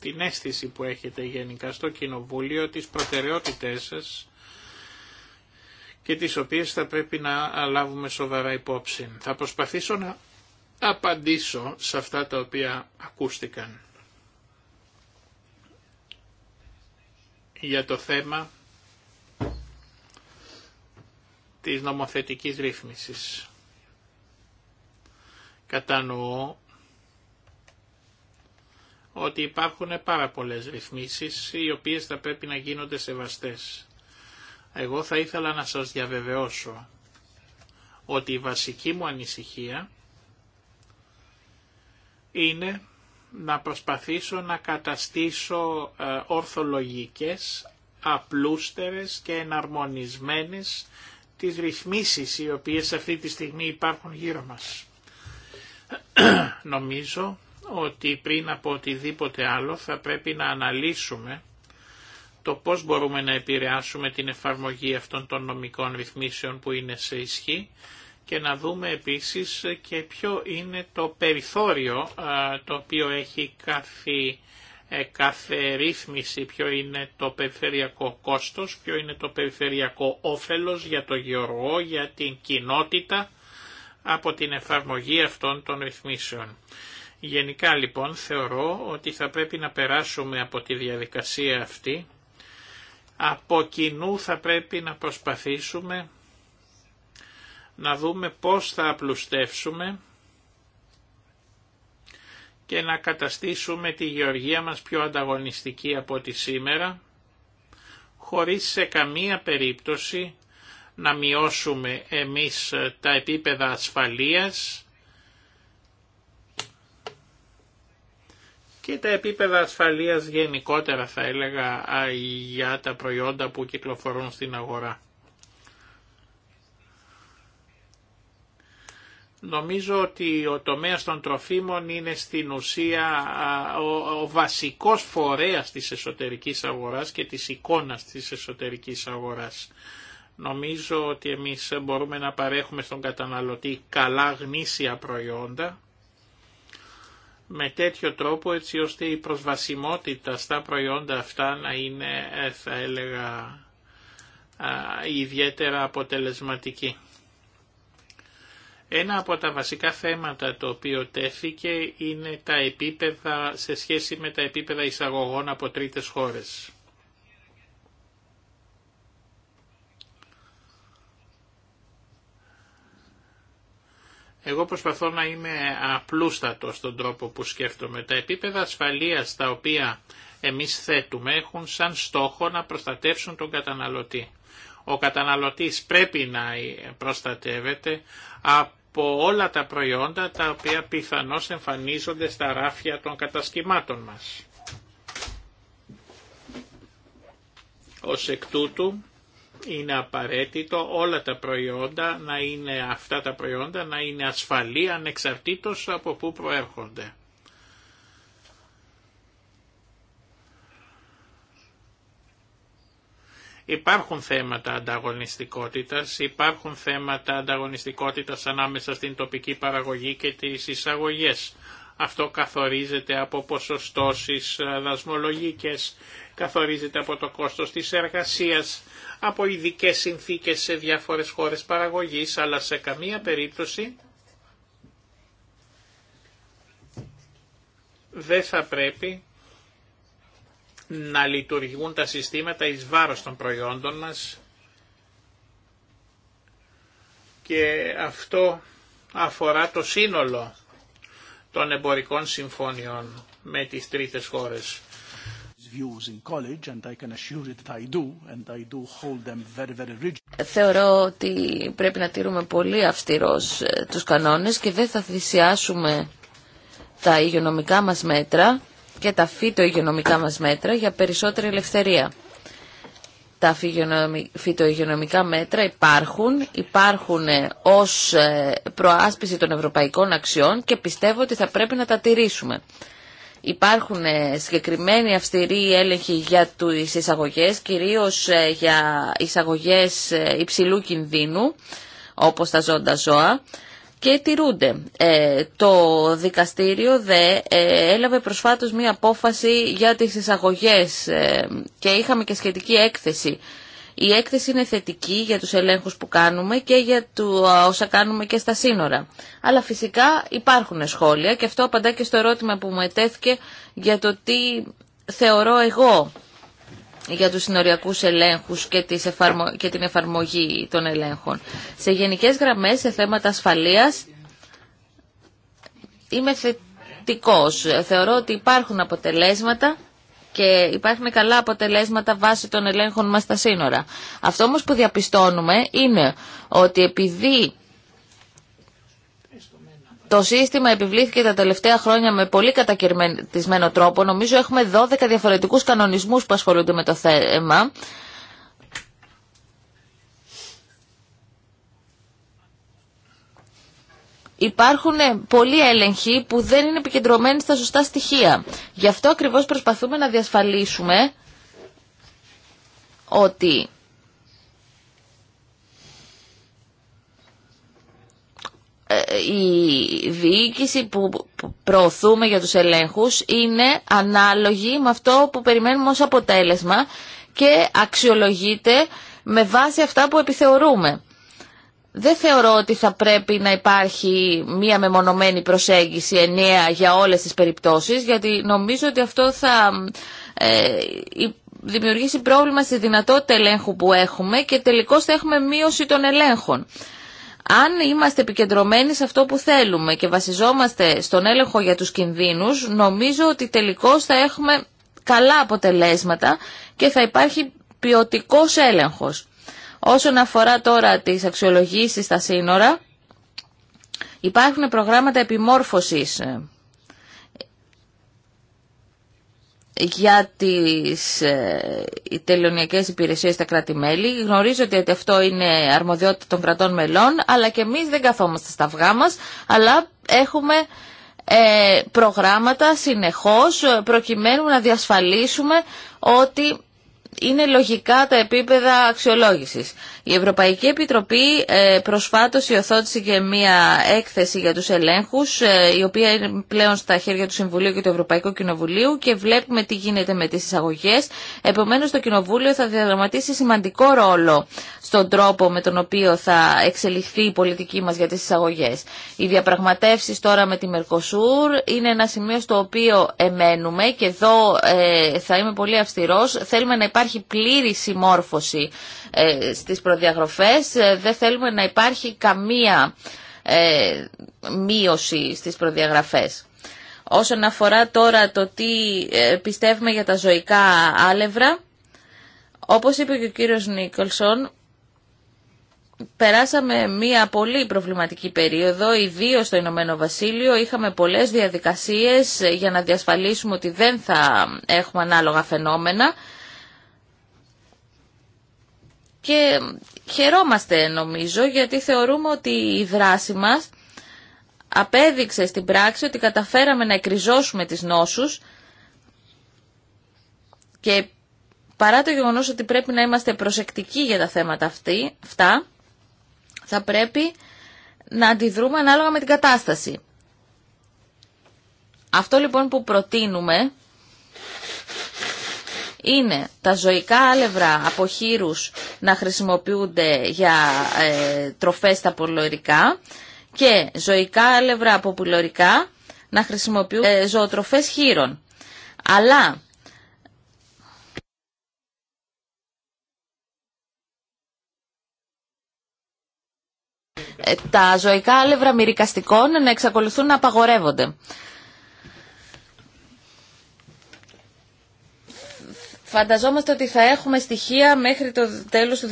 την αίσθηση που έχετε γενικά στο Κοινοβούλιο, τις προτεραιότητές σας και τις οποίες θα πρέπει να λάβουμε σοβαρά υπόψη. Θα προσπαθήσω να απαντήσω σε αυτά τα οποία ακούστηκαν για το θέμα της νομοθετικής ρύθμισης. Κατανοώ ότι υπάρχουν πάρα πολλές ρυθμίσεις οι οποίες θα πρέπει να γίνονται σεβαστές. Εγώ θα ήθελα να σας διαβεβαιώσω ότι η βασική μου ανησυχία είναι να προσπαθήσω να καταστήσω ε, ορθολογικές, απλούστερες και εναρμονισμένες τις ρυθμίσεις οι οποίες αυτή τη στιγμή υπάρχουν γύρω μας. Νομίζω ότι πριν από οτιδήποτε άλλο θα πρέπει να αναλύσουμε το πώς μπορούμε να επηρεάσουμε την εφαρμογή αυτών των νομικών ρυθμίσεων που είναι σε ισχύ και να δούμε επίσης και ποιο είναι το περιθώριο το οποίο έχει κάθε, ε, κάθε ρύθμιση, ποιο είναι το περιφερειακό κόστος, ποιο είναι το περιφερειακό όφελος για το γεωργό, για την κοινότητα από την εφαρμογή αυτών των ρυθμίσεων. Γενικά λοιπόν θεωρώ ότι θα πρέπει να περάσουμε από τη διαδικασία αυτή. Από κοινού θα πρέπει να προσπαθήσουμε να δούμε πώς θα απλουστεύσουμε και να καταστήσουμε τη γεωργία μας πιο ανταγωνιστική από τη σήμερα, χωρίς σε καμία περίπτωση να μειώσουμε εμείς τα επίπεδα ασφαλείας και τα επίπεδα ασφαλείας γενικότερα θα έλεγα για τα προϊόντα που κυκλοφορούν στην αγορά. Νομίζω ότι ο τομέας των τροφίμων είναι στην ουσία ο, βασικός φορέας της εσωτερικής αγοράς και της εικόνας της εσωτερικής αγοράς. Νομίζω ότι εμείς μπορούμε να παρέχουμε στον καταναλωτή καλά γνήσια προϊόντα με τέτοιο τρόπο έτσι ώστε η προσβασιμότητα στα προϊόντα αυτά να είναι ε, θα έλεγα ιδιαίτερα αποτελεσματική. Ένα από τα βασικά θέματα το οποίο τέθηκε είναι τα επίπεδα σε σχέση με τα επίπεδα εισαγωγών από τρίτες χώρες. Εγώ προσπαθώ να είμαι απλούστατο στον τρόπο που σκέφτομαι. Τα επίπεδα ασφαλείας τα οποία εμείς θέτουμε έχουν σαν στόχο να προστατεύσουν τον καταναλωτή. Ο καταναλωτής πρέπει να προστατεύεται από από όλα τα προϊόντα τα οποία πιθανώς εμφανίζονται στα ράφια των κατασκημάτων μας. Ως εκ τούτου είναι απαραίτητο όλα τα προϊόντα να είναι αυτά τα προϊόντα να είναι ασφαλή ανεξαρτήτως από πού προέρχονται. Υπάρχουν θέματα ανταγωνιστικότητας, υπάρχουν θέματα ανταγωνιστικότητας ανάμεσα στην τοπική παραγωγή και τις εισαγωγές. Αυτό καθορίζεται από ποσοστώσεις δασμολογικές, καθορίζεται από το κόστος της εργασίας, από ειδικές συνθήκες σε διάφορες χώρες παραγωγής, αλλά σε καμία περίπτωση δεν θα πρέπει να λειτουργούν τα συστήματα εις βάρος των προϊόντων μας και αυτό αφορά το σύνολο των εμπορικών συμφώνιων με τις τρίτες χώρες. Θεωρώ ότι πρέπει να τηρούμε πολύ αυστηρός ε, τους κανόνες και δεν θα θυσιάσουμε τα υγειονομικά μας μέτρα και τα φυτοϊγειονομικά μας μέτρα για περισσότερη ελευθερία. Τα φυτοϊγειονομικά μέτρα υπάρχουν, υπάρχουν ε, ως ε, προάσπιση των ευρωπαϊκών αξιών και πιστεύω ότι θα πρέπει να τα τηρήσουμε. Υπάρχουν ε, συγκεκριμένοι αυστηροί έλεγχοι για τις εισαγωγές, κυρίως για εισαγωγές υψηλού κινδύνου, όπως τα ζώντα ζώα και τηρούνται. Ε, το δικαστήριο δε ε, έλαβε προσφάτως μία απόφαση για τις εισαγωγές ε, και είχαμε και σχετική έκθεση. Η έκθεση είναι θετική για τους ελέγχους που κάνουμε και για το, όσα κάνουμε και στα σύνορα. Αλλά φυσικά υπάρχουν σχόλια και αυτό απαντά και στο ερώτημα που μου ετέθηκε για το τι θεωρώ εγώ για τους συνοριακούς ελέγχους και, και την εφαρμογή των ελέγχων. Σε γενικές γραμμές, σε θέματα ασφαλείας, είμαι θετικός. Θεωρώ ότι υπάρχουν αποτελέσματα και υπάρχουν καλά αποτελέσματα βάσει των ελέγχων μας στα σύνορα. Αυτό όμως που διαπιστώνουμε είναι ότι επειδή το σύστημα επιβλήθηκε τα τελευταία χρόνια με πολύ κατακαιρματισμένο τρόπο. Νομίζω έχουμε 12 διαφορετικούς κανονισμούς που ασχολούνται με το θέμα. υπάρχουν ε, πολλοί έλεγχοι που δεν είναι επικεντρωμένοι στα σωστά στοιχεία. Γι' αυτό ακριβώς προσπαθούμε να διασφαλίσουμε ότι Ε, ε, η διοίκηση που προωθούμε για τους ελέγχους είναι ανάλογη με αυτό που περιμένουμε ως αποτέλεσμα και αξιολογείται με βάση αυτά που επιθεωρούμε. Δεν θεωρώ ότι θα πρέπει να υπάρχει μία μεμονωμένη προσέγγιση ενιαία για όλες τις περιπτώσεις, γιατί νομίζω ότι αυτό θα ε, δημιουργήσει πρόβλημα στη δυνατότητα ελέγχου που έχουμε και τελικώς θα έχουμε μείωση των ελέγχων. Αν είμαστε επικεντρωμένοι σε αυτό που θέλουμε και βασιζόμαστε στον έλεγχο για τους κινδύνους, νομίζω ότι τελικώς θα έχουμε καλά αποτελέσματα και θα υπάρχει ποιοτικός έλεγχος. Όσον αφορά τώρα τις αξιολογήσεις στα σύνορα, υπάρχουν προγράμματα επιμόρφωσης ε, για τις ε, τελωνιακές υπηρεσίες στα κράτη-μέλη. Γνωρίζω ότι αυτό είναι αρμοδιότητα των κρατών μελών, αλλά και εμείς δεν καθόμαστε στα αυγά μας, αλλά έχουμε ε, προγράμματα συνεχώς προκειμένου να διασφαλίσουμε ότι είναι λογικά τα επίπεδα αξιολόγησης. Η Ευρωπαϊκή Επιτροπή ε, προσφάτως υιοθότησε και μία έκθεση για τους ελέγχους, ε, η οποία είναι πλέον στα χέρια του Συμβουλίου και του Ευρωπαϊκού Κοινοβουλίου και βλέπουμε τι γίνεται με τις εισαγωγές. Επομένως, το Κοινοβούλιο θα διαδραματίσει σημαντικό ρόλο στον τρόπο με τον οποίο θα εξελιχθεί η πολιτική μας για τις εισαγωγές. Οι διαπραγματεύσεις τώρα με τη Μερκοσούρ είναι ένα σημείο στο οποίο εμένουμε και εδώ ε, θα είμαι πολύ αυστηρός. Θέλουμε να υπάρχει πλήρη συμμόρφωση ε, στις προδιαγραφές, ε, δεν θέλουμε να υπάρχει καμία ε, μείωση στις προδιαγραφές. Όσον αφορά τώρα το τι πιστεύουμε για τα ζωικά άλευρα, όπως είπε και ο κύριος Νίκολσον, περάσαμε μία πολύ προβληματική περίοδο, ιδίως στο Ηνωμένο Βασίλειο. Είχαμε πολλές διαδικασίες για να διασφαλίσουμε ότι δεν θα έχουμε ανάλογα φαινόμενα. Και χαιρόμαστε νομίζω γιατί θεωρούμε ότι η δράση μας απέδειξε στην πράξη ότι καταφέραμε να εκριζώσουμε τις νόσους και παρά το γεγονός ότι πρέπει να είμαστε προσεκτικοί για τα θέματα αυτά, θα πρέπει να αντιδρούμε ανάλογα με την κατάσταση. Αυτό λοιπόν που προτείνουμε είναι τα ζωικά άλευρα από χείρους να χρησιμοποιούνται για ε, τροφές τα πολλορικά και ζωικά άλευρα από πουλορικά να χρησιμοποιούνται ε, ζωοτροφές χείρων. Αλλά τα ζωικά άλευρα μυρικαστικών να εξακολουθούν να απαγορεύονται. Φανταζόμαστε ότι θα έχουμε στοιχεία μέχρι το τέλος του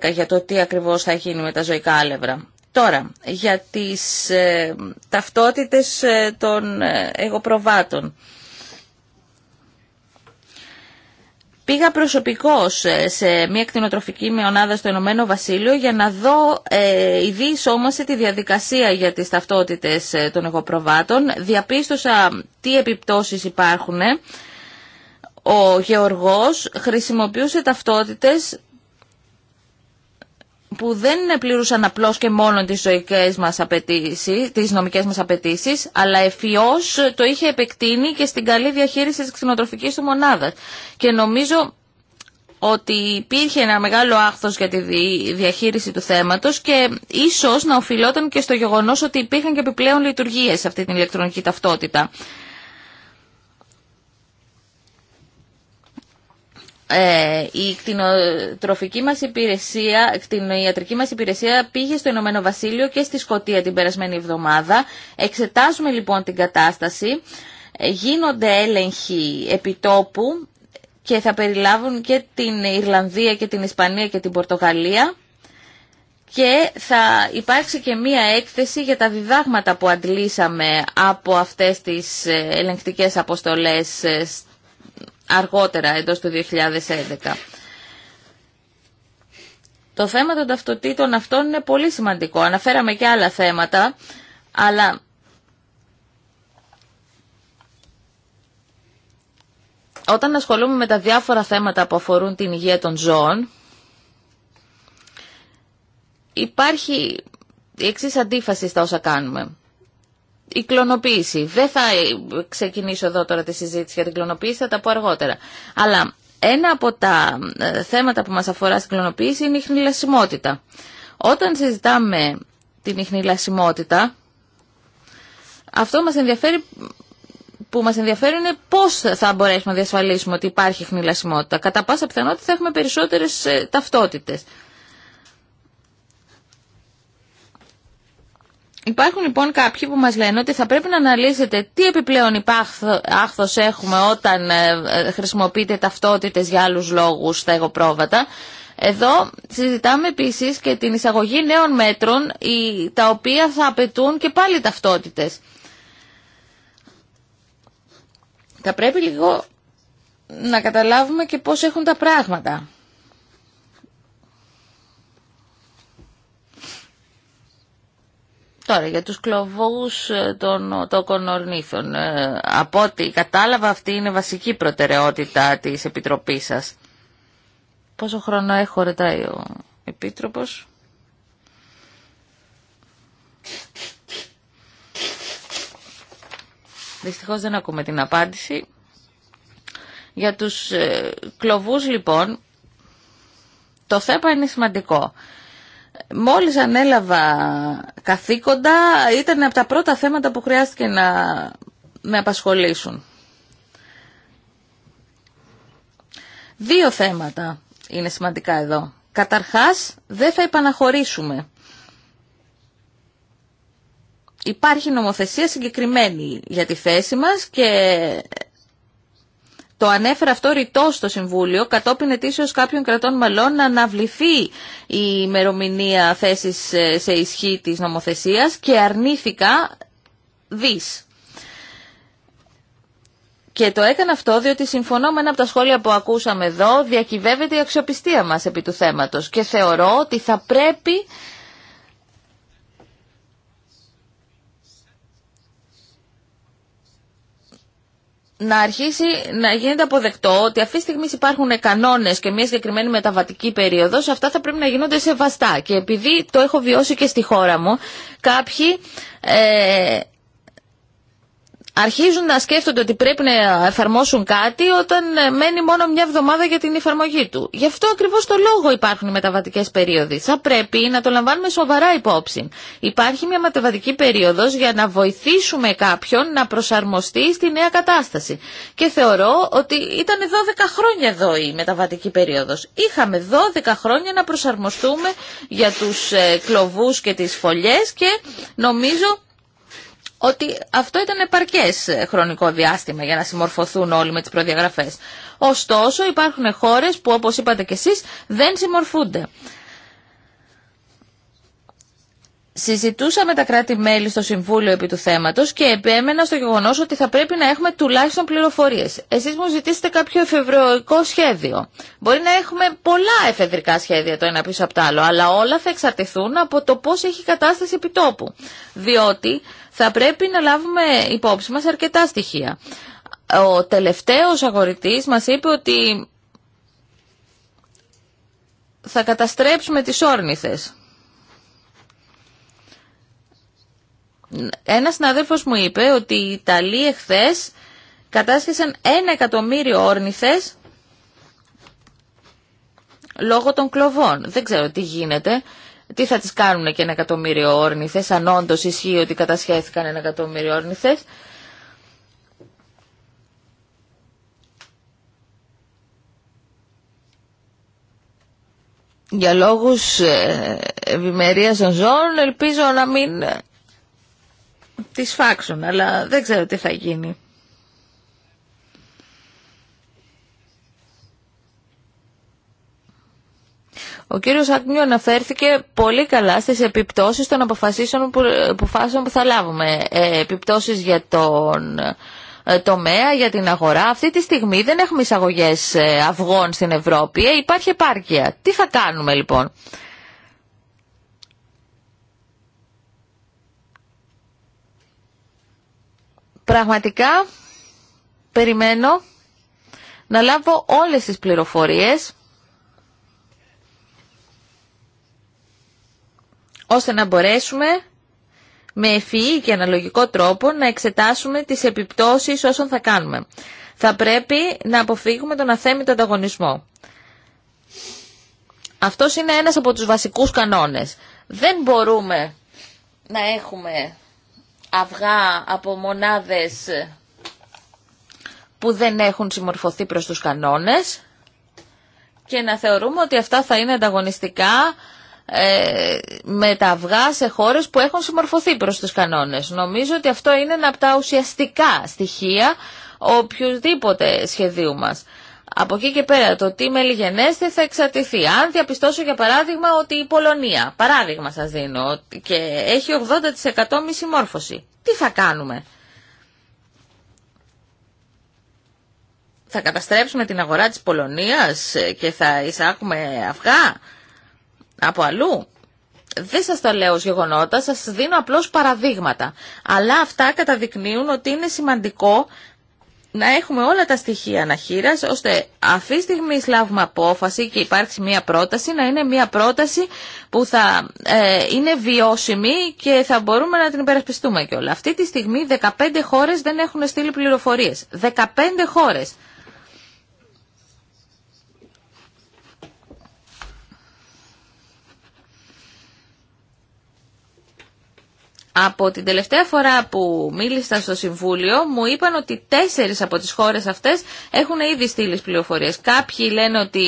2011 για το τι ακριβώς θα γίνει με τα ζωικά άλευρα. Τώρα, για τις ε, ταυτότητες ε, των ε, εγωπροβάτων. Πήγα προσωπικώς ε, σε μια κτηνοτροφική μειονάδα στο Ηνωμένο Βασίλειο για να δω ε, ιδίως όμως τη διαδικασία για τις ταυτότητες των εγωπροβάτων. Διαπίστωσα τι επιπτώσεις υπάρχουν ο Γεωργός χρησιμοποιούσε ταυτότητες που δεν πληρούσαν απλώς και μόνο τις ζωικές μας απαιτήσεις, τις νομικές μας απαιτήσει, αλλά εφιώς το είχε επεκτείνει και στην καλή διαχείριση της κτηνοτροφικής του μονάδας. Και νομίζω ότι υπήρχε ένα μεγάλο άχθος για τη διαχείριση του θέματος και ίσως να οφειλόταν και στο γεγονός ότι υπήρχαν και επιπλέον λειτουργίες σε αυτή την ηλεκτρονική ταυτότητα. Ε, η κτηνοτροφική μας υπηρεσία, ιατρική μας υπηρεσία πήγε στο Ηνωμένο Βασίλειο και στη Σκοτία την περασμένη εβδομάδα. Εξετάζουμε λοιπόν την κατάσταση. Ε, γίνονται έλεγχοι επιτόπου και θα περιλάβουν και την Ιρλανδία και την Ισπανία και την Πορτογαλία και θα υπάρξει και μία έκθεση για τα διδάγματα που αντλήσαμε από αυτές τις ε, ελεγκτικές αποστολές ε, αργότερα εντός του 2011. Το θέμα των ταυτοτήτων αυτών είναι πολύ σημαντικό. Αναφέραμε και άλλα θέματα, αλλά όταν ασχολούμαι με τα διάφορα θέματα που αφορούν την υγεία των ζώων, υπάρχει η εξής αντίφαση στα όσα κάνουμε η κλωνοποίηση. Δεν θα ξεκινήσω εδώ τώρα τη συζήτηση για την κλωνοποίηση, θα τα πω αργότερα. Αλλά ένα από τα ε, θέματα που μας αφορά στην κλωνοποίηση είναι η χνηλασιμότητα. Όταν συζητάμε την χνηλασιμότητα, αυτό μας ενδιαφέρει, που μας ενδιαφέρει είναι πώς θα μπορέσουμε να διασφαλίσουμε ότι υπάρχει χνηλασιμότητα. Κατά πάσα πιθανότητα θα έχουμε περισσότερες ε, ταυτότητες. Υπάρχουν λοιπόν κάποιοι που μας λένε ότι θα πρέπει να αναλύσετε τι επιπλέον άχθος έχουμε όταν ε, ε, χρησιμοποιείτε ταυτότητες για άλλους λόγους στα εγωπρόβατα. Εδώ συζητάμε επίσης και την εισαγωγή νέων μέτρων τα οποία θα απαιτούν και πάλι ταυτότητες. Θα πρέπει λίγο να καταλάβουμε και πώς έχουν τα πράγματα. Τώρα, για τους κλωβούς ε, των τόκων ορνήθων. Ε, από ό,τι κατάλαβα, αυτή είναι βασική προτεραιότητα της Επιτροπής σας. Πόσο χρόνο έχω ρετάει ο Επίτροπος. Δυστυχώς δεν ακούμε την απάντηση. Για τους ε, κλωβούς, λοιπόν, το θέμα είναι σημαντικό. Μόλις ανέλαβα καθήκοντα, ήταν από τα πρώτα θέματα που χρειάστηκε να με απασχολήσουν. Δύο θέματα είναι σημαντικά εδώ. Καταρχάς, δεν θα επαναχωρήσουμε. Υπάρχει νομοθεσία συγκεκριμένη για τη θέση μας και το ανέφερα αυτό ρητό στο Συμβούλιο κατόπιν ετήσεω κάποιων κρατών μελών να αναβληθεί η ημερομηνία θέση ε, σε ισχύ τη νομοθεσία και αρνήθηκα δι. Και το έκανα αυτό διότι συμφωνώ με ένα από τα σχόλια που ακούσαμε εδώ, διακυβεύεται η αξιοπιστία μας επί του θέματος και θεωρώ ότι θα πρέπει να αρχίσει να γίνεται αποδεκτό ότι αυτή τη στιγμή υπάρχουν κανόνε και μια συγκεκριμένη μεταβατική περίοδο, αυτά θα πρέπει να γίνονται σεβαστά. Και επειδή το έχω βιώσει και στη χώρα μου, κάποιοι ε, αρχίζουν να σκέφτονται ότι πρέπει να εφαρμόσουν κάτι όταν ε, μένει μόνο μια εβδομάδα για την εφαρμογή του. Γι' αυτό ακριβώ το λόγο υπάρχουν οι μεταβατικέ περίοδοι. Θα πρέπει να το λαμβάνουμε σοβαρά υπόψη. Υπάρχει μια μεταβατική περίοδο για να βοηθήσουμε κάποιον να προσαρμοστεί στη νέα κατάσταση. Και θεωρώ ότι ήταν 12 χρόνια εδώ η μεταβατική περίοδο. Είχαμε 12 χρόνια να προσαρμοστούμε για τους ε, κλοβού και τι φωλιέ και νομίζω ότι αυτό ήταν επαρκέ χρονικό διάστημα για να συμμορφωθούν όλοι με τι προδιαγραφέ. Ωστόσο υπάρχουν χώρε που όπω είπατε κι εσεί δεν συμμορφούνται. Συζητούσα με τα κράτη-μέλη στο Συμβούλιο επί του θέματο και επέμενα στο γεγονό ότι θα πρέπει να έχουμε τουλάχιστον πληροφορίε. Εσεί μου ζητήσετε κάποιο εφευρωικό σχέδιο. Μπορεί να έχουμε πολλά εφεδρικά σχέδια το ένα πίσω από το άλλο, αλλά όλα θα εξαρτηθούν από το πώ έχει κατάσταση επιτόπου. Διότι θα πρέπει να λάβουμε υπόψη μας αρκετά στοιχεία. Ο τελευταίος αγορητής μας είπε ότι θα καταστρέψουμε τις όρνηθες. Ένας συναδέλφος μου είπε ότι οι Ιταλοί εχθές κατάσχεσαν ένα εκατομμύριο όρνηθες λόγω των κλοβών. Δεν ξέρω τι γίνεται τι θα τις κάνουν και ένα εκατομμύριο όρνηθες, αν όντω ισχύει ότι κατασχέθηκαν ένα εκατομμύριο όρνηθες. Για λόγους ε, ευημερίας των ζώων ελπίζω να μην ε, τις φάξουν, αλλά δεν ξέρω τι θα γίνει. Ο κύριος Αγνιού αναφέρθηκε πολύ καλά στις επιπτώσεις των αποφάσεων που, που θα λάβουμε. Ε, επιπτώσεις για τον ε, τομέα, για την αγορά. Αυτή τη στιγμή δεν έχουμε εισαγωγέ ε, αυγών στην Ευρώπη. υπάρχει επάρκεια. Τι θα κάνουμε λοιπόν. Πραγματικά περιμένω να λάβω όλες τις πληροφορίες ώστε να μπορέσουμε με ευφυή και αναλογικό τρόπο να εξετάσουμε τις επιπτώσεις όσων θα κάνουμε. Θα πρέπει να αποφύγουμε τον αθέμητο ανταγωνισμό. Αυτό είναι ένας από τους βασικούς κανόνες. Δεν μπορούμε να έχουμε αυγά από μονάδες που δεν έχουν συμμορφωθεί προς τους κανόνες και να θεωρούμε ότι αυτά θα είναι ανταγωνιστικά ε, με τα αυγά σε χώρες που έχουν συμμορφωθεί προς τους κανόνες. Νομίζω ότι αυτό είναι ένα από τα ουσιαστικά στοιχεία οποιοδήποτε σχεδίου μας. Από εκεί και πέρα το τι μελιγενέστε θα εξαρτηθεί. Αν διαπιστώσω για παράδειγμα ότι η Πολωνία, παράδειγμα σας δίνω, και έχει 80% μη συμμόρφωση, τι θα κάνουμε. Θα καταστρέψουμε την αγορά της Πολωνίας και θα εισάγουμε αυγά από αλλού. Δεν σας τα λέω ως γεγονότα, σας δίνω απλώς παραδείγματα. Αλλά αυτά καταδεικνύουν ότι είναι σημαντικό να έχουμε όλα τα στοιχεία αναχείρα, ώστε αυτή τη στιγμή λάβουμε απόφαση και υπάρξει μια πρόταση, να είναι μια πρόταση που θα ε, είναι βιώσιμη και θα μπορούμε να την υπερασπιστούμε κιόλα. Αυτή τη στιγμή 15 χώρες δεν έχουν στείλει πληροφορίες. 15 χώρες. Από την τελευταία φορά που μίλησα στο Συμβούλιο μου είπαν ότι τέσσερι από τις χώρες αυτές έχουν ήδη στείλει πληροφορίε. Κάποιοι λένε ότι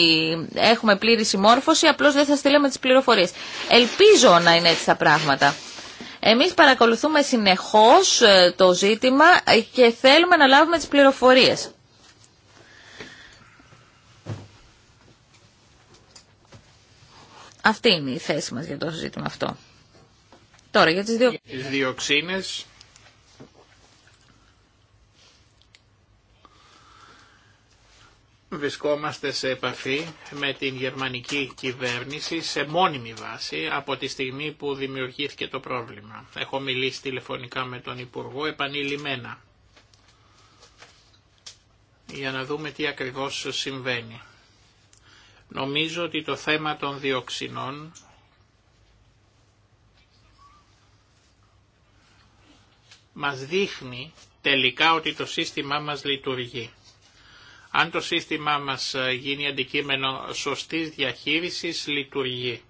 έχουμε πλήρη συμμόρφωση, απλώς δεν θα στείλαμε τις πληροφορίε. Ελπίζω να είναι έτσι τα πράγματα. Εμείς παρακολουθούμε συνεχώς ε, το ζήτημα και θέλουμε να λάβουμε τι πληροφορίε. Αυτή είναι η θέση μας για το ζήτημα αυτό. Τώρα για τις διοξίνες. Βρισκόμαστε σε επαφή με την γερμανική κυβέρνηση σε μόνιμη βάση από τη στιγμή που δημιουργήθηκε το πρόβλημα. Έχω μιλήσει τηλεφωνικά με τον Υπουργό επανειλημμένα για να δούμε τι ακριβώς συμβαίνει. Νομίζω ότι το θέμα των διοξινών μας δείχνει τελικά ότι το σύστημά μας λειτουργεί. Αν το σύστημά μας ε, γίνει αντικείμενο σωστής διαχείρισης, λειτουργεί.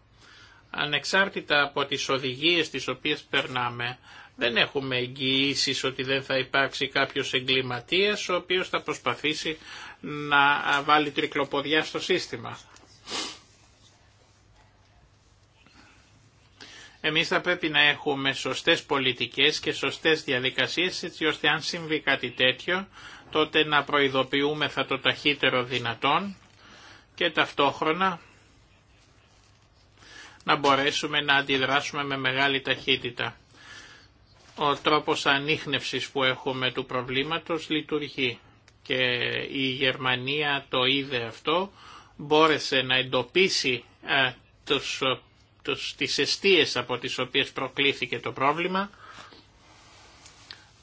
Ανεξάρτητα από τις οδηγίες τις οποίες περνάμε, δεν έχουμε εγγυήσει ότι δεν θα υπάρξει κάποιος εγκληματίας ο οποίος θα προσπαθήσει να βάλει τρικλοποδιά στο σύστημα. Εμείς θα πρέπει να έχουμε σωστές πολιτικές και σωστές διαδικασίες έτσι ώστε αν συμβεί κάτι τέτοιο τότε να προειδοποιούμε θα το ταχύτερο δυνατόν και ταυτόχρονα να μπορέσουμε να αντιδράσουμε με μεγάλη ταχύτητα. Ο τρόπος ανείχνευσης που έχουμε του προβλήματος λειτουργεί και η Γερμανία το είδε αυτό, μπόρεσε να εντοπίσει του ε, τους τις αιστείες από τις οποίες προκλήθηκε το πρόβλημα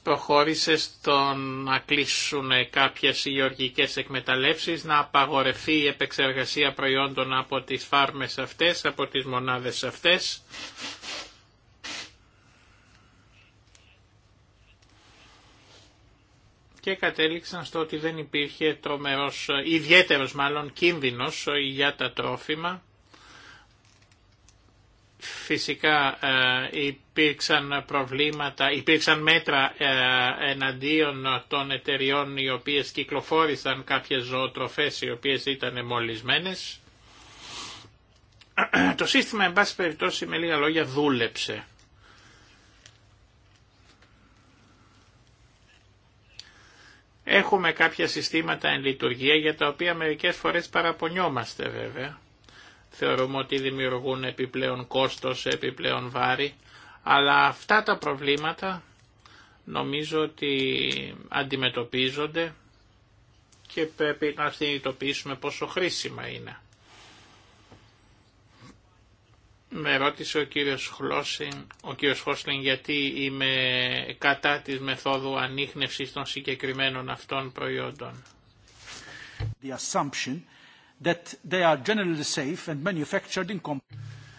προχώρησε στο να κλείσουν κάποιες γεωργικές εκμεταλλεύσεις, να απαγορευτεί η επεξεργασία προϊόντων από τις φάρμες αυτές, από τις μονάδες αυτές. Και κατέληξαν στο ότι δεν υπήρχε τρομερός, ιδιαίτερος μάλλον κίνδυνος για τα τρόφιμα Φυσικά ε, υπήρξαν προβλήματα, υπήρξαν μέτρα ε, εναντίον των εταιριών οι οποίες κυκλοφόρησαν κάποιες ζωοτροφές οι οποίες ήταν μολυσμένες. Το σύστημα, εν πάση περιπτώσει, με λίγα λόγια δούλεψε. Έχουμε κάποια συστήματα εν λειτουργία για τα οποία μερικές φορές παραπονιόμαστε βέβαια θεωρούμε ότι δημιουργούν επιπλέον κόστος, επιπλέον βάρη, αλλά αυτά τα προβλήματα νομίζω ότι αντιμετωπίζονται και πρέπει να συνειδητοποιήσουμε πόσο χρήσιμα είναι. Με ρώτησε ο κύριος Χλώσιν, ο κύριος γιατί είμαι κατά της μεθόδου ανείχνευσης των συγκεκριμένων αυτών προϊόντων. The αυτό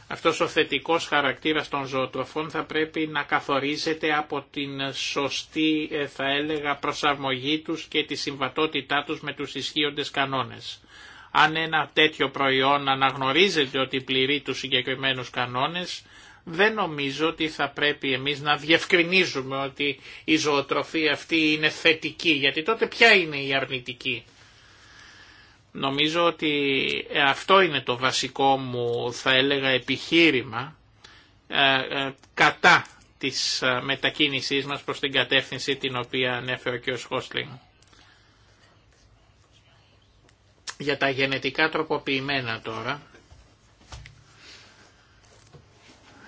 αυτός ο θετικός χαρακτήρας των ζωοτροφών θα πρέπει να καθορίζεται από την σωστή, ε, θα έλεγα, προσαρμογή τους και τη συμβατότητά τους με τους ισχύοντες κανόνες. Αν ένα τέτοιο προϊόν αναγνωρίζεται ότι πληρεί τους συγκεκριμένους κανόνες, δεν νομίζω ότι θα πρέπει εμείς να διευκρινίζουμε ότι η ζωοτροφή αυτή είναι θετική, γιατί τότε ποια είναι η αρνητική. Νομίζω ότι ε, αυτό είναι το βασικό μου θα έλεγα επιχείρημα ε, ε, κατά της μετακίνησής μας προς την κατεύθυνση την οποία ανέφερε και ο Σχόσλινγκ. Για τα γενετικά τροποποιημένα τώρα,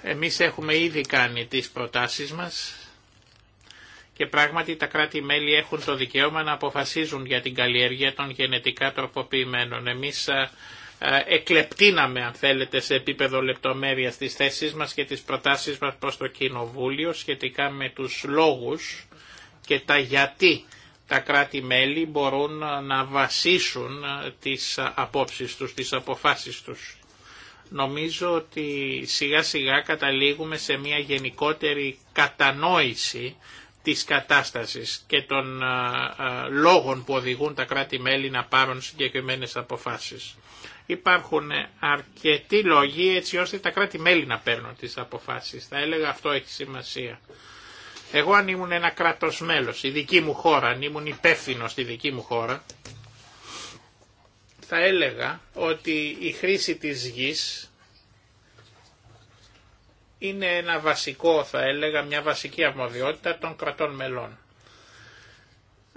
εμείς έχουμε ήδη κάνει τις προτάσεις μας και πράγματι τα κράτη-μέλη έχουν το δικαίωμα να αποφασίζουν για την καλλιέργεια των γενετικά τροποποιημένων. Εμείς ε, ε, εκλεπτύναμε αν θέλετε σε επίπεδο λεπτομέρειας τις θέσεις μας και τις προτάσεις μας προς το Κοινοβούλιο σχετικά με τους λόγους και τα γιατί τα κράτη-μέλη μπορούν ε, να βασίσουν τις απόψεις τους, τις αποφάσεις τους. Νομίζω ότι σιγά σιγά καταλήγουμε σε μια γενικότερη κατανόηση της κατάστασης και των λόγων που οδηγούν τα κράτη-μέλη να πάρουν συγκεκριμένες αποφάσεις. Υπάρχουν αρκετοί λόγοι έτσι ώστε τα κράτη-μέλη να παίρνουν τις αποφάσεις. Θα έλεγα αυτό έχει σημασία. Εγώ αν ήμουν ένα κράτος μέλος, η δική μου χώρα, αν ήμουν υπεύθυνο στη δική μου χώρα, θα έλεγα ότι η χρήση της γης είναι ένα βασικό, θα έλεγα, μια βασική αρμοδιότητα των κρατών μελών.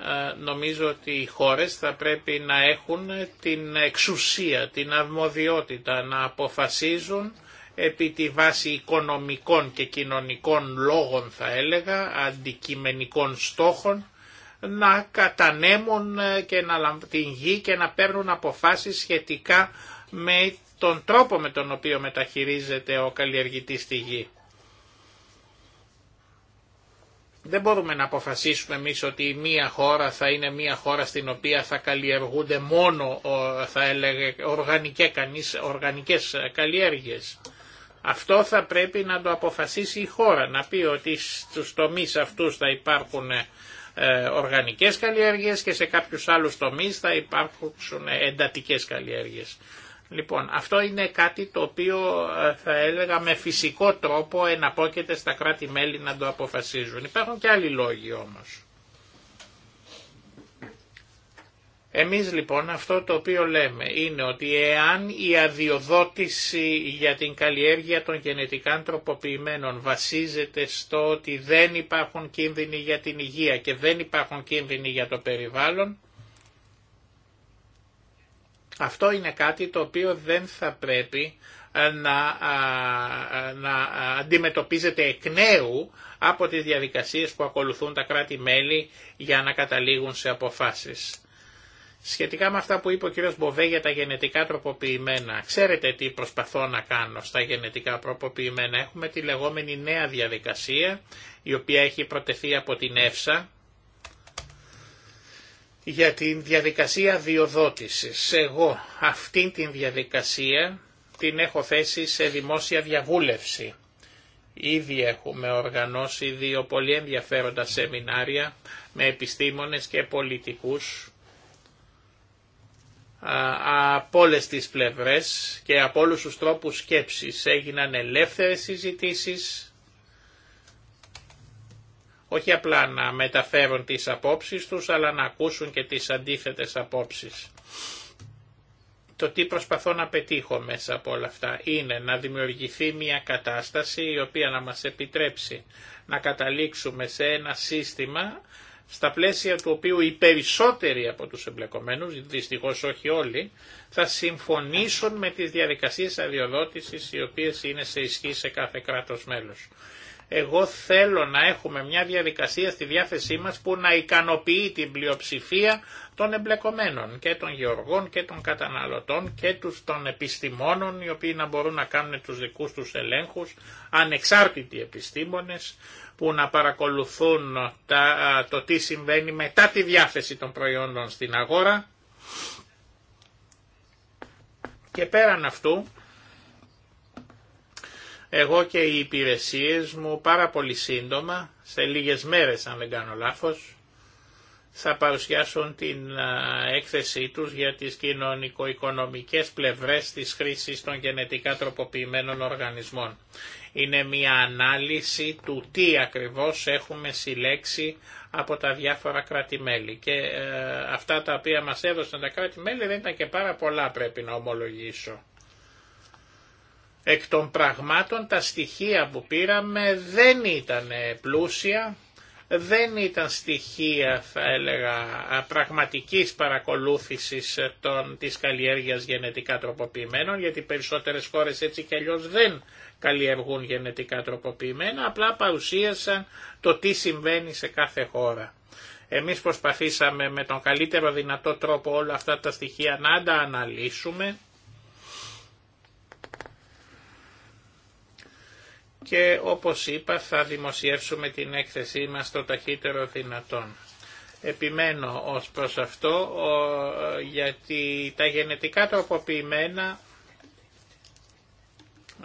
Ε, νομίζω ότι οι χώρες θα πρέπει να έχουν την εξουσία, την αρμοδιότητα να αποφασίζουν επί τη βάση οικονομικών και κοινωνικών λόγων θα έλεγα, αντικειμενικών στόχων, να κατανέμουν ε, και να, την γη και να παίρνουν αποφάσεις σχετικά με τον τρόπο με τον οποίο μεταχειρίζεται ο καλλιεργητής στη γη. Δεν μπορούμε να αποφασίσουμε εμείς ότι μία χώρα θα είναι μία χώρα στην οποία θα καλλιεργούνται μόνο, θα έλεγε, οργανικές, οργανικές καλλιέργειες. Αυτό θα πρέπει να το αποφασίσει η χώρα, να πει ότι στους τομείς αυτούς θα υπάρχουν ε, οργανικές καλλιέργειες και σε κάποιους άλλους τομείς θα υπάρχουν ε, εντατικές καλλιέργειες. Λοιπόν, αυτό είναι κάτι το οποίο ε, θα έλεγα με φυσικό τρόπο εναπόκειται στα κράτη-μέλη να το αποφασίζουν. Υπάρχουν και άλλοι λόγοι όμως. Εμείς λοιπόν αυτό το οποίο λέμε είναι ότι εάν η αδειοδότηση για την καλλιέργεια των γενετικά τροποποιημένων βασίζεται στο ότι δεν υπάρχουν κίνδυνοι για την υγεία και δεν υπάρχουν κίνδυνοι για το περιβάλλον, αυτό είναι κάτι το οποίο δεν θα πρέπει ε, να, να αντιμετωπίζεται εκ νέου από τις διαδικασίες που ακολουθούν τα κράτη-μέλη για να καταλήγουν σε αποφάσεις. Σχετικά με αυτά που είπε ο κ. Μποβέ για τα γενετικά τροποποιημένα, ξέρετε τι προσπαθώ να κάνω στα γενετικά τροποποιημένα. Έχουμε τη λεγόμενη νέα διαδικασία, η οποία έχει προτεθεί από την ΕΦΣΑ, για την διαδικασία διοδότησης. Εγώ αυτήν την διαδικασία την έχω θέσει σε δημόσια διαβούλευση. Ήδη έχουμε οργανώσει δύο πολύ ενδιαφέροντα σεμινάρια με επιστήμονες και πολιτικούς από όλε τις πλευρές και από όλους τους τρόπους σκέψης. Έγιναν ελεύθερες συζητήσεις, όχι απλά να μεταφέρουν τις απόψεις τους, αλλά να ακούσουν και τις αντίθετες απόψεις. Το τι προσπαθώ να πετύχω μέσα από όλα αυτά είναι να δημιουργηθεί μια κατάσταση η οποία να μας επιτρέψει να καταλήξουμε σε ένα σύστημα στα πλαίσια του οποίου οι περισσότεροι από τους εμπλεκομένους, δυστυχώς όχι όλοι, θα συμφωνήσουν με τις διαδικασίες αδειοδότησης οι οποίες είναι σε ισχύ σε κάθε κράτος μέλος. Εγώ θέλω να έχουμε μια διαδικασία στη διάθεσή μας που να ικανοποιεί την πλειοψηφία των εμπλεκομένων και των γεωργών και των καταναλωτών και τους των επιστημόνων οι οποίοι να μπορούν να κάνουν τους δικούς τους ελέγχους, ανεξάρτητοι επιστήμονες που να παρακολουθούν τα, το τι συμβαίνει μετά τη διάθεση των προϊόντων στην αγορά. Και πέραν αυτού εγώ και οι υπηρεσίες μου πάρα πολύ σύντομα, σε λίγες μέρες αν δεν κάνω λάθος, θα παρουσιάσουν την έκθεσή τους για τις κοινωνικο-οικονομικές πλευρές της χρήσης των γενετικά τροποποιημένων οργανισμών. Είναι μια ανάλυση του τι ακριβώς έχουμε συλλέξει από τα διάφορα κράτη-μέλη. Και ε, αυτά τα οποία μας έδωσαν τα κρατη δεν ήταν και πάρα πολλά πρέπει να ομολογήσω. Εκ των πραγμάτων τα στοιχεία που πήραμε δεν ήταν πλούσια, δεν ήταν στοιχεία θα έλεγα πραγματικής παρακολούθησης των, της καλλιέργειας γενετικά τροποποιημένων γιατί περισσότερες χώρες έτσι κι αλλιώς δεν καλλιεργούν γενετικά τροποποιημένα απλά παρουσίασαν το τι συμβαίνει σε κάθε χώρα. Εμείς προσπαθήσαμε με τον καλύτερο δυνατό τρόπο όλα αυτά τα στοιχεία να τα και όπως είπα θα δημοσιεύσουμε την έκθεσή μας το ταχύτερο δυνατόν. Επιμένω ως προς αυτό γιατί τα γενετικά τροποποιημένα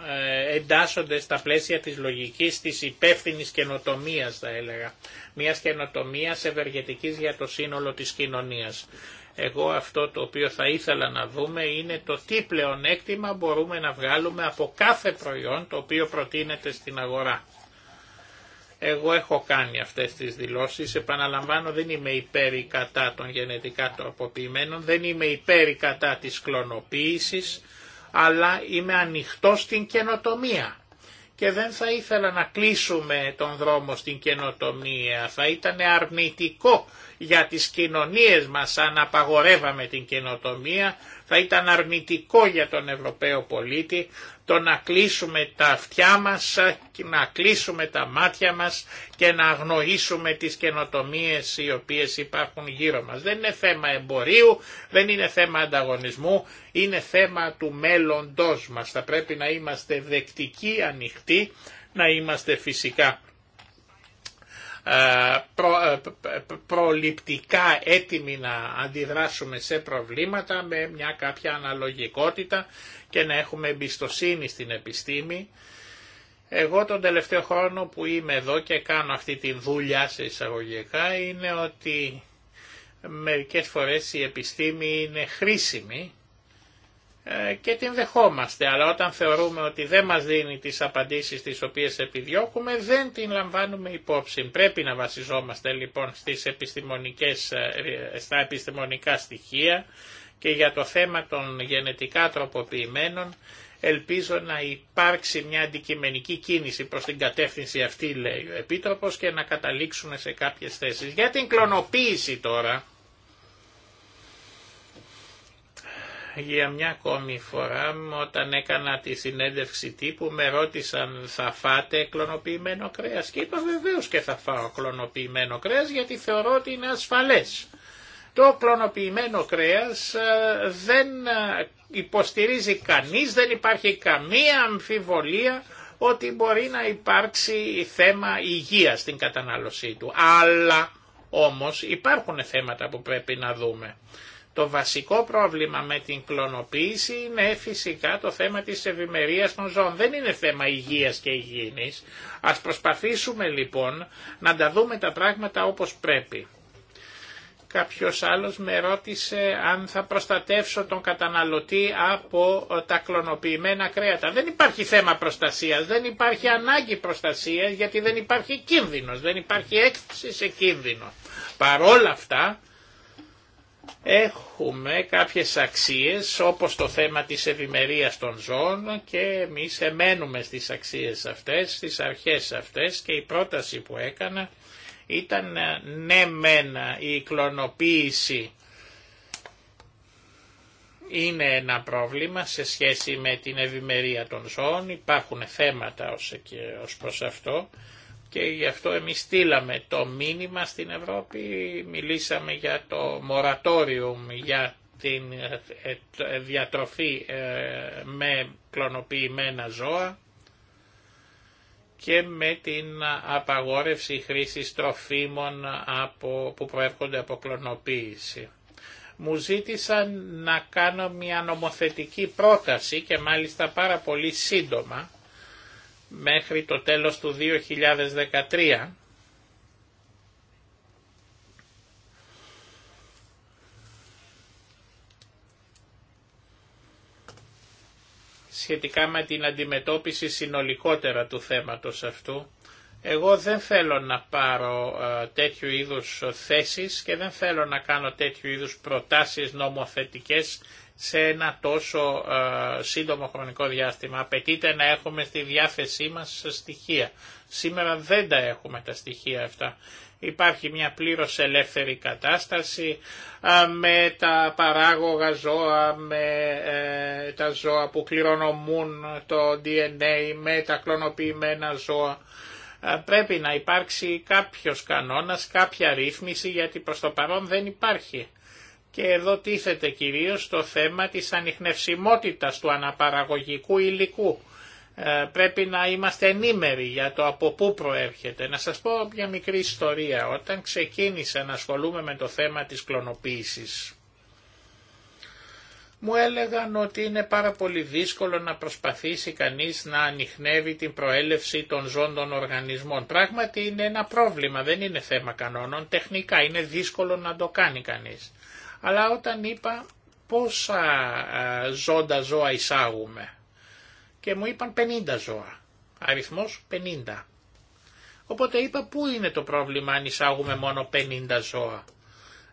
ε, εντάσσονται στα πλαίσια της λογικής της υπεύθυνης καινοτομίας θα έλεγα. Μιας καινοτομίας ευεργετικής για το σύνολο της κοινωνίας. Εγώ αυτό το οποίο θα ήθελα να δούμε είναι το τι πλεονέκτημα μπορούμε να βγάλουμε από κάθε προϊόν το οποίο προτείνεται στην αγορά. Εγώ έχω κάνει αυτές τις δηλώσεις, επαναλαμβάνω δεν είμαι υπέρ κατά των γενετικά τροποποιημένων, δεν είμαι υπέρ ή κατά της κλωνοποίησης, αλλά είμαι ανοιχτός στην καινοτομία. Και δεν θα ήθελα να κλείσουμε τον δρόμο στην καινοτομία, θα ήταν αρνητικό για τις κοινωνίες μας αν απαγορεύαμε την καινοτομία, θα ήταν αρνητικό για τον Ευρωπαίο πολίτη το να κλείσουμε τα αυτιά μας, να κλείσουμε τα μάτια μας και να αγνοήσουμε τις καινοτομίες οι οποίες υπάρχουν γύρω μας. Δεν είναι θέμα εμπορίου, δεν είναι θέμα ανταγωνισμού, είναι θέμα του μέλλοντός μας. Θα πρέπει να είμαστε δεκτικοί, ανοιχτοί, να είμαστε φυσικά ε, ε, προληπτικά έτοιμοι να αντιδράσουμε σε προβλήματα με μια κάποια αναλογικότητα και να έχουμε εμπιστοσύνη στην επιστήμη. Εγώ τον τελευταίο χρόνο που είμαι εδώ και κάνω αυτή τη δουλειά σε εισαγωγικά είναι ότι μερικές φορές η επιστήμη είναι χρήσιμη ε, και την δεχόμαστε, αλλά όταν θεωρούμε ότι δεν μας δίνει τις απαντήσεις τις οποίες επιδιώκουμε, δεν την λαμβάνουμε υπόψη. Πρέπει να βασιζόμαστε λοιπόν στις επιστημονικές, ε, ε, στα επιστημονικά στοιχεία και για το θέμα των γενετικά τροποποιημένων ελπίζω να υπάρξει μια αντικειμενική κίνηση προς την κατεύθυνση αυτή λέει ο Επίτροπος και να καταλήξουμε σε κάποιες θέσεις. Για την κλωνοποίηση τώρα, για μια ακόμη φορά όταν έκανα τη συνέντευξη τύπου με ρώτησαν θα φάτε κλωνοποιημένο κρέας και είπα βεβαίως και θα φάω κλωνοποιημένο κρέας γιατί θεωρώ ότι είναι ασφαλές. Το κλωνοποιημένο κρέας ε, δεν ε, υποστηρίζει κανείς, δεν υπάρχει καμία αμφιβολία ότι μπορεί να υπάρξει θέμα υγείας στην κατανάλωσή του. Αλλά όμως υπάρχουν θέματα που πρέπει να δούμε. Το βασικό πρόβλημα με την κλωνοποίηση είναι φυσικά το θέμα της ευημερία των ζώων. Δεν είναι θέμα υγείας και υγιεινής. Ας προσπαθήσουμε λοιπόν να τα δούμε τα πράγματα όπως πρέπει. Κάποιος άλλος με ρώτησε αν θα προστατεύσω τον καταναλωτή από ε, τα κλωνοποιημένα κρέατα. Δεν υπάρχει θέμα προστασίας, δεν υπάρχει ανάγκη προστασίας γιατί δεν υπάρχει κίνδυνος, δεν υπάρχει έκθεση σε κίνδυνο. Παρόλα αυτά Έχουμε κάποιες αξίες όπως το θέμα της ευημερία των ζώων και εμείς εμένουμε στις αξίες αυτές, στις αρχές αυτές και η πρόταση που έκανα ήταν ε, ναι μένα η κλωνοποίηση είναι ένα πρόβλημα σε σχέση με την ευημερία των ζώων, υπάρχουν θέματα ως, ως προς αυτό, και γι' αυτό εμείς στείλαμε το μήνυμα στην Ευρώπη, μιλήσαμε για το moratorium για την ε, ε, διατροφή ε, με κλωνοποιημένα ζώα και με την απαγόρευση χρήσης τροφίμων από, που προέρχονται από κλωνοποίηση. Μου ζήτησαν να κάνω μια νομοθετική πρόταση και μάλιστα πάρα πολύ σύντομα μέχρι το τέλος του 2013 σχετικά με την αντιμετώπιση συνολικότερα του θέματος αυτού. Εγώ δεν θέλω να πάρω ε, τέτοιου είδους θέσεις και δεν θέλω να κάνω τέτοιου είδους προτάσεις νομοθετικές σε ένα τόσο σύντομο χρονικό διάστημα. Απαιτείται να έχουμε στη διάθεσή μας στοιχεία. Σήμερα δεν τα έχουμε τα στοιχεία αυτά. Υπάρχει μια πλήρως ελεύθερη κατάσταση με τα παράγωγα ζώα, με ε, τα ζώα που κληρονομούν το DNA, με τα κλωνοποιημένα ζώα. Πρέπει να υπάρξει κάποιος κανόνας, κάποια ρύθμιση γιατί προς το παρόν δεν υπάρχει και εδώ τίθεται κυρίως το θέμα της ανιχνευσιμότητας του αναπαραγωγικού υλικού. Ε, πρέπει να είμαστε ενήμεροι για το από πού προέρχεται. Να σας πω μια μικρή ιστορία. Όταν ξεκίνησα να ασχολούμαι με το θέμα της κλωνοποίησης, μου έλεγαν ότι είναι πάρα πολύ δύσκολο να προσπαθήσει κανείς να ανιχνεύει την προέλευση των ζώων των οργανισμών. Πράγματι είναι ένα πρόβλημα, δεν είναι θέμα κανόνων, τεχνικά είναι δύσκολο να το κάνει κανείς αλλά όταν είπα πόσα ε, ζώντα ζώα εισάγουμε και μου είπαν 50 ζώα, αριθμός 50. Οπότε είπα πού είναι το πρόβλημα αν εισάγουμε μόνο 50 ζώα.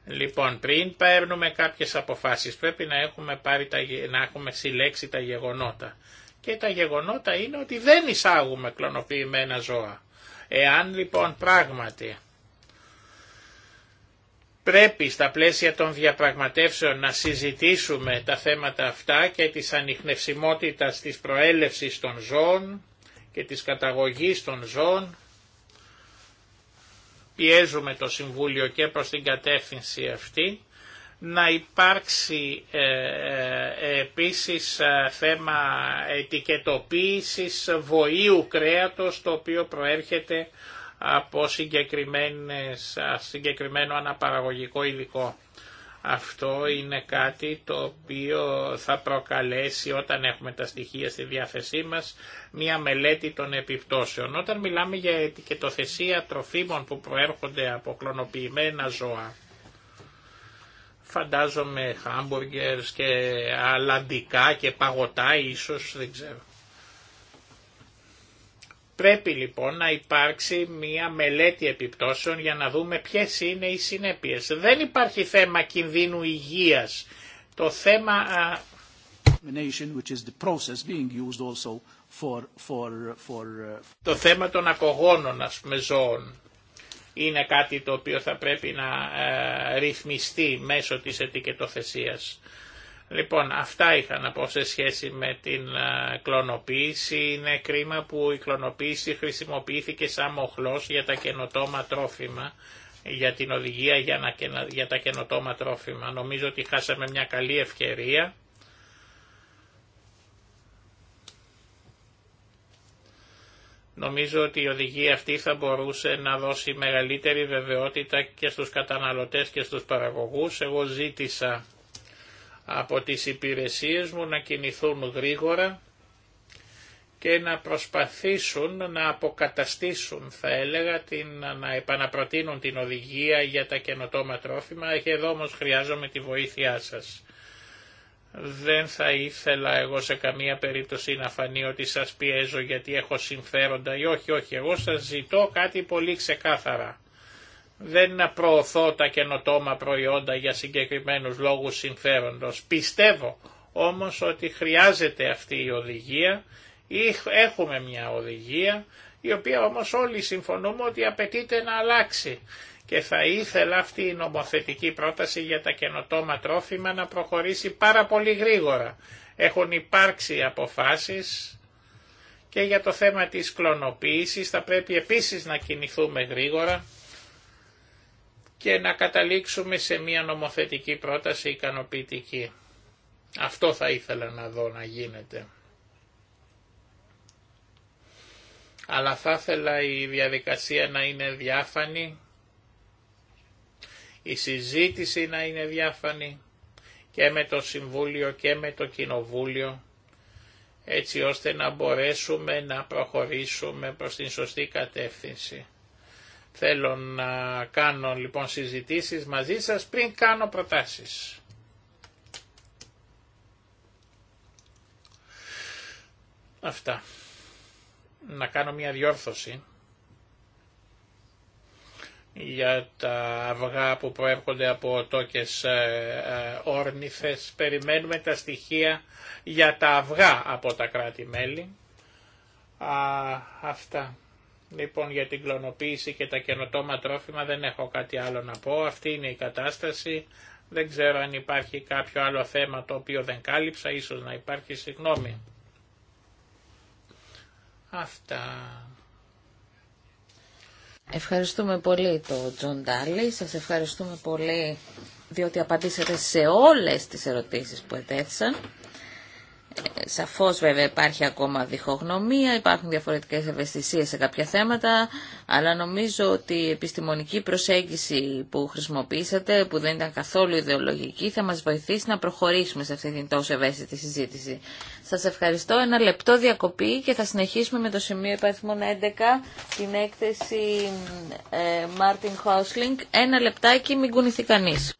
Λοιπόν, πριν παίρνουμε κάποιες αποφάσεις πρέπει να έχουμε, πάρει τα, να έχουμε συλλέξει τα γεγονότα. Και τα γεγονότα είναι ότι δεν εισάγουμε κλωνοποιημένα ζώα. Εάν λοιπόν πράγματι πρέπει στα πλαίσια των διαπραγματεύσεων να συζητήσουμε τα θέματα αυτά και της ανιχνευσιμότητας της προέλευσης των ζώων και της καταγωγής των ζώων. Πιέζουμε το Συμβούλιο και προς την κατεύθυνση αυτή. Να υπάρξει ε, ε, επίσης ε, θέμα ετικετοποίησης βοήου κρέατος το οποίο προέρχεται από συγκεκριμένο αναπαραγωγικό υλικό. Αυτό είναι κάτι το οποίο θα προκαλέσει όταν έχουμε τα στοιχεία στη διάθεσή μας μια μελέτη των επιπτώσεων. Όταν μιλάμε για ετικετοθεσία τροφίμων που προέρχονται από κλωνοποιημένα ζώα, φαντάζομαι χάμπουργκερς και αλαντικά και παγωτά ίσως, δεν ξέρω. Πρέπει λοιπόν να υπάρξει μία μελέτη επιπτώσεων για να δούμε ποιες είναι οι συνέπειες. Δεν υπάρχει θέμα κινδύνου υγείας. Το θέμα... Το θέμα των ακογόνων ας ζώων είναι κάτι το οποίο θα πρέπει να ε, ρυθμιστεί μέσω της ετικετοθεσίας. Λοιπόν, αυτά είχα να πω σε σχέση με την κλωνοποίηση. Είναι κρίμα που η κλωνοποίηση χρησιμοποιήθηκε σαν μοχλός για τα καινοτόμα τρόφιμα, για την οδηγία για, να, για τα καινοτόμα τρόφιμα. Νομίζω ότι χάσαμε μια καλή ευκαιρία. Νομίζω ότι η οδηγία αυτή θα μπορούσε να δώσει μεγαλύτερη βεβαιότητα και στους καταναλωτές και στους παραγωγούς. Εγώ ζήτησα από τις υπηρεσίες μου να κινηθούν γρήγορα και να προσπαθήσουν να αποκαταστήσουν, θα έλεγα, την, να επαναπροτείνουν την οδηγία για τα καινοτόμα τρόφιμα και εδώ όμως χρειάζομαι τη βοήθειά σας. Δεν θα ήθελα εγώ σε καμία περίπτωση να φανεί ότι σας πιέζω γιατί έχω συμφέροντα ή όχι, όχι, εγώ σας ζητώ κάτι πολύ ξεκάθαρα δεν προωθώ τα καινοτόμα προϊόντα για συγκεκριμένους λόγους συμφέροντος. Πιστεύω όμως ότι χρειάζεται αυτή η οδηγία ή έχουμε μια οδηγία η οποία όμως όλοι συμφωνούμε ότι απαιτείται να αλλάξει και θα ήθελα αυτή η νομοθετική πρόταση για τα καινοτόμα τρόφιμα να προχωρήσει πάρα πολύ γρήγορα. Έχουν υπάρξει αποφάσεις και για το θέμα της κλωνοποίησης θα πρέπει επίσης να κινηθούμε γρήγορα και να καταλήξουμε σε μια νομοθετική πρόταση ικανοποιητική. Αυτό θα ήθελα να δω να γίνεται. Αλλά θα ήθελα η διαδικασία να είναι διάφανη, η συζήτηση να είναι διάφανη και με το Συμβούλιο και με το Κοινοβούλιο, έτσι ώστε να μπορέσουμε να προχωρήσουμε προς την σωστή κατεύθυνση. Θέλω να κάνω λοιπόν συζητήσεις μαζί σας πριν κάνω προτάσεις. Αυτά. Να κάνω μια διόρθωση για τα αυγά που προέρχονται από τόκες ε, ε, όρνηθες. Περιμένουμε τα στοιχεία για τα αυγά από τα κράτη-μέλη. Αυτά. Λοιπόν για την κλωνοποίηση και τα καινοτόμα τρόφιμα δεν έχω κάτι άλλο να πω. Αυτή είναι η κατάσταση. Δεν ξέρω αν υπάρχει κάποιο άλλο θέμα το οποίο δεν κάλυψα. Ίσως να υπάρχει συγγνώμη. Αυτά. Ευχαριστούμε πολύ το Τζον Ντάλι. Σας ευχαριστούμε πολύ διότι απαντήσατε σε όλες τις ερωτήσεις που ετέθησαν. Σαφώς βέβαια υπάρχει ακόμα διχογνωμία, υπάρχουν διαφορετικές ευαισθησίες σε κάποια θέματα, αλλά νομίζω ότι η επιστημονική προσέγγιση που χρησιμοποίησατε, που δεν ήταν καθόλου ιδεολογική, θα μας βοηθήσει να προχωρήσουμε σε αυτή την τόσο ευαίσθητη συζήτηση. Σας ευχαριστώ. Ένα λεπτό διακοπή και θα συνεχίσουμε με το σημείο υπαριθμών 11, την έκθεση Μάρτιν ε, Χόσλινγκ. Ένα λεπτάκι, μην κουνηθεί κανείς.